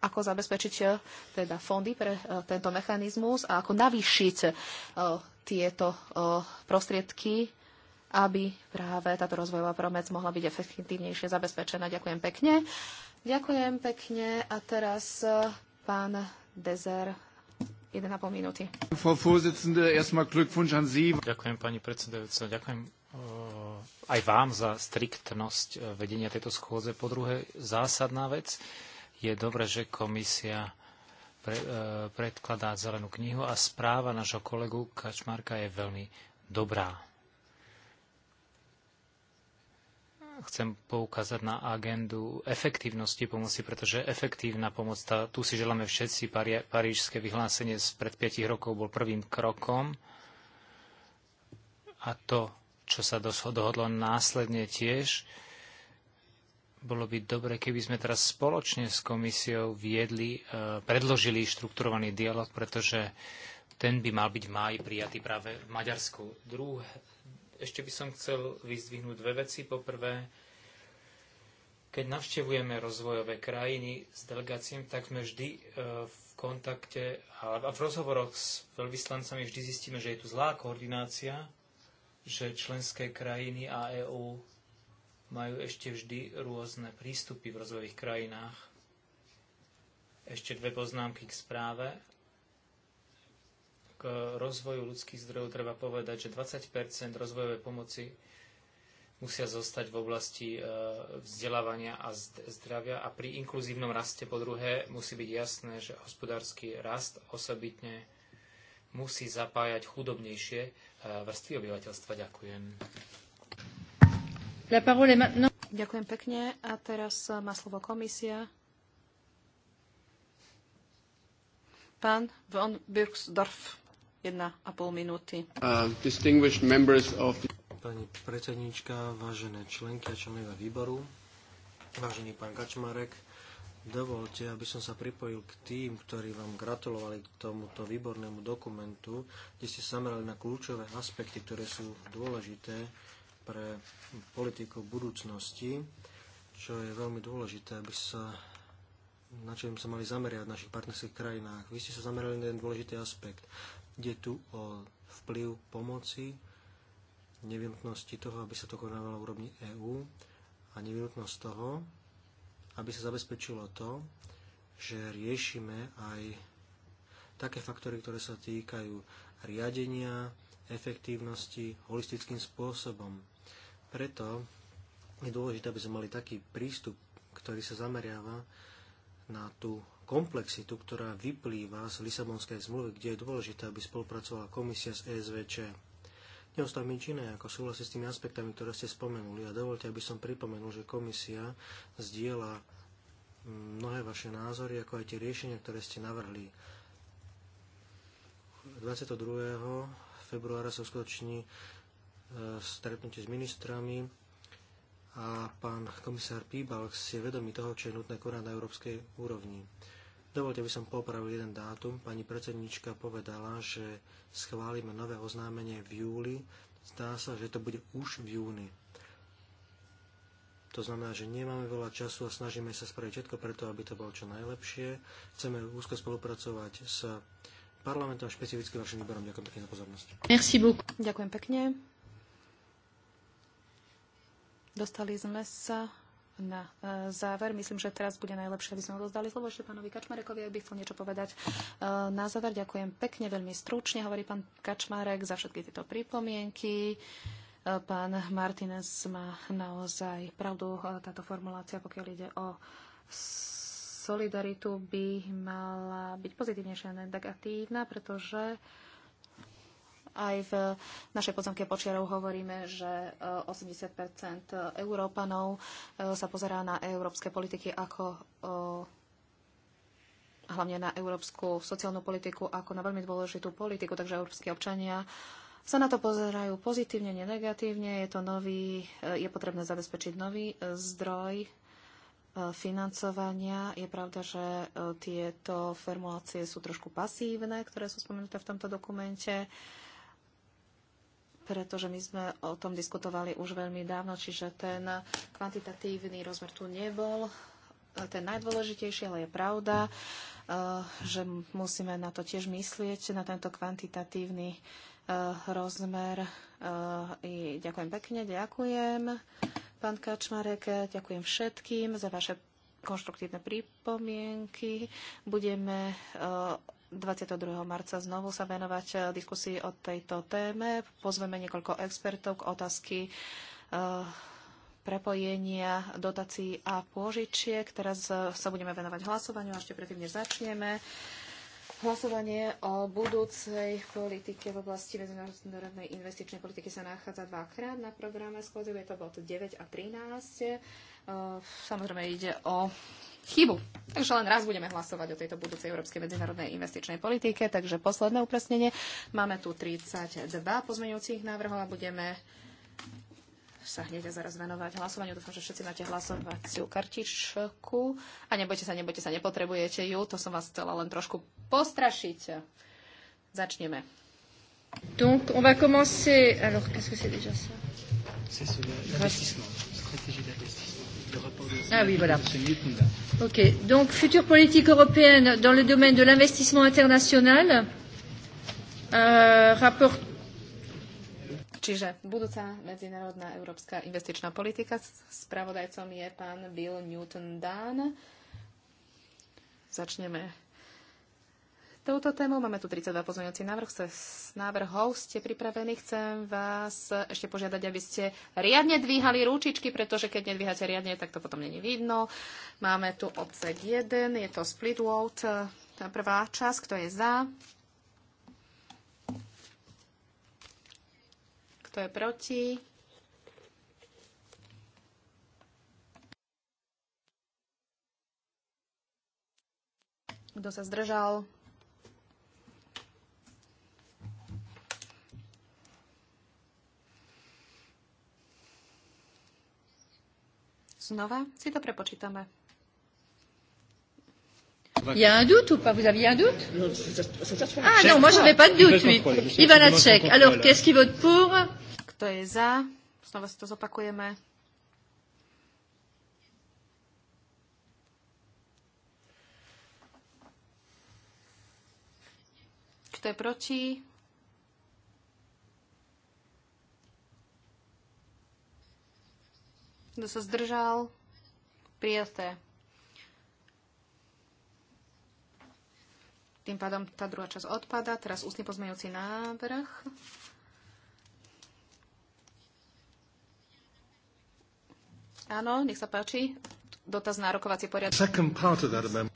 ako zabezpečiť teda fondy pre tento mechanizmus a ako navýšiť tieto prostriedky, aby práve táto rozvojová promec mohla byť efektívnejšie zabezpečená. Ďakujem pekne. Ďakujem pekne. A teraz pán Dezer, 1,5 minúty. Ďakujem, pani predsedajúca. Ďakujem aj vám za striktnosť e, vedenia tejto schôdze. Po druhé, zásadná vec je dobre, že komisia pre, e, predkladá zelenú knihu a správa našho kolegu Kačmarka je veľmi dobrá. Chcem poukázať na agendu efektívnosti pomoci, pretože efektívna pomoc, tá, tu si želáme všetci, Pari, parížské vyhlásenie z pred 5 rokov bol prvým krokom a to, čo sa dohodlo následne tiež, bolo by dobre, keby sme teraz spoločne s komisiou viedli, e, predložili štrukturovaný dialog, pretože ten by mal byť v máji prijatý práve v Maďarsku. Druh, ešte by som chcel vyzdvihnúť dve veci. Poprvé, keď navštevujeme rozvojové krajiny s delegáciami, tak sme vždy e, v kontakte a v rozhovoroch s veľvyslancami vždy zistíme, že je tu zlá koordinácia, že členské krajiny a EÚ majú ešte vždy rôzne prístupy v rozvojových krajinách. Ešte dve poznámky k správe. K rozvoju ľudských zdrojov treba povedať, že 20 rozvojovej pomoci musia zostať v oblasti e, vzdelávania a zdravia a pri inkluzívnom raste po druhé musí byť jasné, že hospodársky rast osobitne musí zapájať chudobnejšie e, vrstvy obyvateľstva. Ďakujem. La parole est maintenant... Ďakujem pekne. A teraz má slovo komisia. Pán von Birksdorf, 1,5 minúty. Uh, distinguished of... Pani predsednička, vážené členky a členovia výboru, vážený pán Kačmarek, dovolte, aby som sa pripojil k tým, ktorí vám gratulovali k tomuto výbornému dokumentu, kde ste zamerali na kľúčové aspekty, ktoré sú dôležité pre politiku budúcnosti, čo je veľmi dôležité, aby sa na čo by sa mali zameriať v našich partnerských krajinách. Vy ste sa zamerali na jeden dôležitý aspekt. Ide tu o vplyv pomoci, nevyhnutnosti toho, aby sa to konávalo v úrovni EÚ a nevyhnutnosť toho, aby sa zabezpečilo to, že riešime aj také faktory, ktoré sa týkajú riadenia, efektívnosti holistickým spôsobom. Preto je dôležité, aby sme mali taký prístup, ktorý sa zameriava na tú komplexitu, ktorá vyplýva z Lisabonskej zmluvy, kde je dôležité, aby spolupracovala komisia s ESVČ. Neostávam nič iné, ako súhlasí s tými aspektami, ktoré ste spomenuli. A dovolte, aby som pripomenul, že komisia zdieľa mm, mnohé vaše názory, ako aj tie riešenia, ktoré ste navrhli. 22. februára sa uskutoční E, stretnutie s ministrami a pán komisár Píbalx je vedomý toho, čo je nutné konať na európskej úrovni. Dovolte by som popravil jeden dátum. Pani predsednička povedala, že schválime nové oznámenie v júli. Zdá sa, že to bude už v júni. To znamená, že nemáme veľa času a snažíme sa spraviť všetko preto, aby to bolo čo najlepšie. Chceme úzko spolupracovať s parlamentom, špecificky vašim výborom. Ďakujem pekne za pozornosť. Merci beaucoup. Ďakujem pekne. Dostali sme sa na e, záver. Myslím, že teraz bude najlepšie, aby sme odozdali slovo ešte pánovi Kačmarekovi, aby chcel niečo povedať. E, na záver ďakujem pekne, veľmi stručne, hovorí pán Kačmarek za všetky tieto pripomienky. E, pán Martinez má naozaj pravdu. Táto formulácia, pokiaľ ide o solidaritu, by mala byť pozitívnejšia, negatívna, pretože uh, aj v našej pozemke počiarov hovoríme, že 80 e, Európanov e, sa pozerá na európske politiky ako e, hlavne na európsku sociálnu politiku ako na veľmi dôležitú politiku, takže európsky občania sa na to pozerajú pozitívne, nenegatívne. Je, to nový, je potrebné zabezpečiť nový zdroj financovania. Je pravda, že tieto formulácie sú trošku pasívne, ktoré sú spomenuté v tomto dokumente pretože my sme o tom diskutovali už veľmi dávno, čiže ten kvantitatívny rozmer tu nebol ten najdôležitejší, ale je pravda, eh, že musíme na to tiež myslieť, na tento kvantitatívny eh, rozmer. Eh, I ďakujem pekne, ďakujem, pán Kačmarek, ďakujem všetkým za vaše konštruktívne pripomienky. Budeme 22. marca znovu sa venovať eh, diskusii o tejto téme. Pozveme niekoľko expertov k otázky eh, prepojenia dotácií a pôžičiek. Teraz eh, sa budeme venovať hlasovaniu a ešte predtým, než začneme, Hlasovanie o budúcej politike v oblasti medzinárodnej investičnej politiky sa nachádza dvakrát na programe schôdze, je to bod 9 a 13. E, samozrejme ide o chybu. Takže len raz budeme hlasovať o tejto budúcej európskej medzinárodnej investičnej politike. Takže posledné upresnenie. Máme tu 32 pozmeňujúcich návrhov a budeme sa hneď a zaraz venovať hlasovaniu. Dúfam, že všetci máte hlasovaciu kartičku. A nebojte sa, nebojte sa, nepotrebujete ju. To som vás chcela len trošku postrašiť. Začneme. Donc, on va commencer... Alors, qu'est-ce que c'est déjà ça C'est sur l'investissement, la stratégie d'investissement. le rapport de... Ah oui, voilà. Ok, donc future politique européenne dans le domaine de l'investissement international. Euh, rapport Čiže budúca medzinárodná európska investičná politika. Spravodajcom je pán Bill Newton Dan. Začneme touto tému. Máme tu 32 pozvaniací návrh. Z návrhov ste pripravení. Chcem vás ešte požiadať, aby ste riadne dvíhali ručičky, pretože keď nedvíhate riadne, tak to potom není vidno. Máme tu odsek 1, je to split vote, tá prvá časť, kto je za, Kto je proti? Kto sa zdržal? Znova si to prepočítame. Il y a un doute ou pas Vous aviez un doute non, ça, ça, ça, Ah non, moi je n'avais pas de doute, oui. Ivanacek. Alors, qu'est-ce qui vote pour kto je za? Znova si to zopakujeme. Kto je proti? Kto sa zdržal? Prijaté. Tým pádom tá druhá časť odpada. Teraz ústny pozmeňujúci návrh. Áno, nech sa páči. Dotaz na rokovacie poriadky.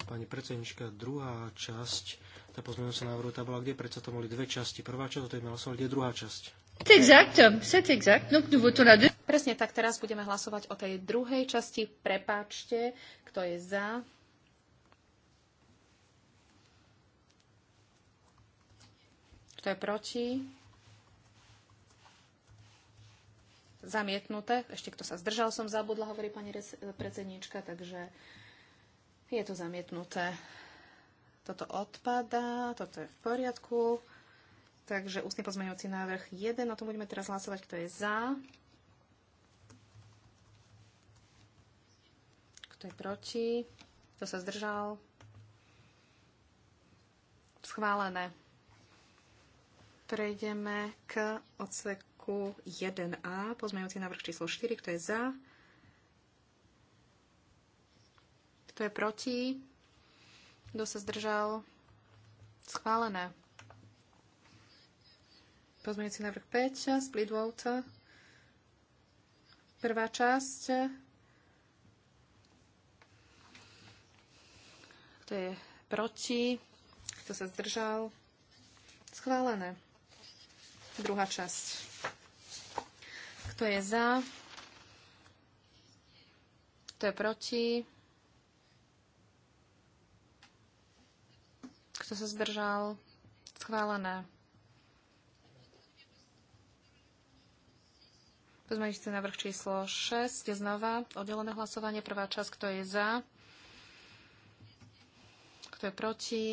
Pani predsednička, druhá časť, tá pozmeňujúca návrhu, tá bola kde? Prečo to boli dve časti. Prvá časť, to je hlasovať, kde druhá časť? Presne tak, teraz budeme hlasovať o tej druhej časti. Prepáčte, kto je za. Kto je proti? zamietnuté. Ešte kto sa zdržal, som zabudla, hovorí pani predsedníčka, takže je to zamietnuté. Toto odpadá, toto je v poriadku. Takže ústny pozmeňujúci návrh 1, o tom budeme teraz hlasovať, kto je za. Kto je proti? Kto sa zdržal? Schválené. Prejdeme k odseku odseku 1a, pozmejúci návrh číslo 4, kto je za, kto je proti, kto sa zdržal, schválené. Pozmejúci návrh 5, split vote, prvá časť, kto je proti, kto sa zdržal, schválené. Druhá časť. Kto je za? Kto je proti? Kto sa zdržal? Schválené. Pozmeňujúci návrh číslo 6 je znova oddelené hlasovanie. Prvá časť, kto je za, kto je proti,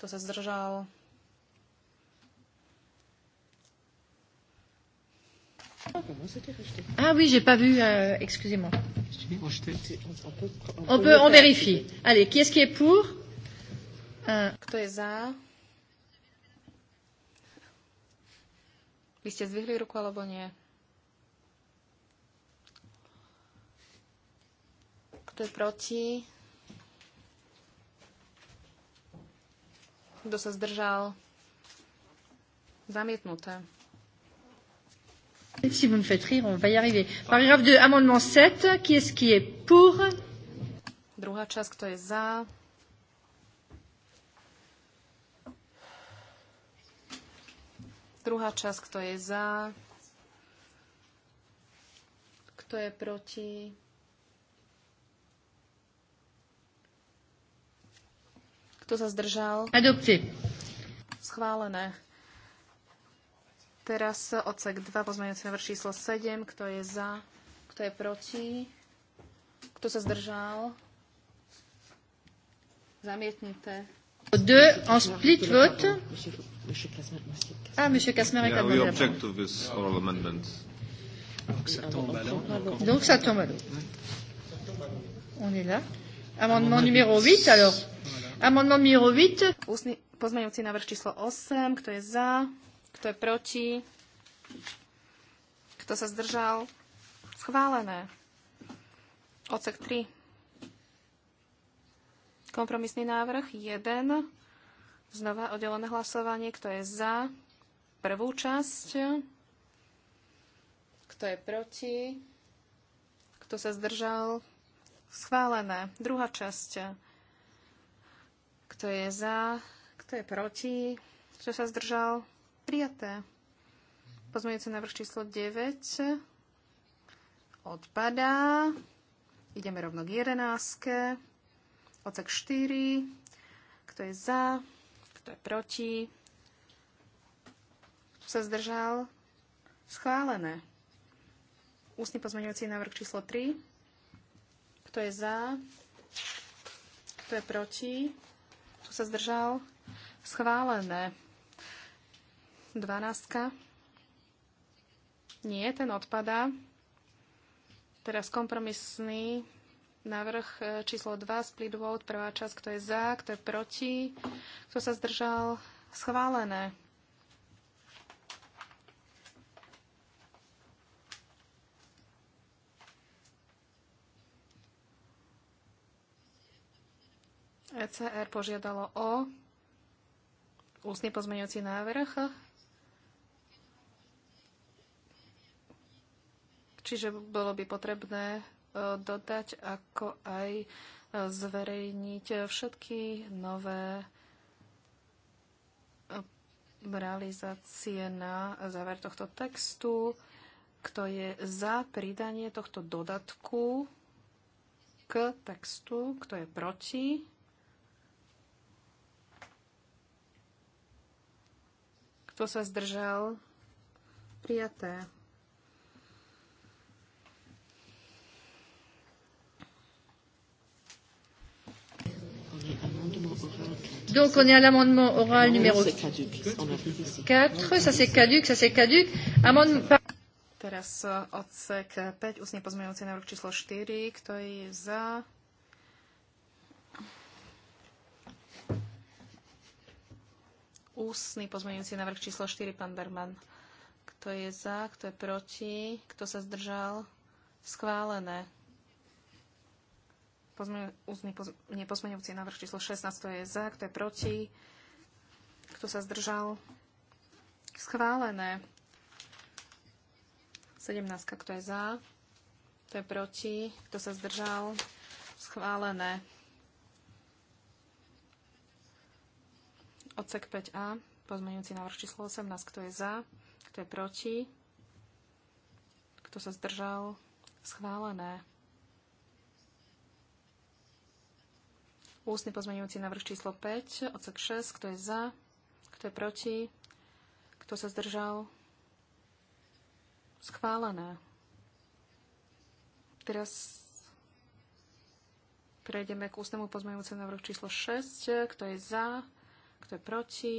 kto sa zdržal, Ah oui, j'ai pas vu, euh, excusez-moi. On peut, on vérifie. Allez, qui est-ce qui est pour? Uh. Kto je za? Vy ste zvihli ruku alebo nie? Kto je proti? Kto sa zdržal? Zamietnuté. Si vous me faites rire, on va y arriver. Paragraphe 2, amendement 7. Qui est-ce qui est pour Druga časť, kto je za? Druhá časť, kto je za? Kto je proti? Kto sa zdržal? Adopté. Schválené. Teraz odsek 2, pozmeňujúci návrh číslo 7. Kto je za? Kto je proti? Kto sa zdržal? Zamietnuté. 2 en split vote. Ah, Kasmer est Yeah, object to this oral amendment. Donc ça tombe On est là. Amendement numéro 8 alors. Amendement numéro 8. pozmeňujúci návrh číslo 8. Kto je za? Kto je proti? Kto sa zdržal? Schválené. Ocek 3. Kompromisný návrh 1. Znova oddelené hlasovanie. Kto je za prvú časť? Kto je proti? Kto sa zdržal? Schválené. Druhá časť. Kto je za? Kto je proti? Kto sa zdržal? Prijaté. Pozmeňujúci návrh číslo 9 odpadá. Ideme rovno k 11. Ocek 4. Kto je za? Kto je proti? Kto sa zdržal? Schválené. Ústny pozmeňujúci návrh číslo 3. Kto je za? Kto je proti? Kto sa zdržal? Schválené. 12. Nie, ten odpadá. Teraz kompromisný návrh e, číslo 2, split vote, prvá časť, kto je za, kto je proti, kto sa zdržal, schválené. ECR požiadalo o ústny pozmeňujúci návrh. Čiže bolo by potrebné e, dodať, ako aj e, zverejniť všetky nové e, realizácie na záver tohto textu, kto je za pridanie tohto dodatku k textu, kto je proti. Kto sa zdržal? Prijaté. Donc on est à l'amendement oral numéro 4. Ça c'est caduc, ça c'est caduc. Amendement... Teraz e, odsek 5, ústne pozmeňujúci návrh číslo 4. Kto je za? Ústny pozmeňujúci návrh číslo 4, pán Berman. Kto je za? Kto je proti? Kto sa zdržal? Schválené nepozmeňujúci návrh číslo 16, to je za, kto je proti, kto sa zdržal. Schválené. 17, kto je za, kto je proti, kto sa zdržal. Schválené. Odsek 5a, pozmeňujúci návrh číslo 18, kto je za, kto je proti, kto sa zdržal. Schválené. Ústny pozmeňujúci návrh číslo 5, odsek 6, kto je za, kto je proti, kto sa zdržal. Schválené. Teraz prejdeme k ústnemu pozmeňujúcemu návrhu číslo 6, kto je za, kto je proti,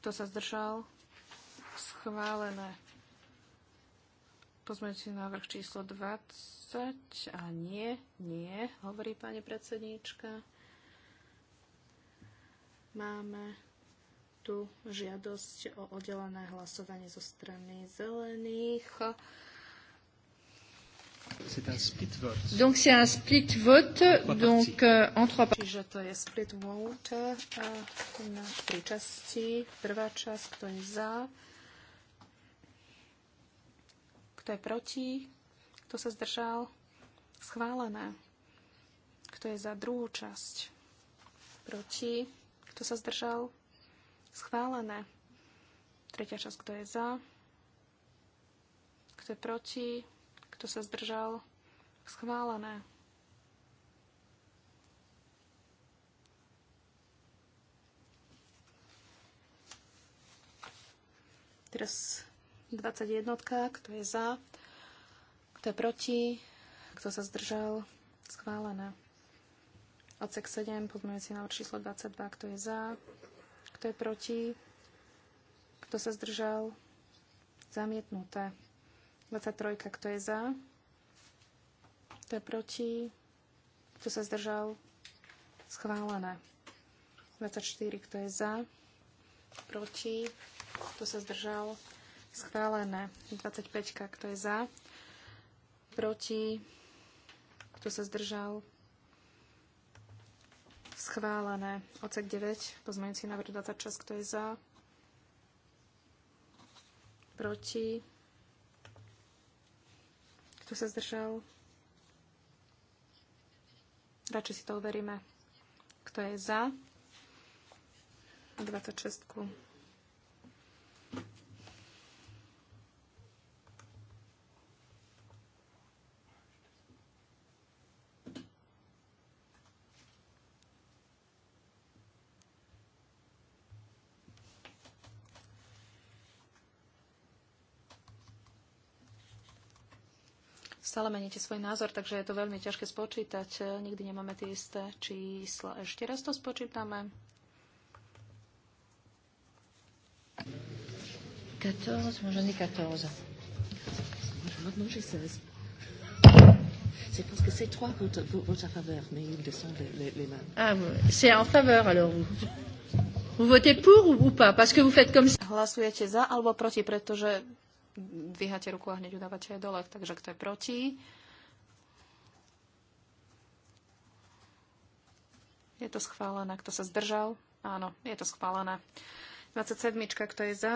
kto sa zdržal. Schválené. Pozmeňujúci návrh číslo 20. 30 a nie, nie, hovorí pani predsedníčka. Máme tu žiadosť o oddelené hlasovanie zo strany zelených. Donc c'est un split vote, donc euh, en trois parties. Čiže to je split vote eh, na tri časti. Prvá časť, kto je za, kto je proti, kto sa zdržal? Schválené. Kto je za druhú časť? Proti. Kto sa zdržal? Schválené. Tretia časť, kto je za? Kto je proti? Kto sa zdržal? Schválené. Teraz 21, kto je za, kto je proti? Kto sa zdržal? Schválené. Odsek 7, pozmeňujúci návrh číslo 22. Kto je za? Kto je proti? Kto sa zdržal? Zamietnuté. 23. Kto je za? Kto je proti? Kto sa zdržal? Schválené. 24. Kto je za? Proti? Kto sa zdržal? Schválené. 25. Kto je za? proti, kto sa zdržal, schválené. Ocek 9, pozmeňujúci návrh 26, kto je za, proti, kto sa zdržal, radšej si to overíme, kto je za, 26. stále meníte svoj názor, takže je to veľmi ťažké spočítať. Nikdy nemáme tie isté čísla. Ešte raz to spočítame. Katóz, možno nie 14. C'est parce que c'est 3 votent, votent faveur, mais ils descendent les, les mains. Ah, c'est en faveur alors vous Vous votez pour ou pas Parce que vous faites comme ça. Hlasujete za alebo proti, pretože dvíhate ruku a hneď udávate aj dole. Takže kto je proti? Je to schválené. Kto sa zdržal? Áno, je to schválené. 27. Kto je za?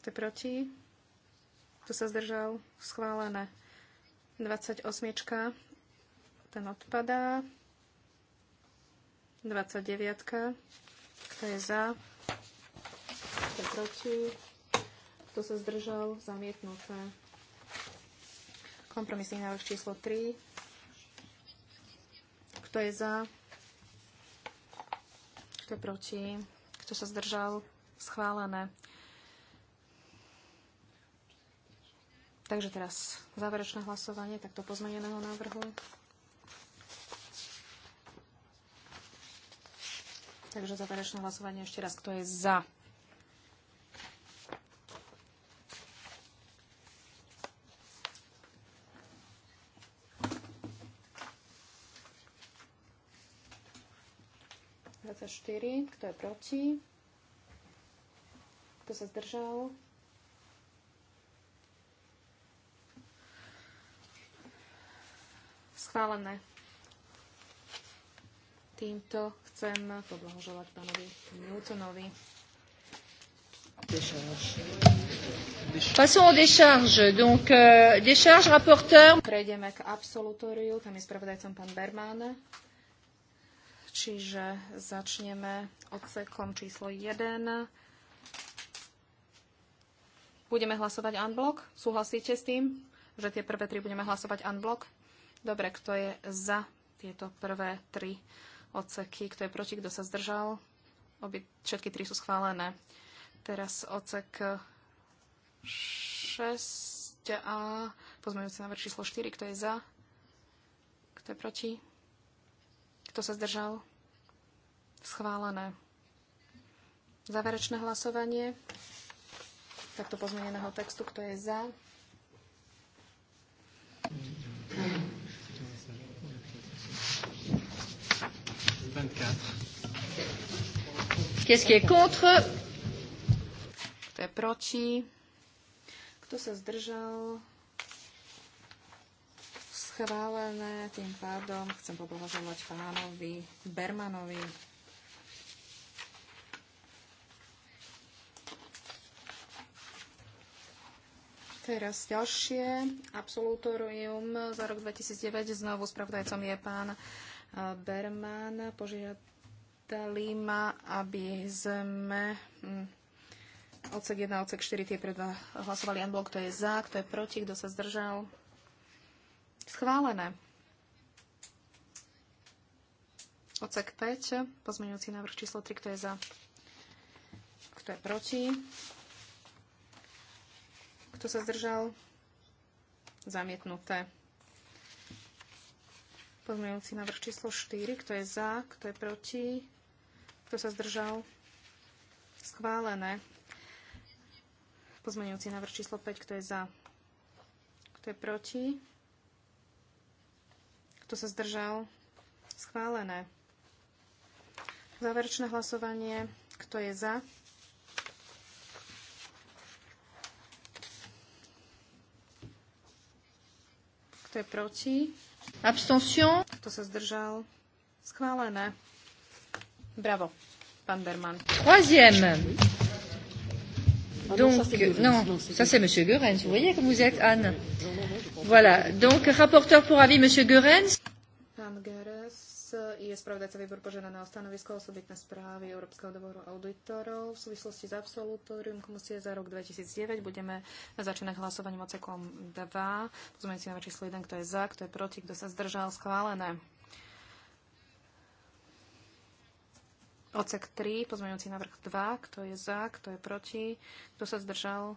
Kto je proti? Kto sa zdržal? Schválené. 28. Ten odpadá. 29. Kto je za? Kto je proti? Kto sa zdržal? Zamietnuté. Kompromisný návrh číslo 3. Kto je za? Kto je proti? Kto sa zdržal? Schválené. Takže teraz záverečné hlasovanie takto pozmeneného návrhu. Takže záverečné hlasovanie ešte raz, kto je za 4. Kto je proti? Kto sa zdržal? Schválené. Týmto chcem poblahoželať pánovi Newtonovi. Passons aux décharges. Donc, euh, décharge rapporteur. Prejdeme k absolutóriu. Tam je spravodajcom pán Berman čiže začneme odsekom číslo 1. Budeme hlasovať unblock? Súhlasíte s tým, že tie prvé tri budeme hlasovať unblock? Dobre, kto je za tieto prvé tri odseky? Kto je proti? Kto sa zdržal? Obi, všetky tri sú schválené. Teraz odsek 6a, pozmeňujúci návrh číslo 4. Kto je za? Kto je proti? Kto sa zdržal? Schválené. Záverečné hlasovanie takto pozmeneného textu. Kto je za? Qu'est-ce contre? Kto je proti? Kto sa zdržal? schválené. Tým pádom chcem poblahoželať pánovi Bermanovi. Teraz ďalšie absolutorium za rok 2009. Znovu spravodajcom je pán e, Berman. Požiadali ma, aby sme hm, odsek 1, odsek 4, tie pre dva hlasovali blok, kto je za, kto je proti, kto sa zdržal. Schválené. Ocek 5, pozmeňujúci návrh číslo 3, kto je za, kto je proti, kto sa zdržal, zamietnuté. Pozmeňujúci návrh číslo 4, kto je za, kto je proti, kto sa zdržal, schválené. Pozmeňujúci návrh číslo 5, kto je za, kto je proti, kto sa zdržal? Schválené. Záverečné hlasovanie. Kto je za? Kto je proti? Abstention. Kto sa zdržal? Schválené. Bravo, pán Berman. Troisième. Ah donc, non, ça c'est, non, non, ça c'est Monsieur Goerens. Vous voyez comme vous êtes Anne. Voilà. Donc, rapporteur pour avis, Monsieur Goerens. je spravodajca výboru poženaného stanovisko osobitné správy Európskeho dvoru auditorov v súvislosti s absolutórium komisie za rok 2009. Budeme začínať hlasovaním ocekom 2. Pozmeňujem si na číslo 1, kto je za, kto je proti, kto sa zdržal, schválené. Ocek 3, pozmeňujúci návrh 2, kto je za, kto je proti, kto sa zdržal,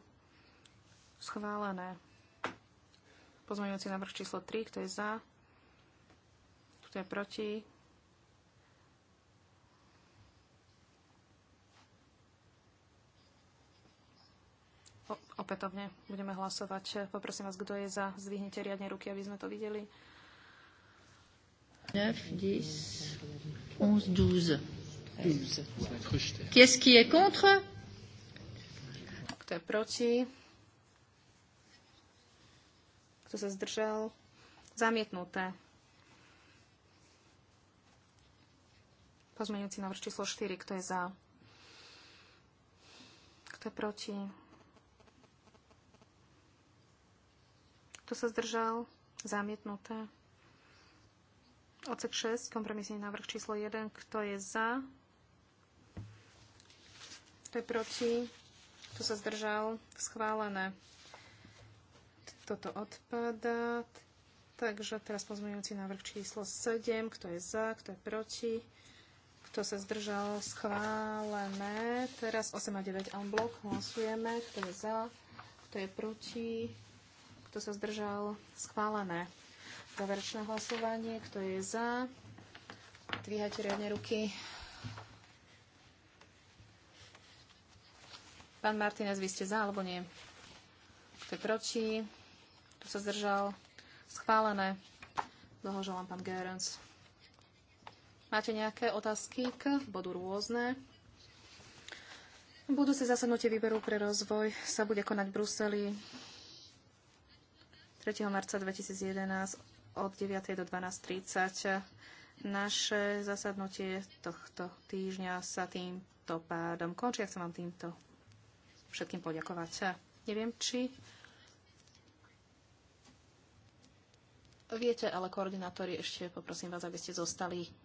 schválené. Pozmeňujúci návrh číslo 3, kto je za, kto je proti. opätovne budeme hlasovať. Poprosím vás, kto je za, zdvihnite riadne ruky, aby sme to videli. 9, 10, 11, 12 quest ce qui est contre Kto je proti? Kto sa zdržal? Zamietnuté. Pozmeňujúci návrh číslo 4. Kto je za? Kto je proti? Kto sa zdržal? Zamietnuté. Odsek 6, kompromisný návrh číslo 1. Kto je za? Kto je proti? Kto sa zdržal? Schválené. Toto odpadá. Takže teraz pozmeňujúci návrh číslo 7. Kto je za? Kto je proti? Kto sa zdržal? Schválené. Teraz 8 a 9 blok Hlasujeme. Kto je za? Kto je proti? Kto sa zdržal? Schválené. Záverečné hlasovanie. Kto je za? Dvíhajte riadne ruky. Pán Martinez, vy ste za alebo nie? Kto je proti? Kto sa zdržal? Schválené. Blahoželám, pán Gerens. Máte nejaké otázky k bodu rôzne? Budúce zasadnutie výberu pre rozvoj sa bude konať v Bruseli 3. marca 2011 od 9. do 12.30. Naše zasadnutie tohto týždňa sa týmto pádom končí. Ja chcem vám týmto všetkým poďakovať Neviem, či viete, ale koordinátori, ešte poprosím vás, aby ste zostali